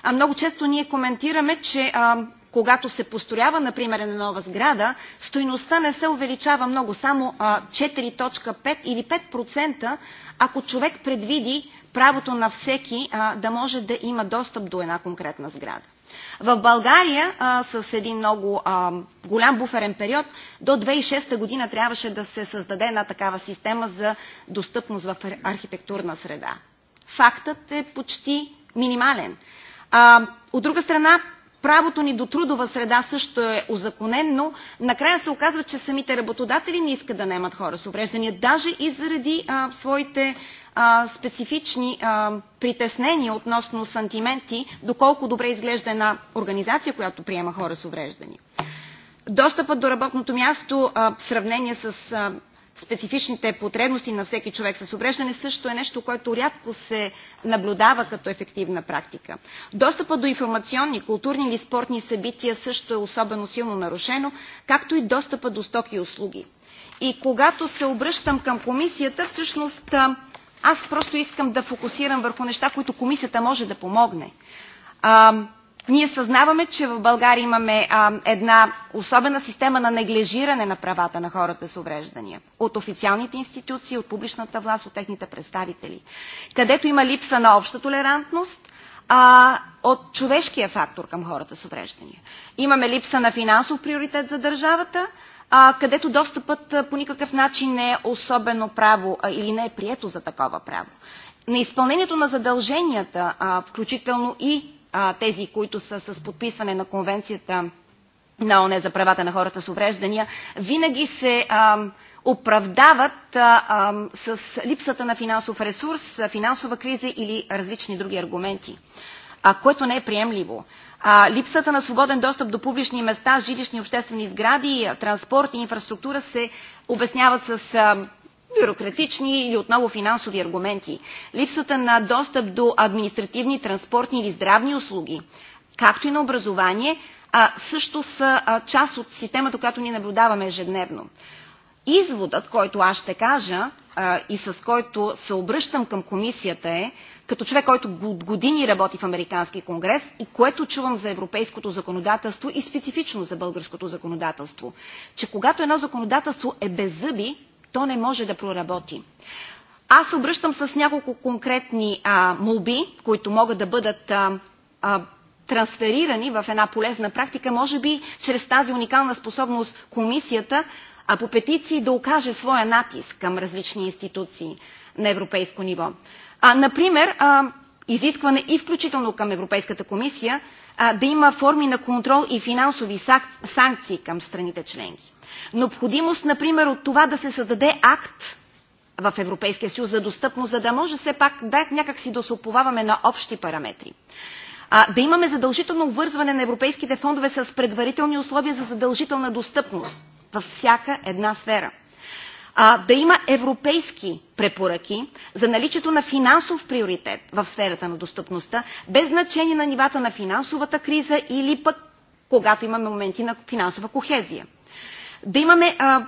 А много често ние коментираме, че а, когато се построява, например, на нова сграда, стойността не се увеличава много, само 4.5 или 5%, ако човек предвиди правото на всеки а, да може да има достъп до една конкретна сграда. В България а, с един много а, голям буферен период до 2006 година трябваше да се създаде една такава система за достъпност в архитектурна среда. Фактът е почти минимален. А, от друга страна, правото ни до трудова среда също е озаконен, но накрая се оказва, че самите работодатели не искат да немат хора с увреждания, даже и заради а, своите а, специфични а, притеснения относно сантименти, доколко добре изглежда една организация, която приема хора с увреждания. Достъпът до работното място а, в сравнение с а, специфичните потребности на всеки човек с увреждане също е нещо, което рядко се наблюдава като ефективна практика. Достъпът до информационни, културни или спортни събития също е особено силно нарушено, както и достъпът до стоки и услуги. И когато се обръщам към комисията, всъщност аз просто искам да фокусирам върху неща, които комисията може да помогне. А, ние съзнаваме, че в България имаме а, една особена система на неглежиране на правата на хората с увреждания. От официалните институции, от публичната власт, от техните представители. Където има липса на обща толерантност, а, от човешкия фактор към хората с увреждания. Имаме липса на финансов приоритет за държавата, където достъпът по никакъв начин не е особено право или не е прието за такова право. На изпълнението на задълженията, включително и тези, които са с подписване на конвенцията на ОНЕ за правата на хората с увреждания, винаги се оправдават с липсата на финансов ресурс, финансова криза или различни други аргументи, което не е приемливо. А, липсата на свободен достъп до публични места, жилищни обществени сгради, транспорт и инфраструктура се обясняват с а, бюрократични или отново финансови аргументи. Липсата на достъп до административни, транспортни или здравни услуги, както и на образование, а, също са част от системата, която ние наблюдаваме ежедневно. Изводът, който аз ще кажа а, и с който се обръщам към комисията е, като човек, който години работи в Американски конгрес и което чувам за европейското законодателство и специфично за българското законодателство, че когато едно законодателство е без зъби, то не може да проработи. Аз обръщам с няколко конкретни а, молби, които могат да бъдат а, а, трансферирани в една полезна практика, може би чрез тази уникална способност комисията а по петиции да окаже своя натиск към различни институции на европейско ниво. А, например, а, изискване и включително към Европейската комисия а, да има форми на контрол и финансови санкции към страните членки. Необходимост, например, от това да се създаде акт в Европейския съюз за достъпност, за да може все пак да някакси да се оповаваме на общи параметри. А, да имаме задължително вързване на европейските фондове с предварителни условия за задължителна достъпност във всяка една сфера да има европейски препоръки за наличието на финансов приоритет в сферата на достъпността, без значение на нивата на финансовата криза или пък когато имаме моменти на финансова кохезия. Да имаме а,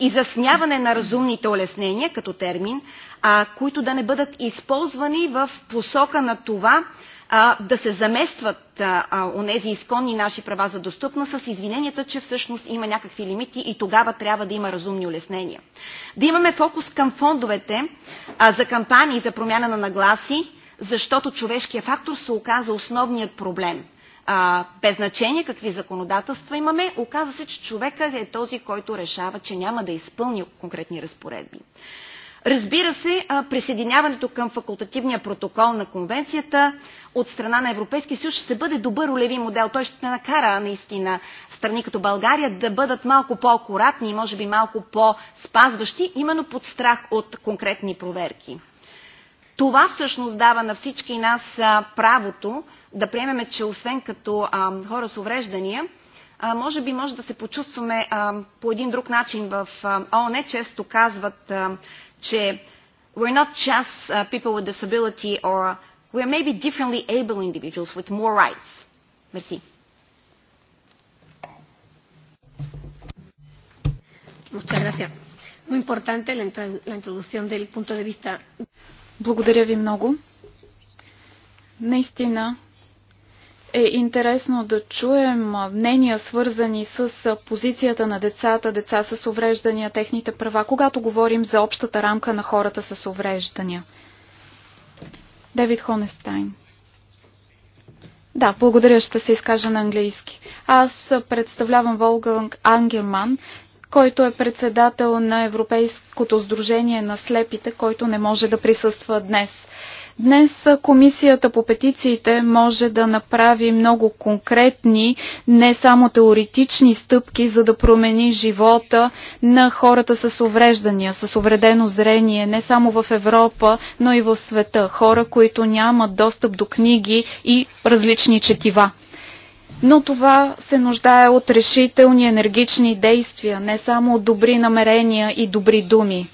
изясняване на разумните улеснения като термин, а, които да не бъдат използвани в посока на това а, да се заместват онези изконни наши права за достъпна с извиненията, че всъщност има някакви лимити и тогава трябва да има разумни улеснения. Да имаме фокус към фондовете а, за кампании за промяна на нагласи, защото човешкият фактор се оказа основният проблем – а, без значение какви законодателства имаме, оказа се, че човека е този, който решава, че няма да изпълни конкретни разпоредби. Разбира се, присъединяването към факултативния протокол на конвенцията от страна на Европейския съюз ще бъде добър ролеви модел. Той ще накара наистина страни като България да бъдат малко по-акуратни и може би малко по-спазващи, именно под страх от конкретни проверки. Това всъщност дава на всички нас правото да приемеме, че освен като а, хора с увреждания, а, може би може да се почувстваме а, по един друг начин в ООН. Често казват а, че we're not just uh, people with disability or we're maybe differently able individuals with more rights. Merci. Muchas gracias. Muy importante la, la introducción del punto de vista. Благодаря ви много. Наистина, е интересно да чуем мнения, свързани с позицията на децата, деца с увреждания, техните права, когато говорим за общата рамка на хората с увреждания. Девид Хонестайн. Да, благодаря, ще се изкажа на английски. Аз представлявам Волганг Ангерман, който е председател на Европейското сдружение на слепите, който не може да присъства днес. Днес Комисията по петициите може да направи много конкретни, не само теоретични стъпки, за да промени живота на хората с увреждания, с увредено зрение, не само в Европа, но и в света. Хора, които нямат достъп до книги и различни четива. Но това се нуждае от решителни енергични действия, не само от добри намерения и добри думи.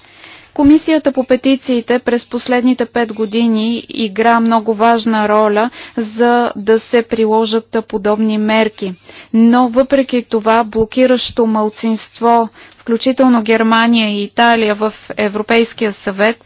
Комисията по петициите през последните пет години игра много важна роля за да се приложат подобни мерки. Но въпреки това блокиращо мълцинство, включително Германия и Италия в Европейския съвет,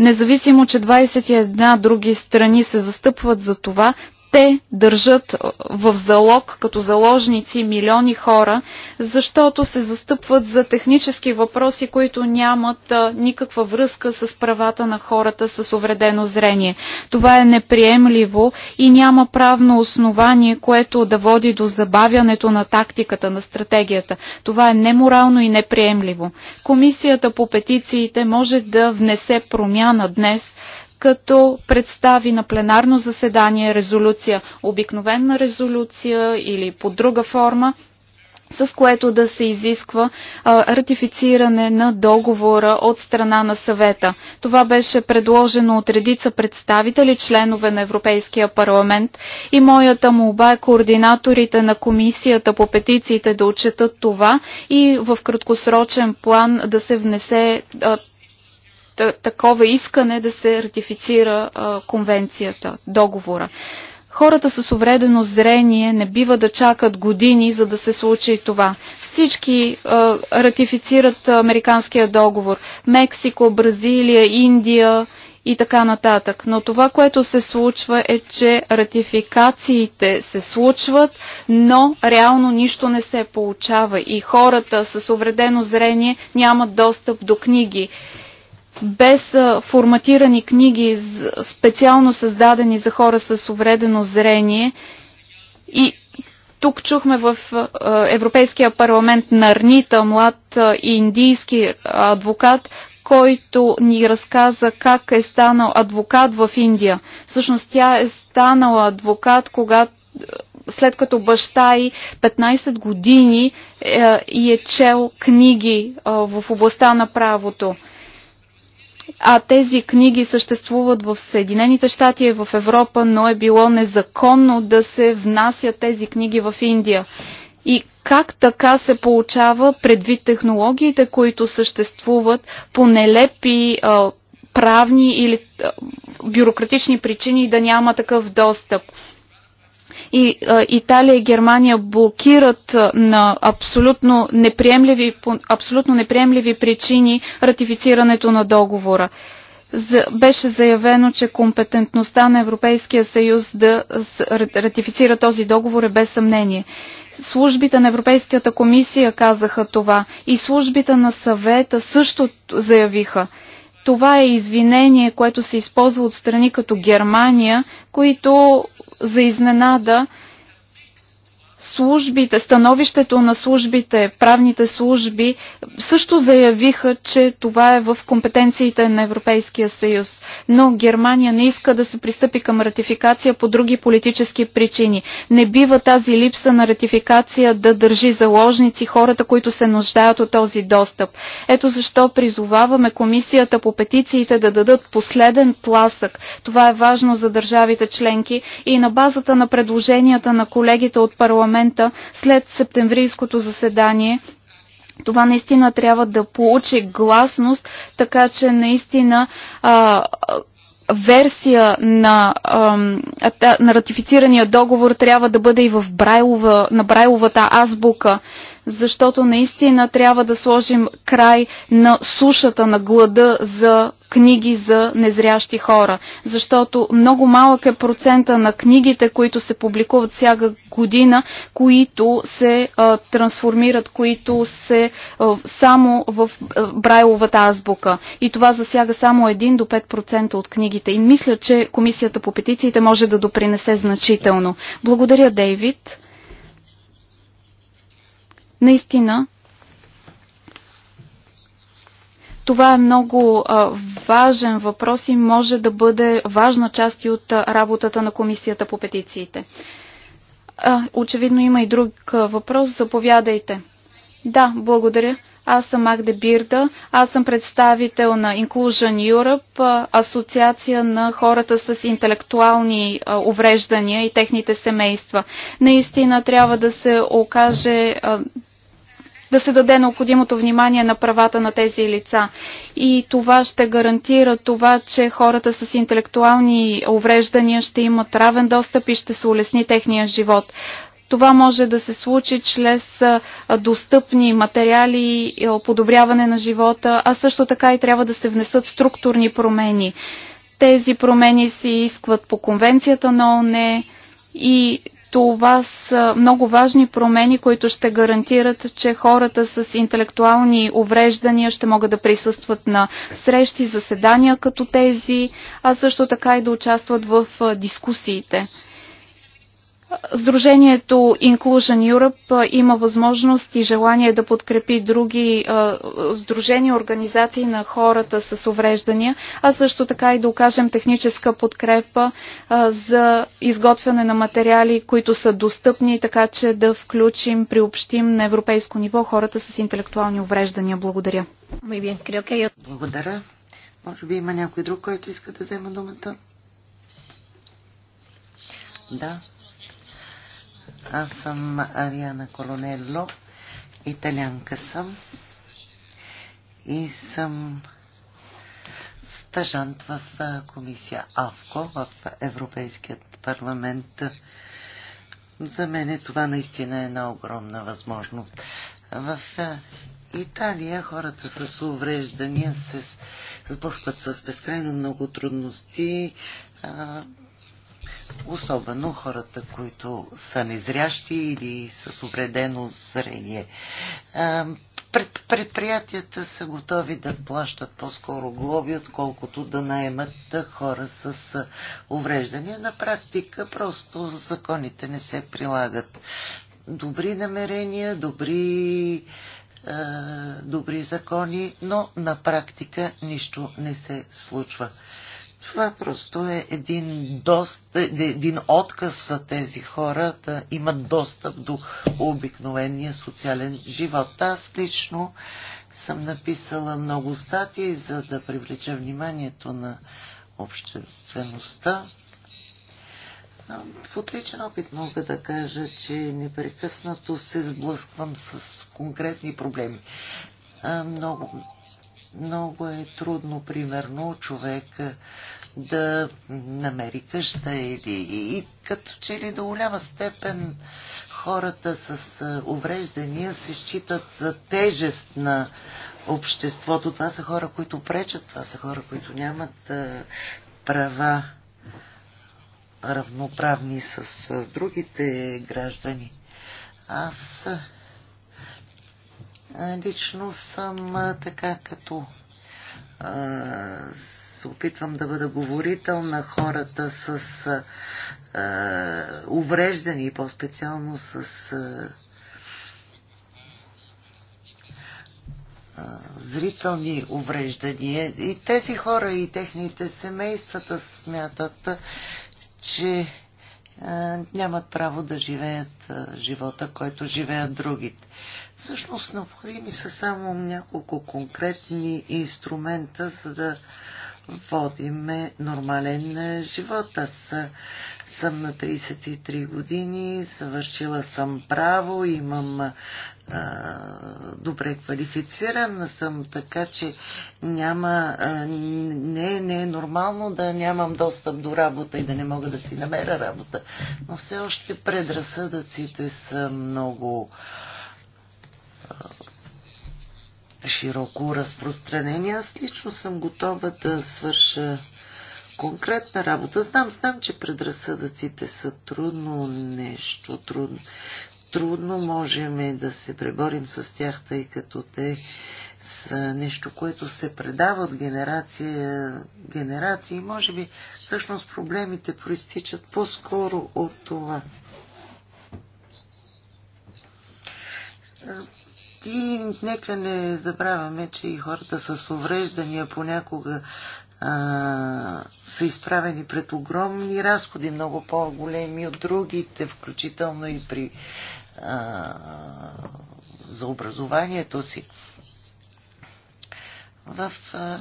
Независимо, че 21 други страни се застъпват за това, те държат в залог като заложници милиони хора, защото се застъпват за технически въпроси, които нямат никаква връзка с правата на хората с увредено зрение. Това е неприемливо и няма правно основание, което да води до забавянето на тактиката, на стратегията. Това е неморално и неприемливо. Комисията по петициите може да внесе промяна днес като представи на пленарно заседание резолюция, обикновена резолюция или по друга форма, с което да се изисква а, ратифициране на договора от страна на съвета. Това беше предложено от редица представители, членове на Европейския парламент и моята молба е координаторите на комисията по петициите да отчетат това и в краткосрочен план да се внесе а, такова искане да се ратифицира конвенцията, договора. Хората с увредено зрение не бива да чакат години, за да се случи това. Всички а, ратифицират американския договор. Мексико, Бразилия, Индия и така нататък. Но това, което се случва е, че ратификациите се случват, но реално нищо не се получава и хората с увредено зрение нямат достъп до книги без форматирани книги, специално създадени за хора с увредено зрение. И тук чухме в Европейския парламент Нарнита, млад индийски адвокат, който ни разказа как е станал адвокат в Индия. Всъщност тя е станала адвокат, когато след като баща й 15 години е, и е чел книги е, в областта на правото а тези книги съществуват в Съединените щати и в Европа, но е било незаконно да се внасят тези книги в Индия. И как така се получава предвид технологиите, които съществуват по нелепи а, правни или а, бюрократични причини да няма такъв достъп? и а, Италия и Германия блокират на абсолютно неприемливи, по абсолютно неприемливи причини ратифицирането на договора. За, беше заявено, че компетентността на Европейския съюз да ратифицира този договор е без съмнение. Службите на Европейската комисия казаха това и службите на съвета също заявиха. Това е извинение, което се използва от страни като Германия, които за изненада службите, становището на службите, правните служби също заявиха, че това е в компетенциите на Европейския съюз. Но Германия не иска да се пристъпи към ратификация по други политически причини. Не бива тази липса на ратификация да държи заложници хората, които се нуждаят от този достъп. Ето защо призоваваме комисията по петициите да дадат последен тласък. Това е важно за държавите членки и на базата на предложенията на колегите от парламента парламента след септемврийското заседание това наистина трябва да получи гласност, така че наистина а, версия на, а, на ратифицирания договор трябва да бъде и в Брайлова, на Брайловата азбука защото наистина трябва да сложим край на сушата на глада за книги за незрящи хора, защото много малък е процента на книгите, които се публикуват всяка година, които се а, трансформират, които се а, само в а, Брайловата азбука. И това засяга само 1 до 5% от книгите. И мисля, че Комисията по петициите може да допринесе значително. Благодаря, Дейвид. Наистина, това е много важен въпрос и може да бъде важна част и от работата на Комисията по петициите. очевидно има и друг въпрос. Заповядайте. Да, благодаря. Аз съм Агде Бирда. Аз съм представител на Inclusion Europe, асоциация на хората с интелектуални увреждания и техните семейства. Наистина трябва да се окаже да се даде необходимото внимание на правата на тези лица. И това ще гарантира това, че хората с интелектуални увреждания ще имат равен достъп и ще се улесни техния живот. Това може да се случи чрез достъпни материали, подобряване на живота, а също така и трябва да се внесат структурни промени. Тези промени се искват по конвенцията на ОНЕ и това са много важни промени, които ще гарантират, че хората с интелектуални увреждания ще могат да присъстват на срещи, заседания като тези, а също така и да участват в дискусиите. Сдружението Inclusion Europe има възможност и желание да подкрепи други сдружения, организации на хората с увреждания, а също така и да окажем техническа подкрепа за изготвяне на материали, които са достъпни, така че да включим, приобщим на европейско ниво хората с интелектуални увреждания. Благодаря. Благодаря. Може би има някой друг, който иска да взема думата. Да. Аз съм Ариана Колонелло, италянка съм и съм стажант в комисия АВКО в Европейският парламент. За мен това наистина е една огромна възможност. В Италия хората с увреждания се сблъскват с безкрайно много трудности особено хората, които са незрящи или с увредено зрение. Предприятията са готови да плащат по-скоро глоби, отколкото да наемат хора с увреждания. На практика просто законите не се прилагат. Добри намерения, добри добри закони, но на практика нищо не се случва. Това просто е един, дост, един отказ за тези хора да имат достъп до обикновения социален живот. Аз лично съм написала много статии, за да привлеча вниманието на обществеността. В отличен опит мога да кажа, че непрекъснато се сблъсквам с конкретни проблеми. Много, много е трудно, примерно, човек да намери къща или и като че ли до голяма степен хората с увреждания се считат за тежест на обществото. Това са хора, които пречат, това са хора, които нямат права равноправни с другите граждани. Аз Лично съм така като се опитвам да бъда говорител на хората с увреждани и по-специално с зрителни увреждания. И тези хора и техните семействата смятат, че нямат право да живеят живота, който живеят другите. Всъщност необходими са само няколко конкретни инструмента, за да водим нормален е, живот. Аз съм на 33 години, съвършила съм право, имам а, добре квалифицирана съм, така че няма, а, не, не е нормално да нямам достъп до работа и да не мога да си намеря работа. Но все още предразсъдъците са много широко разпространени. Аз лично съм готова да свърша конкретна работа. Знам, знам, че предразсъдъците са трудно нещо, трудно. Трудно можем да се преборим с тях, тъй като те са нещо, което се предава от генерация, генерации. Може би всъщност проблемите проистичат по-скоро от това и нека не забравяме, че и хората с увреждания понякога а, са изправени пред огромни разходи, много по-големи от другите, включително и при а, за образованието си. В а,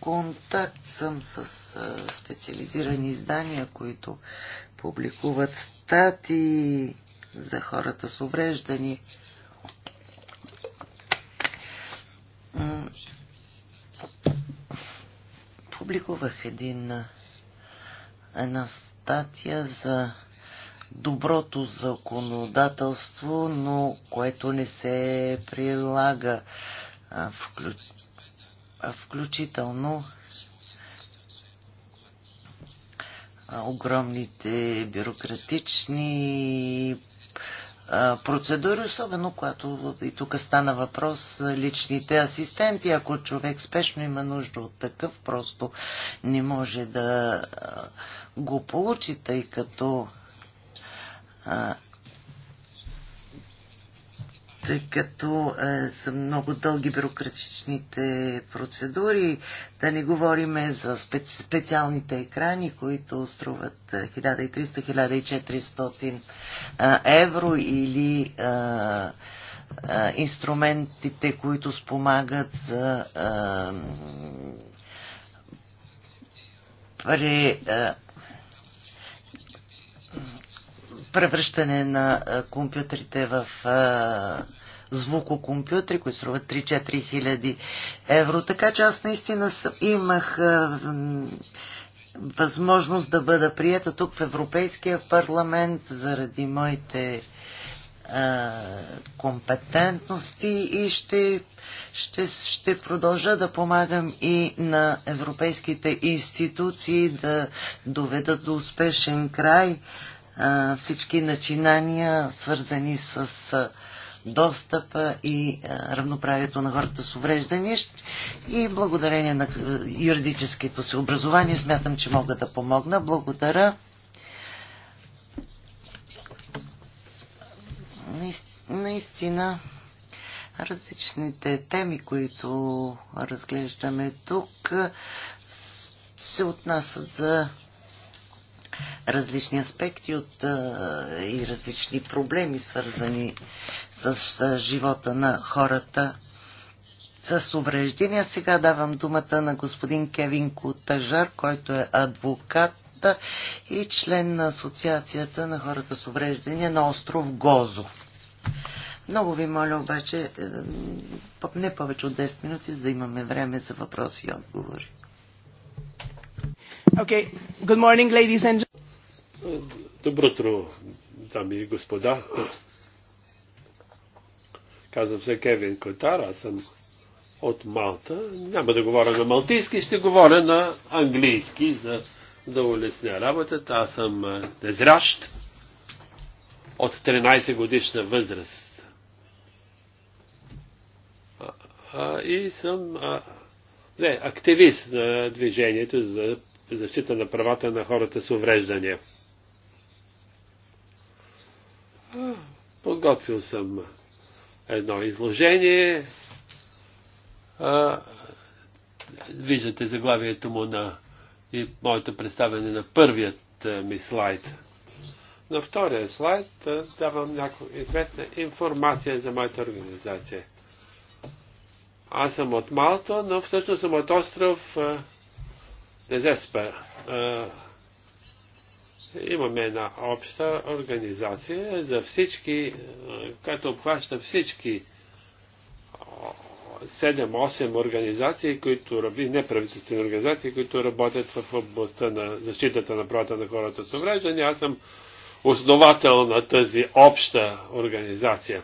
контакт съм с а, специализирани издания, които публикуват стати за хората с увреждания публикувах един, една статия за доброто законодателство, но което не се прилага включително огромните бюрократични процедури, особено когато и тук стана въпрос за личните асистенти. Ако човек спешно има нужда от такъв, просто не може да го получи, тъй като тъй като е, са много дълги бюрократичните процедури, да не говорим за специ, специалните екрани, които струват 1300-1400 е, е, евро или е, е, инструментите, които спомагат за е, при, е, превръщане на компютрите в звукокомпютри, които струват 3-4 хиляди евро. Така че аз наистина имах възможност да бъда прията тук в Европейския парламент заради моите компетентности и ще, ще, ще продължа да помагам и на европейските институции да доведат до успешен край всички начинания, свързани с достъпа и равноправието на хората с увреждания. И благодарение на юридическото си образование смятам, че мога да помогна. Благодаря. Наистина, различните теми, които разглеждаме тук, се отнасят за различни аспекти от, и различни проблеми, свързани с, с живота на хората с увреждения. Сега давам думата на господин Кевин Котажар, който е адвокат и член на Асоциацията на хората с увреждания на остров Гозо. Много ви моля обаче е, не повече от 10 минути, за да имаме време за въпроси и отговори. Okay. Good morning, ladies and Добро утро, дами и господа. Казвам се Кевин Котар, аз съм от Малта. Няма да говоря на малтийски, ще говоря на английски, за да улесня работата. Аз съм е, незрящ от 13 годишна възраст. А, а, и съм а, не, активист на движението за защита на правата на хората с увреждания. Подготвил съм едно изложение. Виждате заглавието му на и моето представяне на първият ми слайд. На втория слайд давам някаква известна информация за моята организация. Аз съм от Малто, но всъщност съм от остров Дезеспа. Имаме една обща организация за всички, която обхваща всички 7-8 организации, които работят, неправителствени организации, които работят в областта на защитата на правата на хората с увреждания. Аз съм основател на тази обща организация.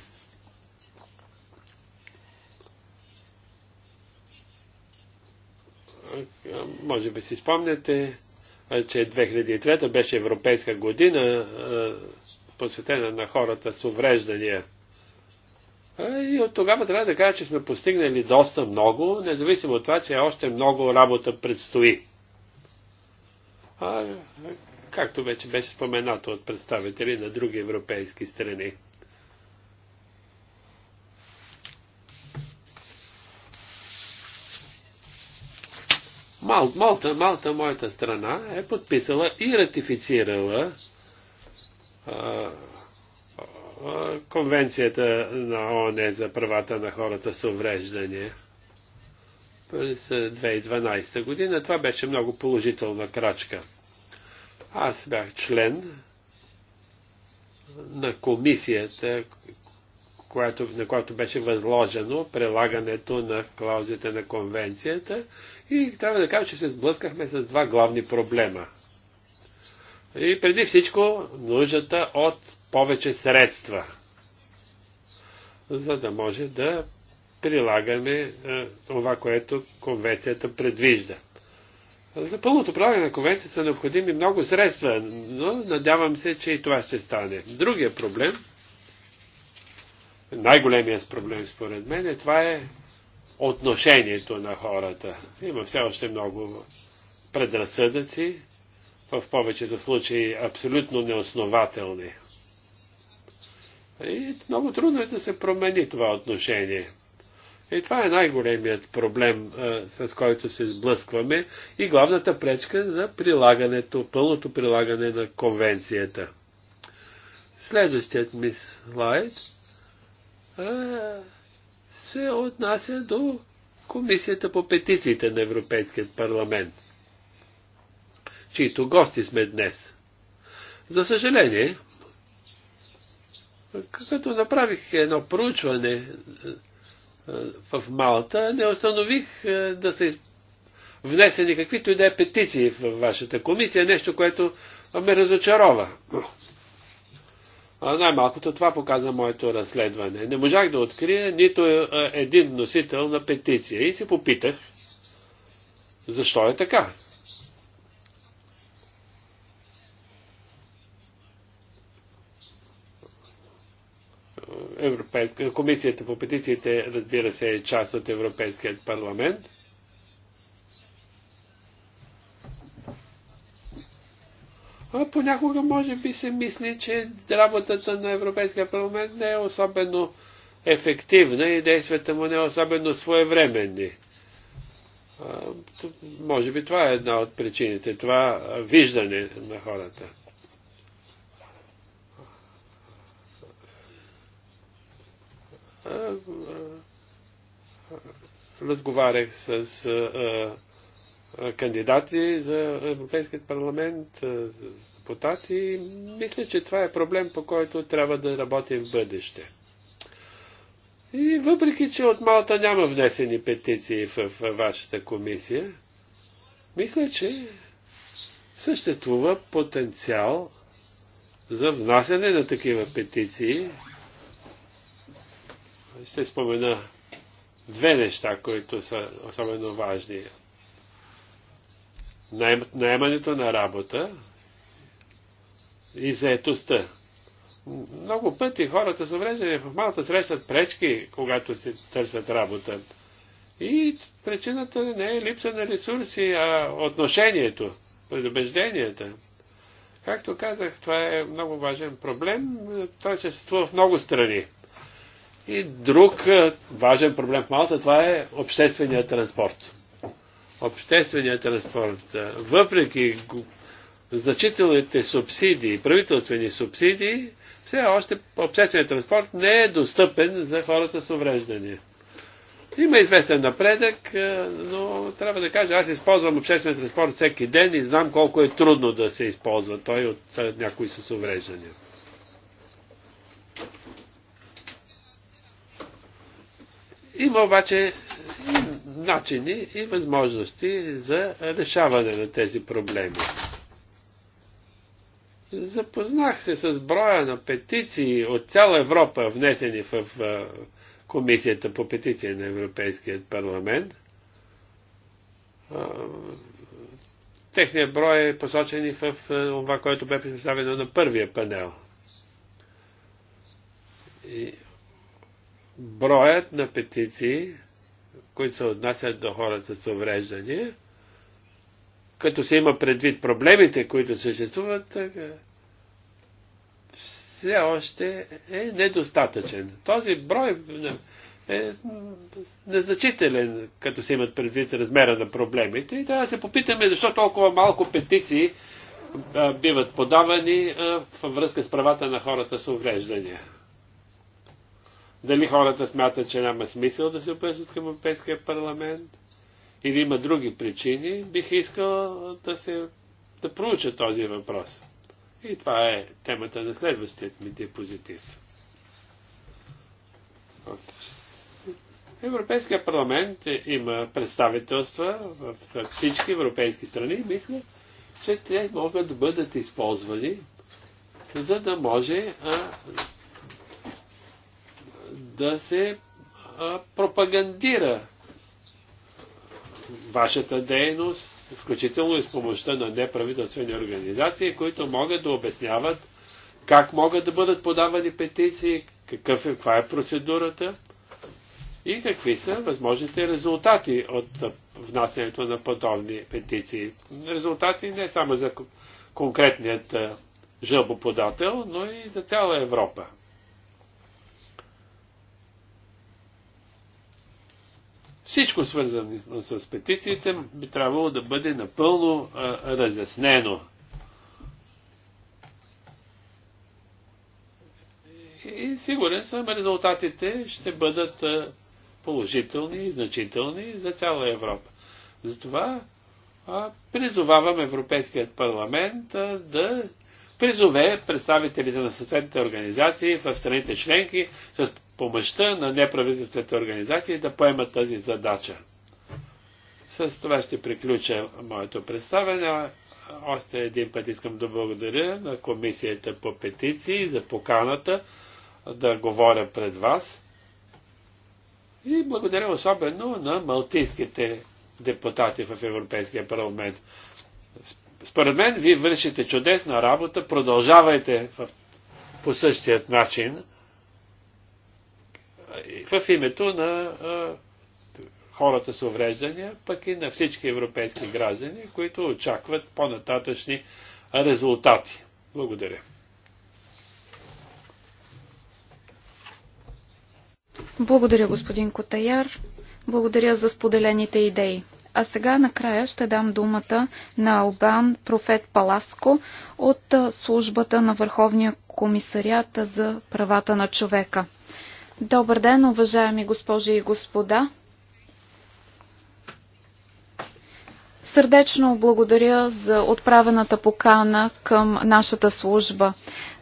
Може би си спомняте, че 2003 беше Европейска година, посветена на хората с увреждания. И от тогава трябва да кажа, че сме постигнали доста много, независимо от това, че още много работа предстои. А, както вече беше споменато от представители на други европейски страни. Мал, Малта, Малта, моята страна, е подписала и ратифицирала а, а, Конвенцията на ООН за правата на хората с увреждания през 2012 година. Това беше много положителна крачка. Аз бях член на комисията, която, на която беше възложено прилагането на клаузите на конвенцията и трябва да кажа, че се сблъскахме с два главни проблема. И преди всичко нуждата от повече средства, за да може да прилагаме е, това, което конвенцията предвижда. За пълното прилагане на конвенцията са необходими много средства, но надявам се, че и това ще стане. Другия проблем – най-големият проблем според мен е това е отношението на хората. Има все още много предразсъдъци, в повечето случаи абсолютно неоснователни. И много трудно е да се промени това отношение. И това е най-големият проблем, с който се сблъскваме и главната пречка за прилагането, пълното прилагане на конвенцията. Следващият ми слайд се отнася до Комисията по петициите на Европейският парламент, чието гости сме днес. За съжаление, като направих едно проучване в Малта, не установих да са внесени каквито и да е петиции в вашата комисия, нещо, което ме разочарова. Най-малкото това показа моето разследване. Не можах да открия нито е, един носител на петиция и се попитах защо е така. Европейска, комисията по петициите, разбира се, е част от Европейският парламент. А понякога може би се мисли, че работата на Европейския парламент не е особено ефективна и действията му не е особено своевременни. А, може би това е една от причините, това виждане на хората. разговарях с а, кандидати за Европейският парламент, депутати. Мисля, че това е проблем, по който трябва да работим в бъдеще. И въпреки, че от Малта няма внесени петиции в, в вашата комисия, мисля, че съществува потенциал за внасяне на такива петиции. Ще спомена две неща, които са особено важни наемането на работа и заетостта. Много пъти хората с увреждане в малата срещат пречки, когато се търсят работа. И причината не е липса на ресурси, а отношението, предубежденията. Както казах, това е много важен проблем. Той съществува в много страни. И друг важен проблем в Малта, това е обществения транспорт обществения транспорт, въпреки значителните субсидии, правителствени субсидии, все още общественият транспорт не е достъпен за хората с увреждания. Има известен напредък, е, но трябва да кажа, аз използвам обществен транспорт всеки ден и знам колко е трудно да се използва той от е, някои с увреждания. Има обаче и начини и възможности за решаване на тези проблеми. Запознах се с броя на петиции от цяла Европа, внесени в Комисията по петиции на Европейският парламент. Техният брой е посочен и в това, което бе представено на първия панел. И броят на петиции, които се отнасят до хората с увреждания, като се има предвид проблемите, които съществуват, е, все още е недостатъчен. Този брой е незначителен, като се имат предвид размера на проблемите. И трябва да се попитаме защо толкова малко петиции биват подавани във връзка с правата на хората с увреждания. Дали хората смятат, че няма смисъл да се обръщат към Европейския парламент? Или има други причини? Бих искал да се да проуча този въпрос. И това е темата на следващият ми депозитив. Европейския парламент има представителства в всички европейски страни. Мисля, че те могат да бъдат използвани, за да може а, да се пропагандира вашата дейност, включително и с помощта на неправителствени организации, които могат да обясняват как могат да бъдат подавани петиции, какъв е, каква е процедурата и какви са възможните резултати от внасянето на подобни петиции. Резултати не само за конкретният жълбоподател, но и за цяла Европа. Всичко свързано с петициите би трябвало да бъде напълно а, разяснено. И сигурен съм, резултатите ще бъдат положителни и значителни за цяла Европа. Затова а, призовавам Европейският парламент а, да призове представителите на съответните организации в страните членки с помощта на неправителствените организации да поемат тази задача. С това ще приключа моето представяне. Още един път искам да благодаря на Комисията по петиции за поканата да говоря пред вас. И благодаря особено на малтийските депутати в Европейския парламент. Според мен, вие вършите чудесна работа, продължавайте по същият начин в името на хората с увреждания, пък и на всички европейски граждани, които очакват по-нататъчни резултати. Благодаря. Благодаря, господин Котаяр. Благодаря за споделените идеи. А сега накрая ще дам думата на Албан Профет Паласко от службата на Върховния комисарията за правата на човека. Добър ден, уважаеми госпожи и господа. Сърдечно благодаря за отправената покана към нашата служба.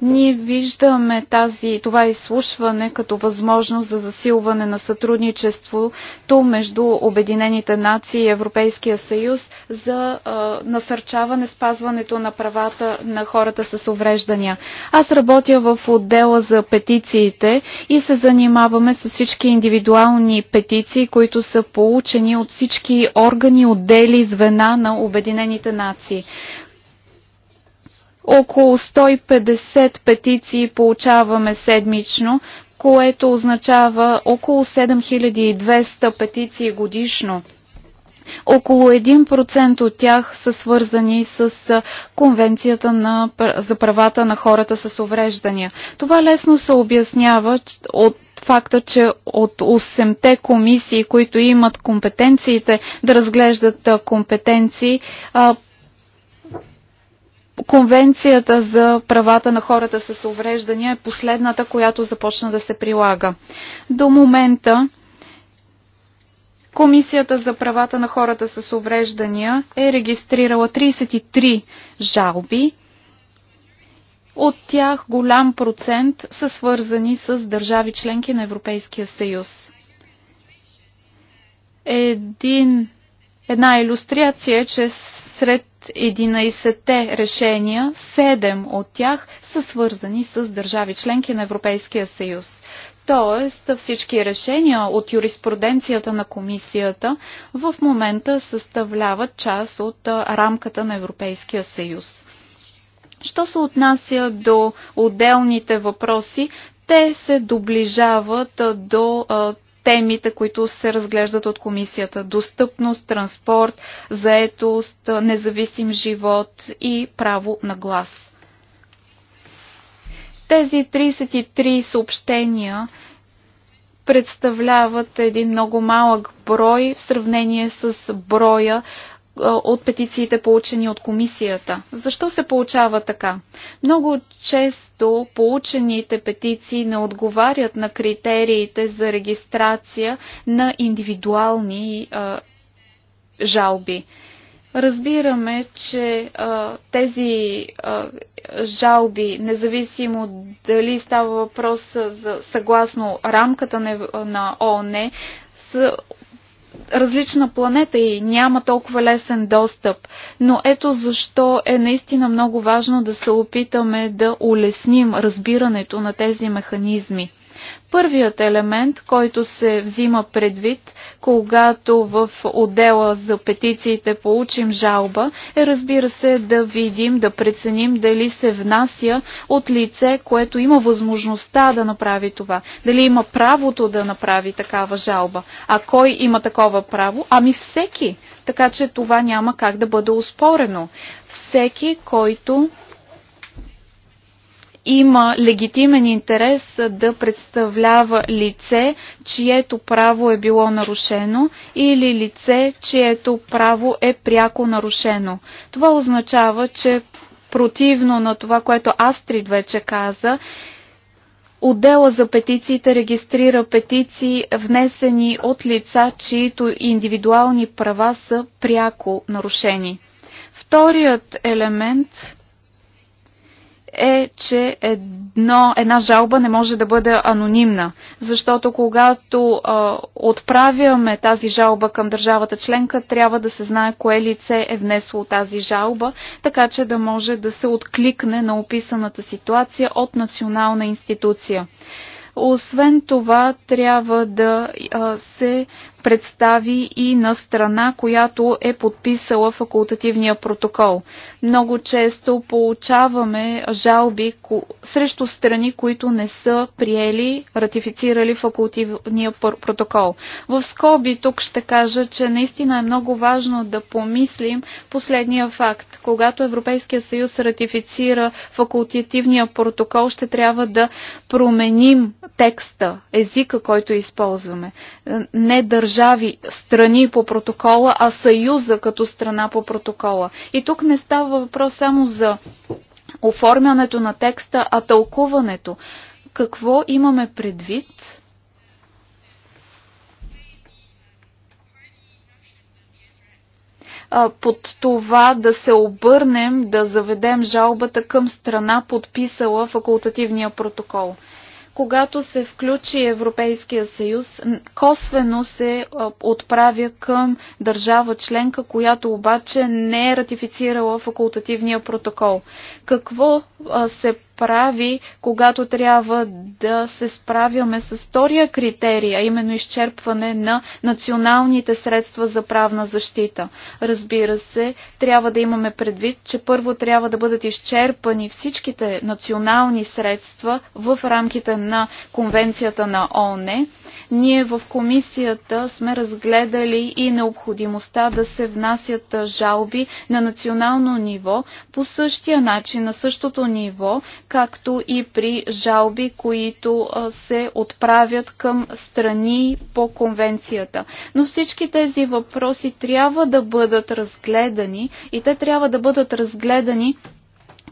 Ние виждаме тази, това изслушване като възможност за засилване на сътрудничеството между Обединените нации и Европейския съюз за а, насърчаване спазването на правата на хората с увреждания. Аз работя в отдела за петициите и се занимаваме с всички индивидуални петиции, които са получени от всички органи, отдели, звена на Обединените нации. Около 150 петиции получаваме седмично, което означава около 7200 петиции годишно. Около 1% от тях са свързани с Конвенцията на, за правата на хората с увреждания. Това лесно се обяснява от факта, че от 8-те комисии, които имат компетенциите да разглеждат компетенции, Конвенцията за правата на хората с увреждания е последната, която започна да се прилага. До момента Комисията за правата на хората с увреждания е регистрирала 33 жалби. От тях голям процент са свързани с държави членки на Европейския съюз. Един, една иллюстрация е, че сред 11-те решения, 7 от тях са свързани с държави членки на Европейския съюз. Тоест всички решения от юриспруденцията на комисията в момента съставляват част от рамката на Европейския съюз. Що се отнася до отделните въпроси, те се доближават до темите, които се разглеждат от комисията. Достъпност, транспорт, заетост, независим живот и право на глас. Тези 33 съобщения представляват един много малък брой в сравнение с броя от петициите, получени от комисията. Защо се получава така? Много често получените петиции не отговарят на критериите за регистрация на индивидуални а, жалби. Разбираме, че а, тези а, жалби, независимо дали става въпрос за, съгласно рамката на, на ООН, са различна планета и няма толкова лесен достъп. Но ето защо е наистина много важно да се опитаме да улесним разбирането на тези механизми. Първият елемент, който се взима предвид, когато в отдела за петициите получим жалба, е разбира се да видим, да преценим дали се внася от лице, което има възможността да направи това. Дали има правото да направи такава жалба. А кой има такова право? Ами всеки. Така че това няма как да бъде успорено. Всеки, който има легитимен интерес да представлява лице, чието право е било нарушено или лице, чието право е пряко нарушено. Това означава, че противно на това, което Астрид вече каза, Отдела за петициите регистрира петиции, внесени от лица, чието индивидуални права са пряко нарушени. Вторият елемент е, че едно, една жалба не може да бъде анонимна, защото когато а, отправяме тази жалба към държавата членка, трябва да се знае кое лице е внесло тази жалба, така че да може да се откликне на описаната ситуация от национална институция. Освен това, трябва да се представи и на страна, която е подписала факултативния протокол. Много често получаваме жалби срещу страни, които не са приели, ратифицирали факултативния протокол. В скоби тук ще кажа, че наистина е много важно да помислим последния факт. Когато Европейския съюз ратифицира факултативния протокол, ще трябва да променим текста, езика, който използваме. Е, не държа държави страни по протокола, а Съюза като страна по протокола. И тук не става въпрос само за оформянето на текста, а тълкуването. Какво имаме предвид? под това да се обърнем, да заведем жалбата към страна, подписала факултативния протокол когато се включи Европейския съюз, косвено се отправя към държава членка, която обаче не е ратифицирала факултативния протокол. Какво се прави, когато трябва да се справяме с втория критерий, а именно изчерпване на националните средства за правна защита. Разбира се, трябва да имаме предвид, че първо трябва да бъдат изчерпани всичките национални средства в рамките на Конвенцията на ОНЕ. Ние в комисията сме разгледали и необходимостта да се внасят жалби на национално ниво по същия начин, на същото ниво, както и при жалби, които се отправят към страни по конвенцията. Но всички тези въпроси трябва да бъдат разгледани и те трябва да бъдат разгледани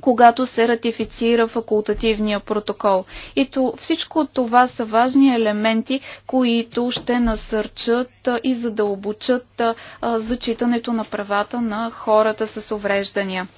когато се ратифицира факултативния протокол. И то, всичко това са важни елементи, които ще насърчат и задълбочат зачитането на правата на хората с увреждания.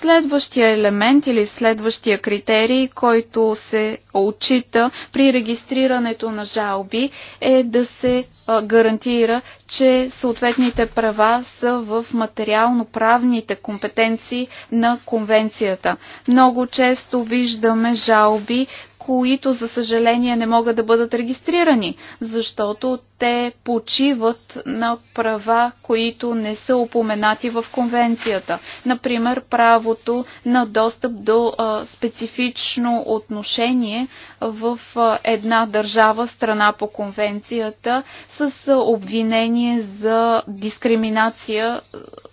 Следващия елемент или следващия критерий, който се отчита при регистрирането на жалби е да се гарантира, че съответните права са в материално-правните компетенции на конвенцията. Много често виждаме жалби, които за съжаление не могат да бъдат регистрирани, защото те почиват на права, които не са упоменати в конвенцията. Например, правото на достъп до специфично отношение в една държава, страна по конвенцията, с обвинение за дискриминация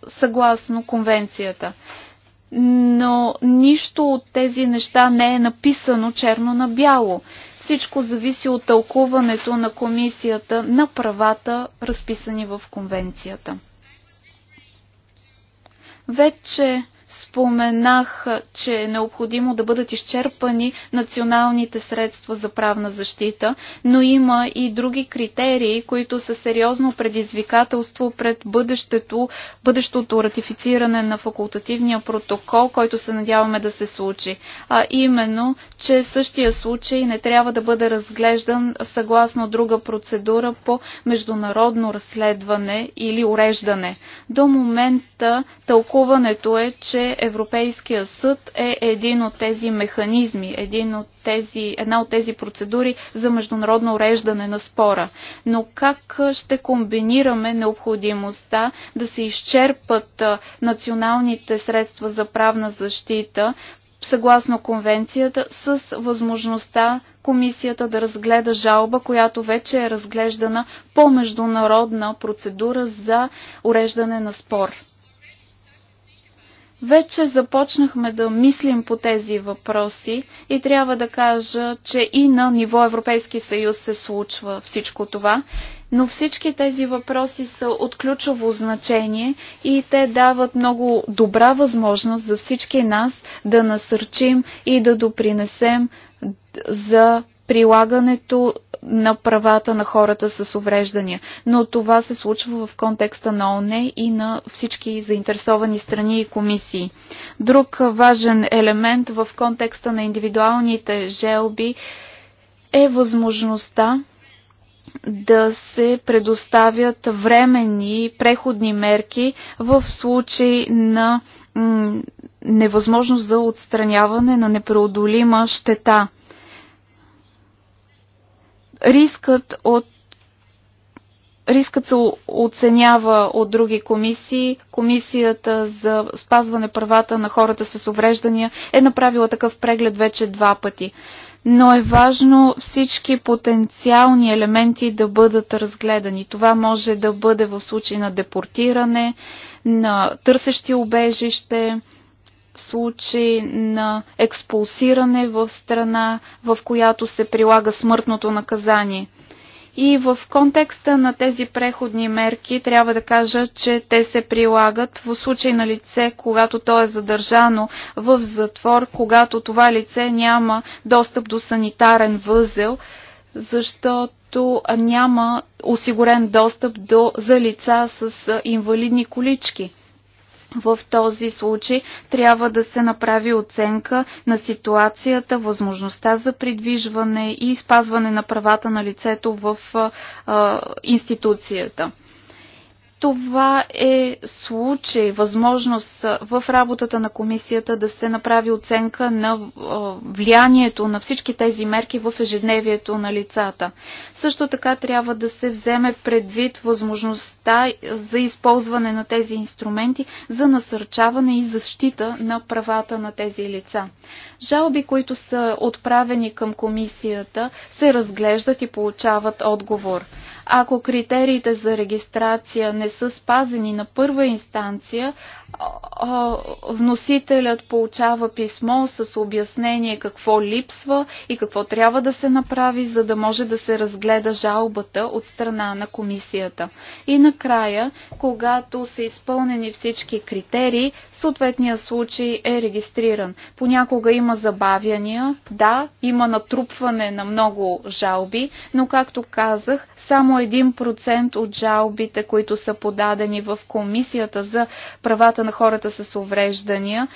съгласно конвенцията но нищо от тези неща не е написано черно на бяло. Всичко зависи от тълкуването на комисията на правата, разписани в конвенцията. Вече Споменах, че е необходимо да бъдат изчерпани националните средства за правна защита, но има и други критерии, които са сериозно предизвикателство пред бъдещето, бъдещото ратифициране на факултативния протокол, който се надяваме да се случи. А именно, че същия случай не трябва да бъде разглеждан съгласно друга процедура по международно разследване или уреждане. До момента тълкуването е, че Европейския съд е един от тези механизми, един от тези, една от тези процедури за международно уреждане на спора. Но как ще комбинираме необходимостта да се изчерпат националните средства за правна защита, съгласно конвенцията, с възможността комисията да разгледа жалба, която вече е разглеждана по международна процедура за уреждане на спор. Вече започнахме да мислим по тези въпроси и трябва да кажа, че и на ниво Европейски съюз се случва всичко това, но всички тези въпроси са от ключово значение и те дават много добра възможност за всички нас да насърчим и да допринесем за прилагането на правата на хората с увреждания. Но това се случва в контекста на ОНЕ и на всички заинтересовани страни и комисии. Друг важен елемент в контекста на индивидуалните желби е възможността да се предоставят временни преходни мерки в случай на невъзможност за отстраняване на непреодолима щета – Рискът от Рискът се оценява от други комисии. Комисията за спазване правата на хората с увреждания е направила такъв преглед вече два пъти. Но е важно всички потенциални елементи да бъдат разгледани. Това може да бъде в случай на депортиране, на търсещи убежище, случаи на експулсиране в страна, в която се прилага смъртното наказание. И в контекста на тези преходни мерки трябва да кажа, че те се прилагат в случай на лице, когато то е задържано в затвор, когато това лице няма достъп до санитарен възел, защото няма осигурен достъп до, за лица с инвалидни колички в този случай трябва да се направи оценка на ситуацията, възможността за придвижване и спазване на правата на лицето в а, институцията това е случай, възможност в работата на комисията да се направи оценка на влиянието на всички тези мерки в ежедневието на лицата. Също така трябва да се вземе предвид възможността за използване на тези инструменти за насърчаване и защита на правата на тези лица. Жалби, които са отправени към комисията, се разглеждат и получават отговор. Ако критериите за регистрация не са спазени на първа инстанция, вносителят получава писмо с обяснение какво липсва и какво трябва да се направи, за да може да се разгледа жалбата от страна на комисията. И накрая, когато са изпълнени всички критерии, съответния случай е регистриран. Понякога има забавяния, да, има натрупване на много жалби, но както казах, само само 1% от жалбите, които са подадени в Комисията за правата на хората с увреждания,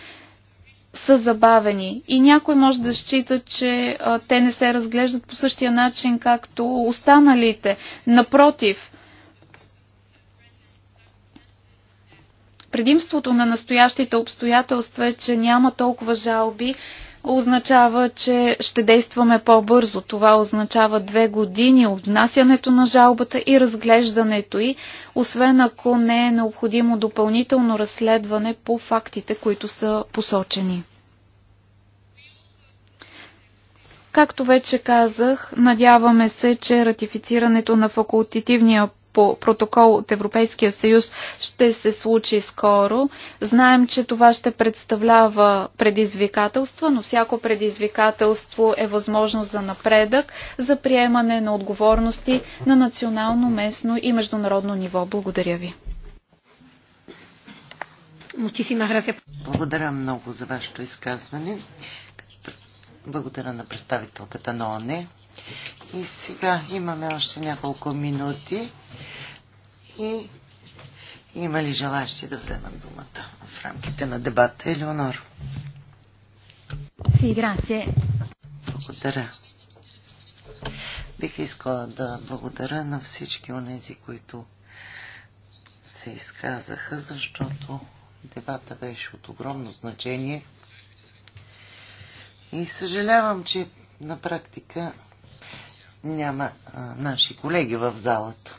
са забавени. И някой може да счита, че а, те не се разглеждат по същия начин, както останалите. Напротив, предимството на настоящите обстоятелства е, че няма толкова жалби, означава, че ще действаме по-бързо. Това означава две години от внасянето на жалбата и разглеждането й, освен ако не е необходимо допълнително разследване по фактите, които са посочени. Както вече казах, надяваме се, че ратифицирането на факултативния по протокол от Европейския съюз ще се случи скоро. Знаем, че това ще представлява предизвикателства, но всяко предизвикателство е възможност за напредък, за приемане на отговорности на национално, местно и международно ниво. Благодаря ви. Благодаря много за вашето изказване. Благодаря на представителката на ОНЕ. И сега имаме още няколко минути. И има ли желащи да вземат думата в рамките на дебата? Елеонор. Си, грация. Благодаря. Бих искала да благодаря на всички онези, които се изказаха, защото дебата беше от огромно значение. И съжалявам, че на практика няма а, наши колеги в залата.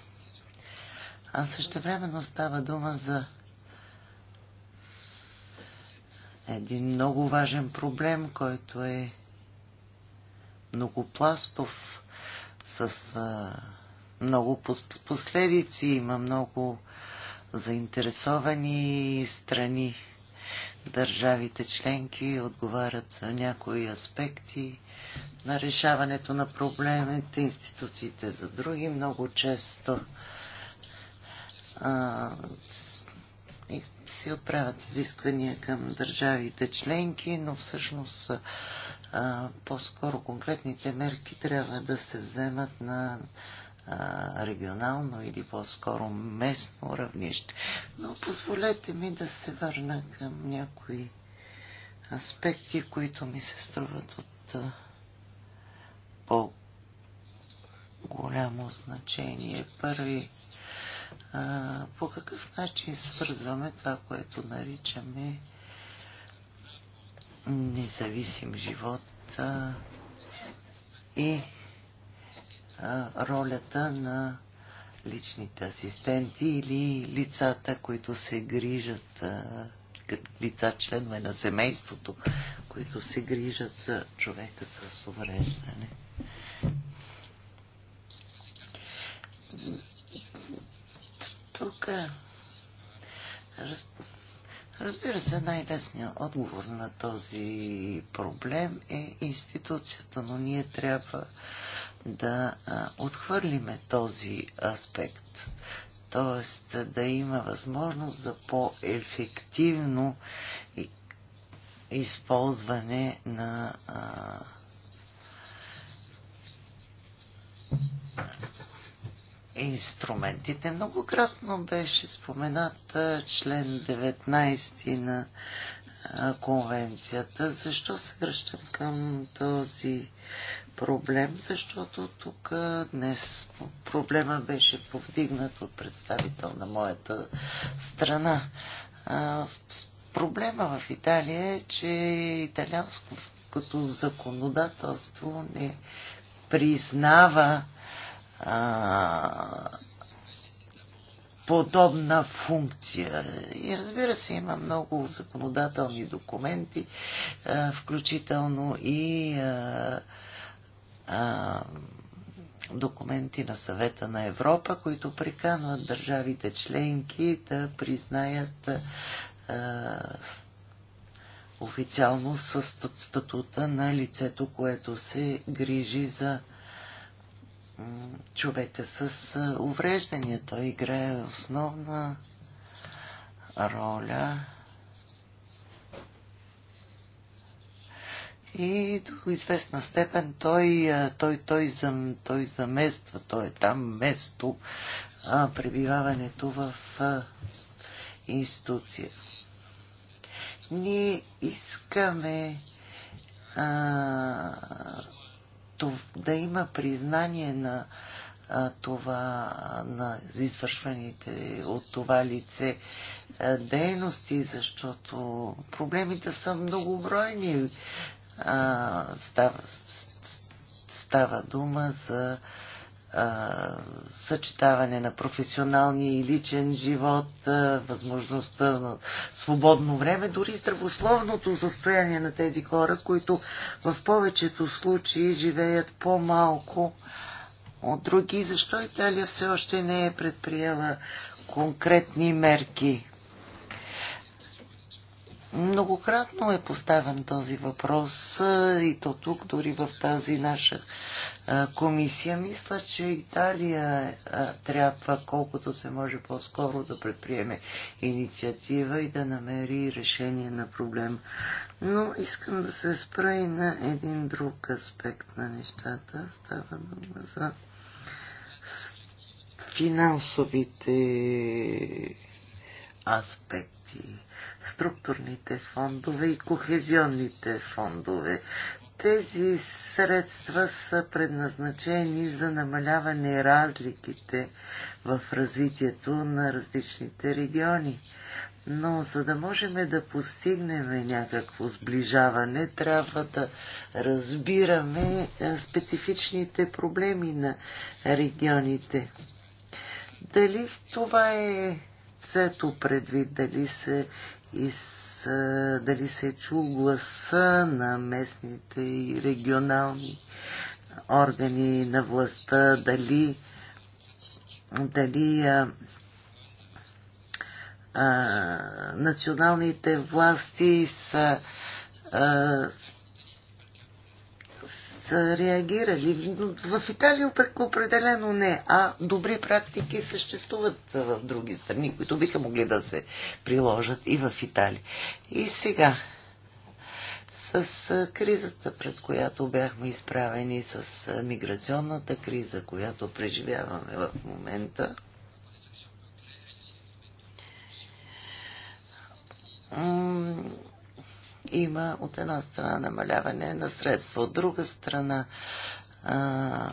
А също времено става дума за един много важен проблем, който е многопластов, с а, много последици, има много заинтересовани страни държавите членки отговарят за някои аспекти на решаването на проблемите, институциите за други. Много често а, се отправят изисквания към държавите членки, но всъщност по-скоро конкретните мерки трябва да се вземат на регионално или по-скоро местно равнище. Но позволете ми да се върна към някои аспекти, които ми се струват от по-голямо значение. Първи, а, по какъв начин свързваме това, което наричаме независим живот а, и ролята на личните асистенти или лицата, които се грижат, лица членове на семейството, които се грижат за човека с увреждане. Тук Разбира се, най-лесният отговор на този проблем е институцията, но ние трябва да отхвърлиме този аспект. т.е. да има възможност за по-ефективно използване на а, инструментите. Многократно беше спомената член 19 на конвенцията. Защо се връщам към този проблем, защото тук днес проблема беше повдигнат от представител на моята страна. Проблема в Италия е, че италианско като законодателство не признава а, подобна функция. И разбира се, има много законодателни документи, а, включително и а, а, документи на съвета на Европа, които приканват държавите членки да признаят а, официално с статута на лицето, което се грижи за човека с увреждания. Той играе основна роля и до известна степен той, той, той, зам, той замества, той е там место а, пребиваването в а, институция. Ние искаме а, да има признание на а, това, на извършваните от това лице а, дейности, защото проблемите са многобройни а, става, става дума за а, съчетаване на професионалния и личен живот, а, възможността на свободно време, дори здравословното състояние на тези хора, които в повечето случаи живеят по-малко от други. Защо Италия все още не е предприела конкретни мерки? Многократно е поставен този въпрос и то тук, дори в тази наша комисия. Мисля, че Италия трябва колкото се може по-скоро да предприеме инициатива и да намери решение на проблема. Но искам да се спра и на един друг аспект на нещата. Става дума за финансовите аспекти структурните фондове и кохезионните фондове. Тези средства са предназначени за намаляване разликите в развитието на различните региони. Но за да можем да постигнем някакво сближаване, трябва да разбираме е, специфичните проблеми на регионите. Дали това е взето предвид, дали се и с, дали се е чул гласа на местните и регионални органи на властта, дали, дали а, а, националните власти са а, са реагирали. В Италия определено не, а добри практики съществуват в други страни, които биха могли да се приложат и в Италия. И сега, с кризата, пред която бяхме изправени, с миграционната криза, която преживяваме в момента, има от една страна намаляване на средства, от друга страна а,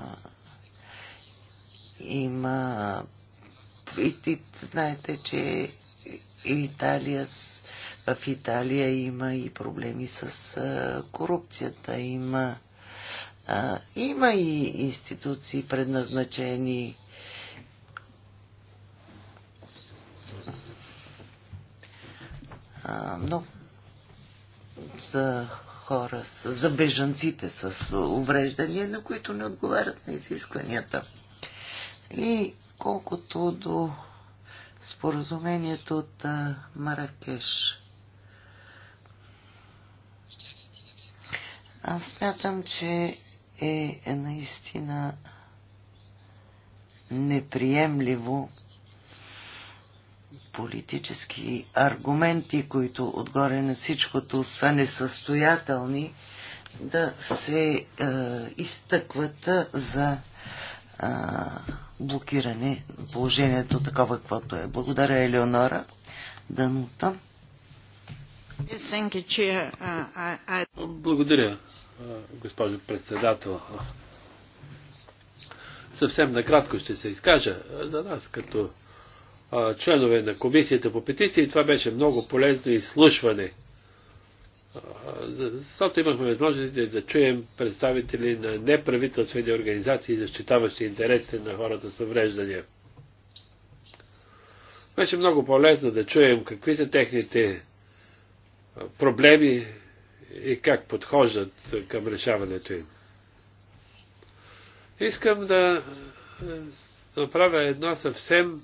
има и, и знаете, че Италия в Италия има и проблеми с а, корупцията, има а, има и институции предназначени а, много за хора, за бежанците с увреждания, на които не отговарят на изискванията. И колкото до споразумението от Маракеш. Аз смятам, че е наистина неприемливо политически аргументи, които отгоре на всичкото са несъстоятелни, да се е, изтъкват за е, блокиране положението такова, каквото е. Благодаря, Елеонора Данута. Uh, Благодаря, госпожо председател. Съвсем накратко ще се изкажа за нас като членове на комисията по петиции. Това беше много полезно изслушване. Защото имахме възможност да чуем представители на неправителствени организации, защитаващи интересите на хората с увреждания. Беше много полезно да чуем какви са техните проблеми и как подхождат към решаването им. Искам да направя едно съвсем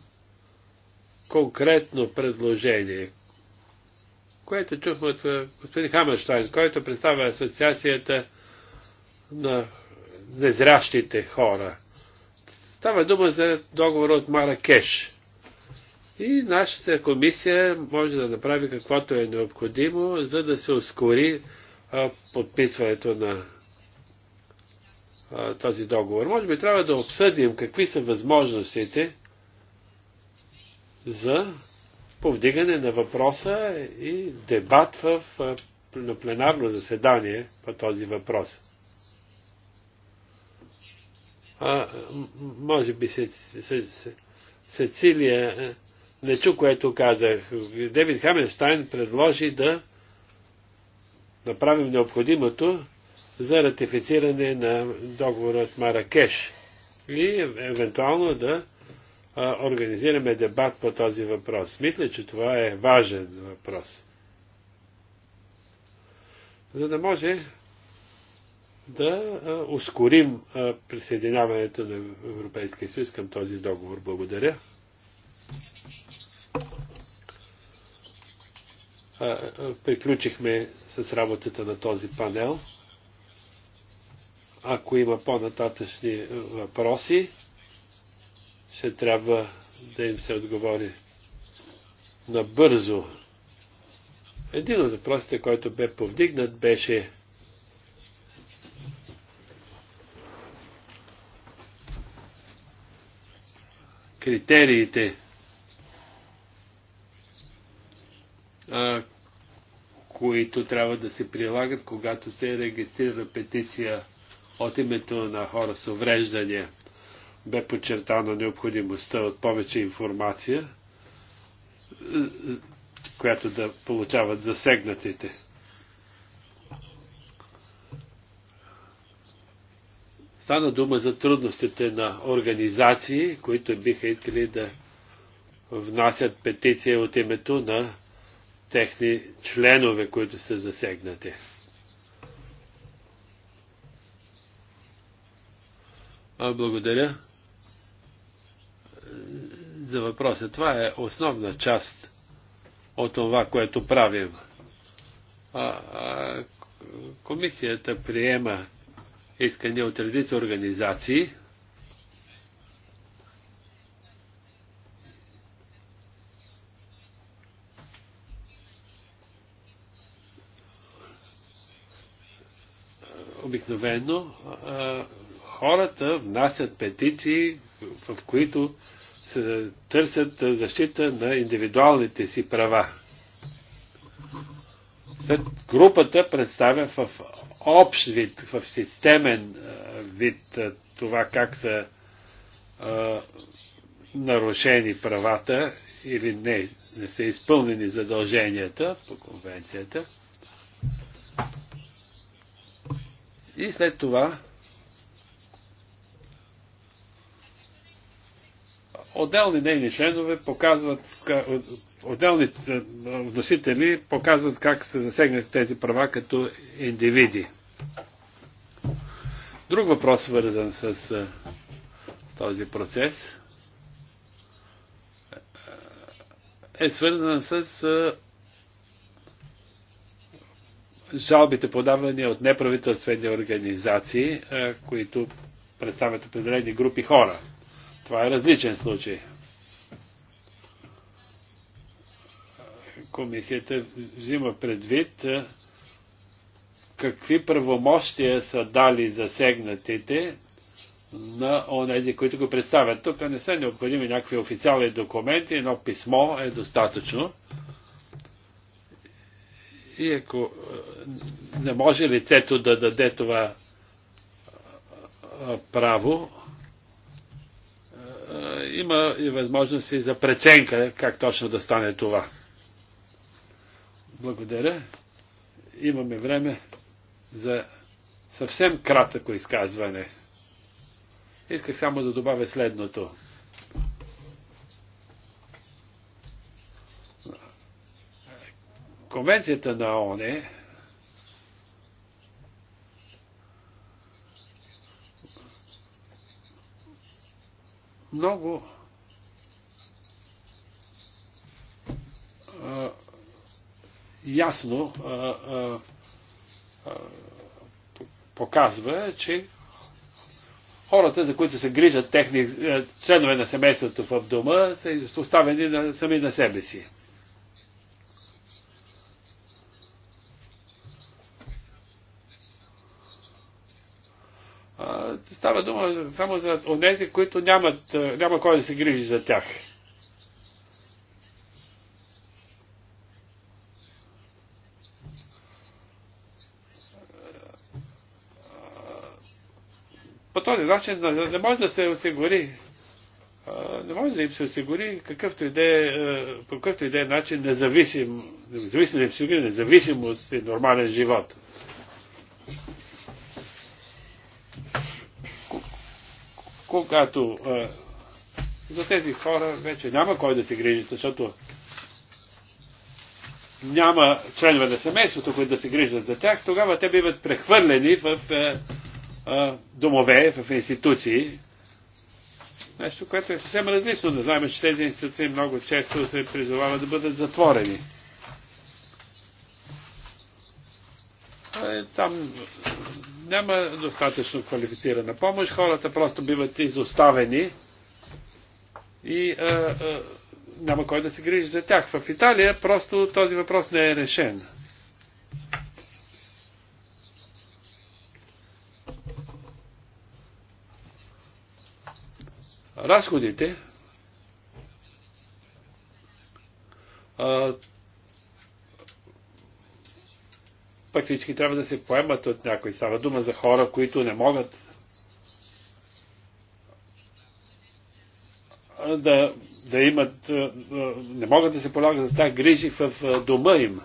конкретно предложение, което чухме от е, господин Хамерштайн, който представя асоциацията на незрящите хора. Става дума за договор от Маракеш. И нашата комисия може да направи каквото е необходимо, за да се ускори а, подписването на а, този договор. Може би трябва да обсъдим какви са възможностите за повдигане на въпроса и дебат в, на пленарно заседание по този въпрос. А, може би се, се, се, Сецилия не чу, което казах. Девид Хаменштайн предложи да направим необходимото за ратифициране на договора от Маракеш и евентуално да организираме дебат по този въпрос. Мисля, че това е важен въпрос. За да може да ускорим присъединяването на Европейския съюз към този договор. Благодаря. Приключихме с работата на този панел. Ако има по-нататъчни въпроси, ще трябва да им се отговори набързо. Един от въпросите, който бе повдигнат, беше критериите, а, които трябва да се прилагат, когато се регистрира петиция от името на хора с увреждания бе подчертана необходимостта от повече информация, е, е, която да получават засегнатите. Стана дума за трудностите на организации, които биха искали да внасят петиция от името на техни членове, които са засегнати. благодаря за въпроса. Това е основна част от това, което правим. А, а, комисията приема искания от редица организации. Обикновено хората внасят петиции, в които търсят защита на индивидуалните си права. След групата представя в общ вид, в системен вид това как са а, нарушени правата или не, не са изпълнени задълженията по конвенцията. И след това Отделни нейни членове показват, отделни е, вносители показват как се засегнат тези права като индивиди. Друг въпрос, свързан с е, този процес, е, е свързан с жалбите подавани от неправителствени организации, които представят определени групи хора. Това е различен случай. Комисията взима предвид какви правомощия са дали засегнатите на онези, които го представят. Тук не са необходими някакви официални документи, едно писмо е достатъчно. И ако не може лицето да даде това право, има и възможности за преценка как точно да стане това. Благодаря. Имаме време за съвсем кратко изказване. Исках само да добавя следното. Конвенцията на ОНЕ много а, ясно а, а, а, показва, че хората, за които се грижат техни членове на семейството в дома, са оставени на, сами на себе си. Става дума само за онези, които нямат, е, няма кой да се грижи за тях. По този начин не може да се осигури не може да им се осигури какъвто и да е, е по какъвто и да е начин независим, независим независимост и нормален живот. когато а, за тези хора вече няма кой да се грижи, защото няма членове на семейството, които да се грижат за тях, тогава те биват прехвърлени в а, а, домове, в институции. Нещо, което е съвсем различно. Да знаем, че тези институции много често се призовават да бъдат затворени. Е, там няма достатъчно квалифицирана помощ, хората просто биват изоставени и а, е, а, е, няма кой да се грижи за тях. В Италия просто този въпрос не е решен. Разходите пък всички трябва да се поемат от някой. Става дума за хора, които не могат да, да имат, не могат да се полагат за тях грижи в дома им.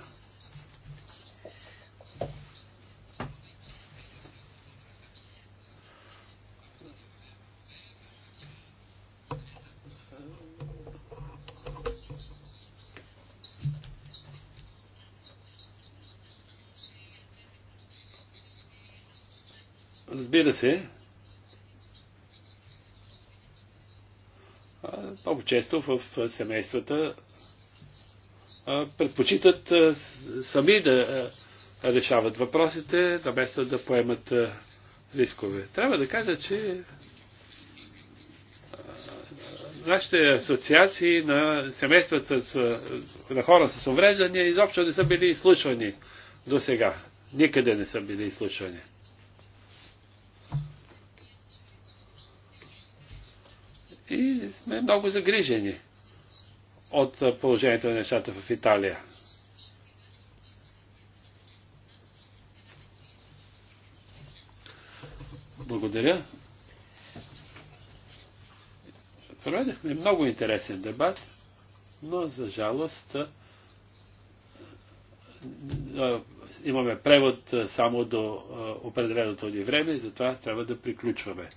често в семействата предпочитат сами да решават въпросите, да вместо да поемат рискове. Трябва да кажа, че нашите асоциации на семействата с, на хора с увреждания изобщо не са били изслушвани до сега. Никъде не са били изслушвани. И сме много загрижени от положението на нещата в Италия. Благодаря. Проведахме много интересен дебат, но за жалост имаме превод само до определеното ни време, и затова трябва да приключваме.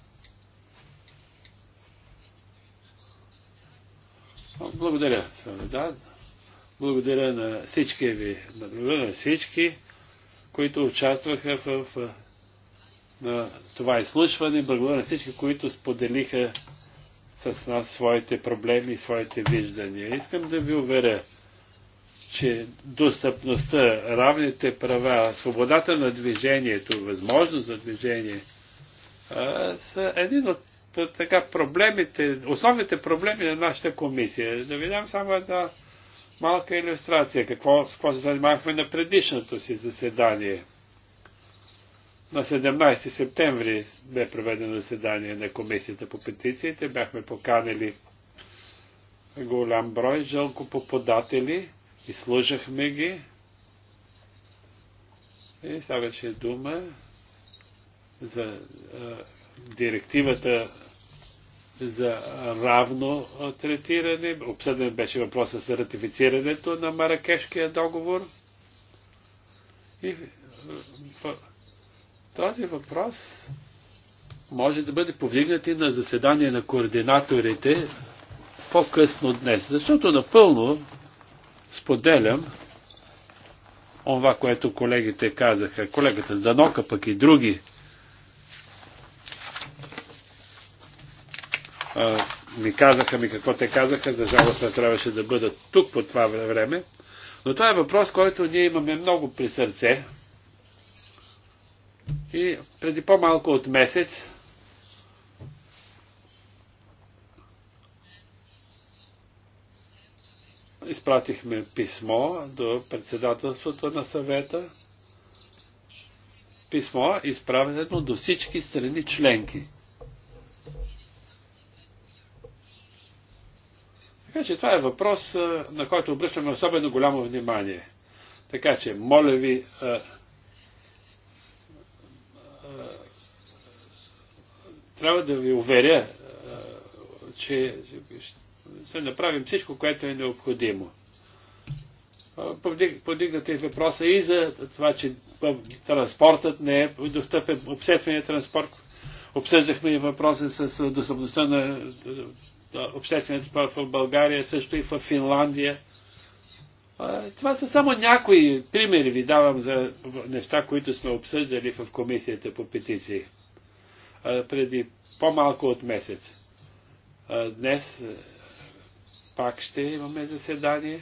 Благодаря, Да. Благодаря на всички ви, благодаря на всички, които участваха в, в на това изслушване. Благодаря на всички, които споделиха с нас своите проблеми и своите виждания. Искам да ви уверя, че достъпността, равните права, свободата на движението, възможност за движение са един от така, проблемите, основните проблеми на нашата комисия. Да ви дам само една малка иллюстрация, какво, с какво се занимавахме на предишното си заседание. На 17 септември бе проведено заседание на комисията по петициите. Бяхме поканили голям брой жълкопоподатели, изслужахме ги. И сега ще дума за директивата за равно третиране. Обсъден беше въпроса за ратифицирането на Маракешкия договор. И този въпрос може да бъде повдигнат и на заседание на координаторите по-късно днес. Защото напълно споделям това, което колегите казаха. Колегата Данока, пък и други ми казаха ми какво те казаха, за жалост не трябваше да бъдат тук по това време. Но това е въпрос, който ние имаме много при сърце. И преди по-малко от месец изпратихме писмо до председателството на съвета. Писмо, изправено до всички страни членки. Така че това е въпрос, на който обръщаме особено голямо внимание. Така че, моля ви, трябва да ви уверя, че ще направим всичко, което е необходимо. Подигнате въпроса и за това, че транспортът не е достъпен, обществения транспорт. Обсъждахме и въпроса с достъпността на обществените права в България, също и в Финландия. Това са само някои примери ви давам за неща, които сме обсъждали в комисията по петиции преди по-малко от месец. Днес пак ще имаме заседание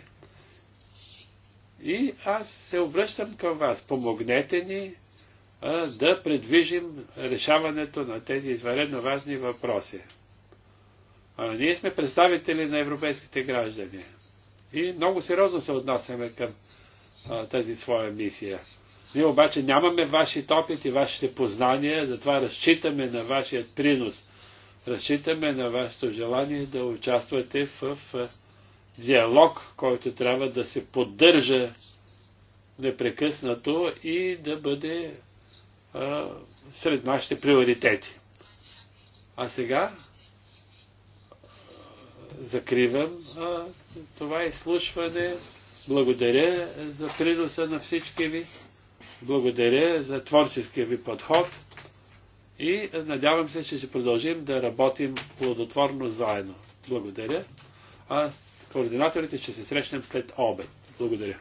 и аз се обръщам към вас. Помогнете ни да предвижим решаването на тези изваредно важни въпроси. Ние сме представители на европейските граждани и много сериозно се отнасяме към тази своя мисия. Ние обаче нямаме вашите опит и вашите познания, затова разчитаме на вашия принос. Разчитаме на вашето желание да участвате в, диалог, който трябва да се поддържа непрекъснато и да бъде сред нашите приоритети. А сега закривам а, това изслушване. Благодаря за приноса на всички ви. Благодаря за творческия ви подход. И надявам се, че ще продължим да работим плодотворно заедно. Благодаря. А с координаторите ще се срещнем след обед. Благодаря.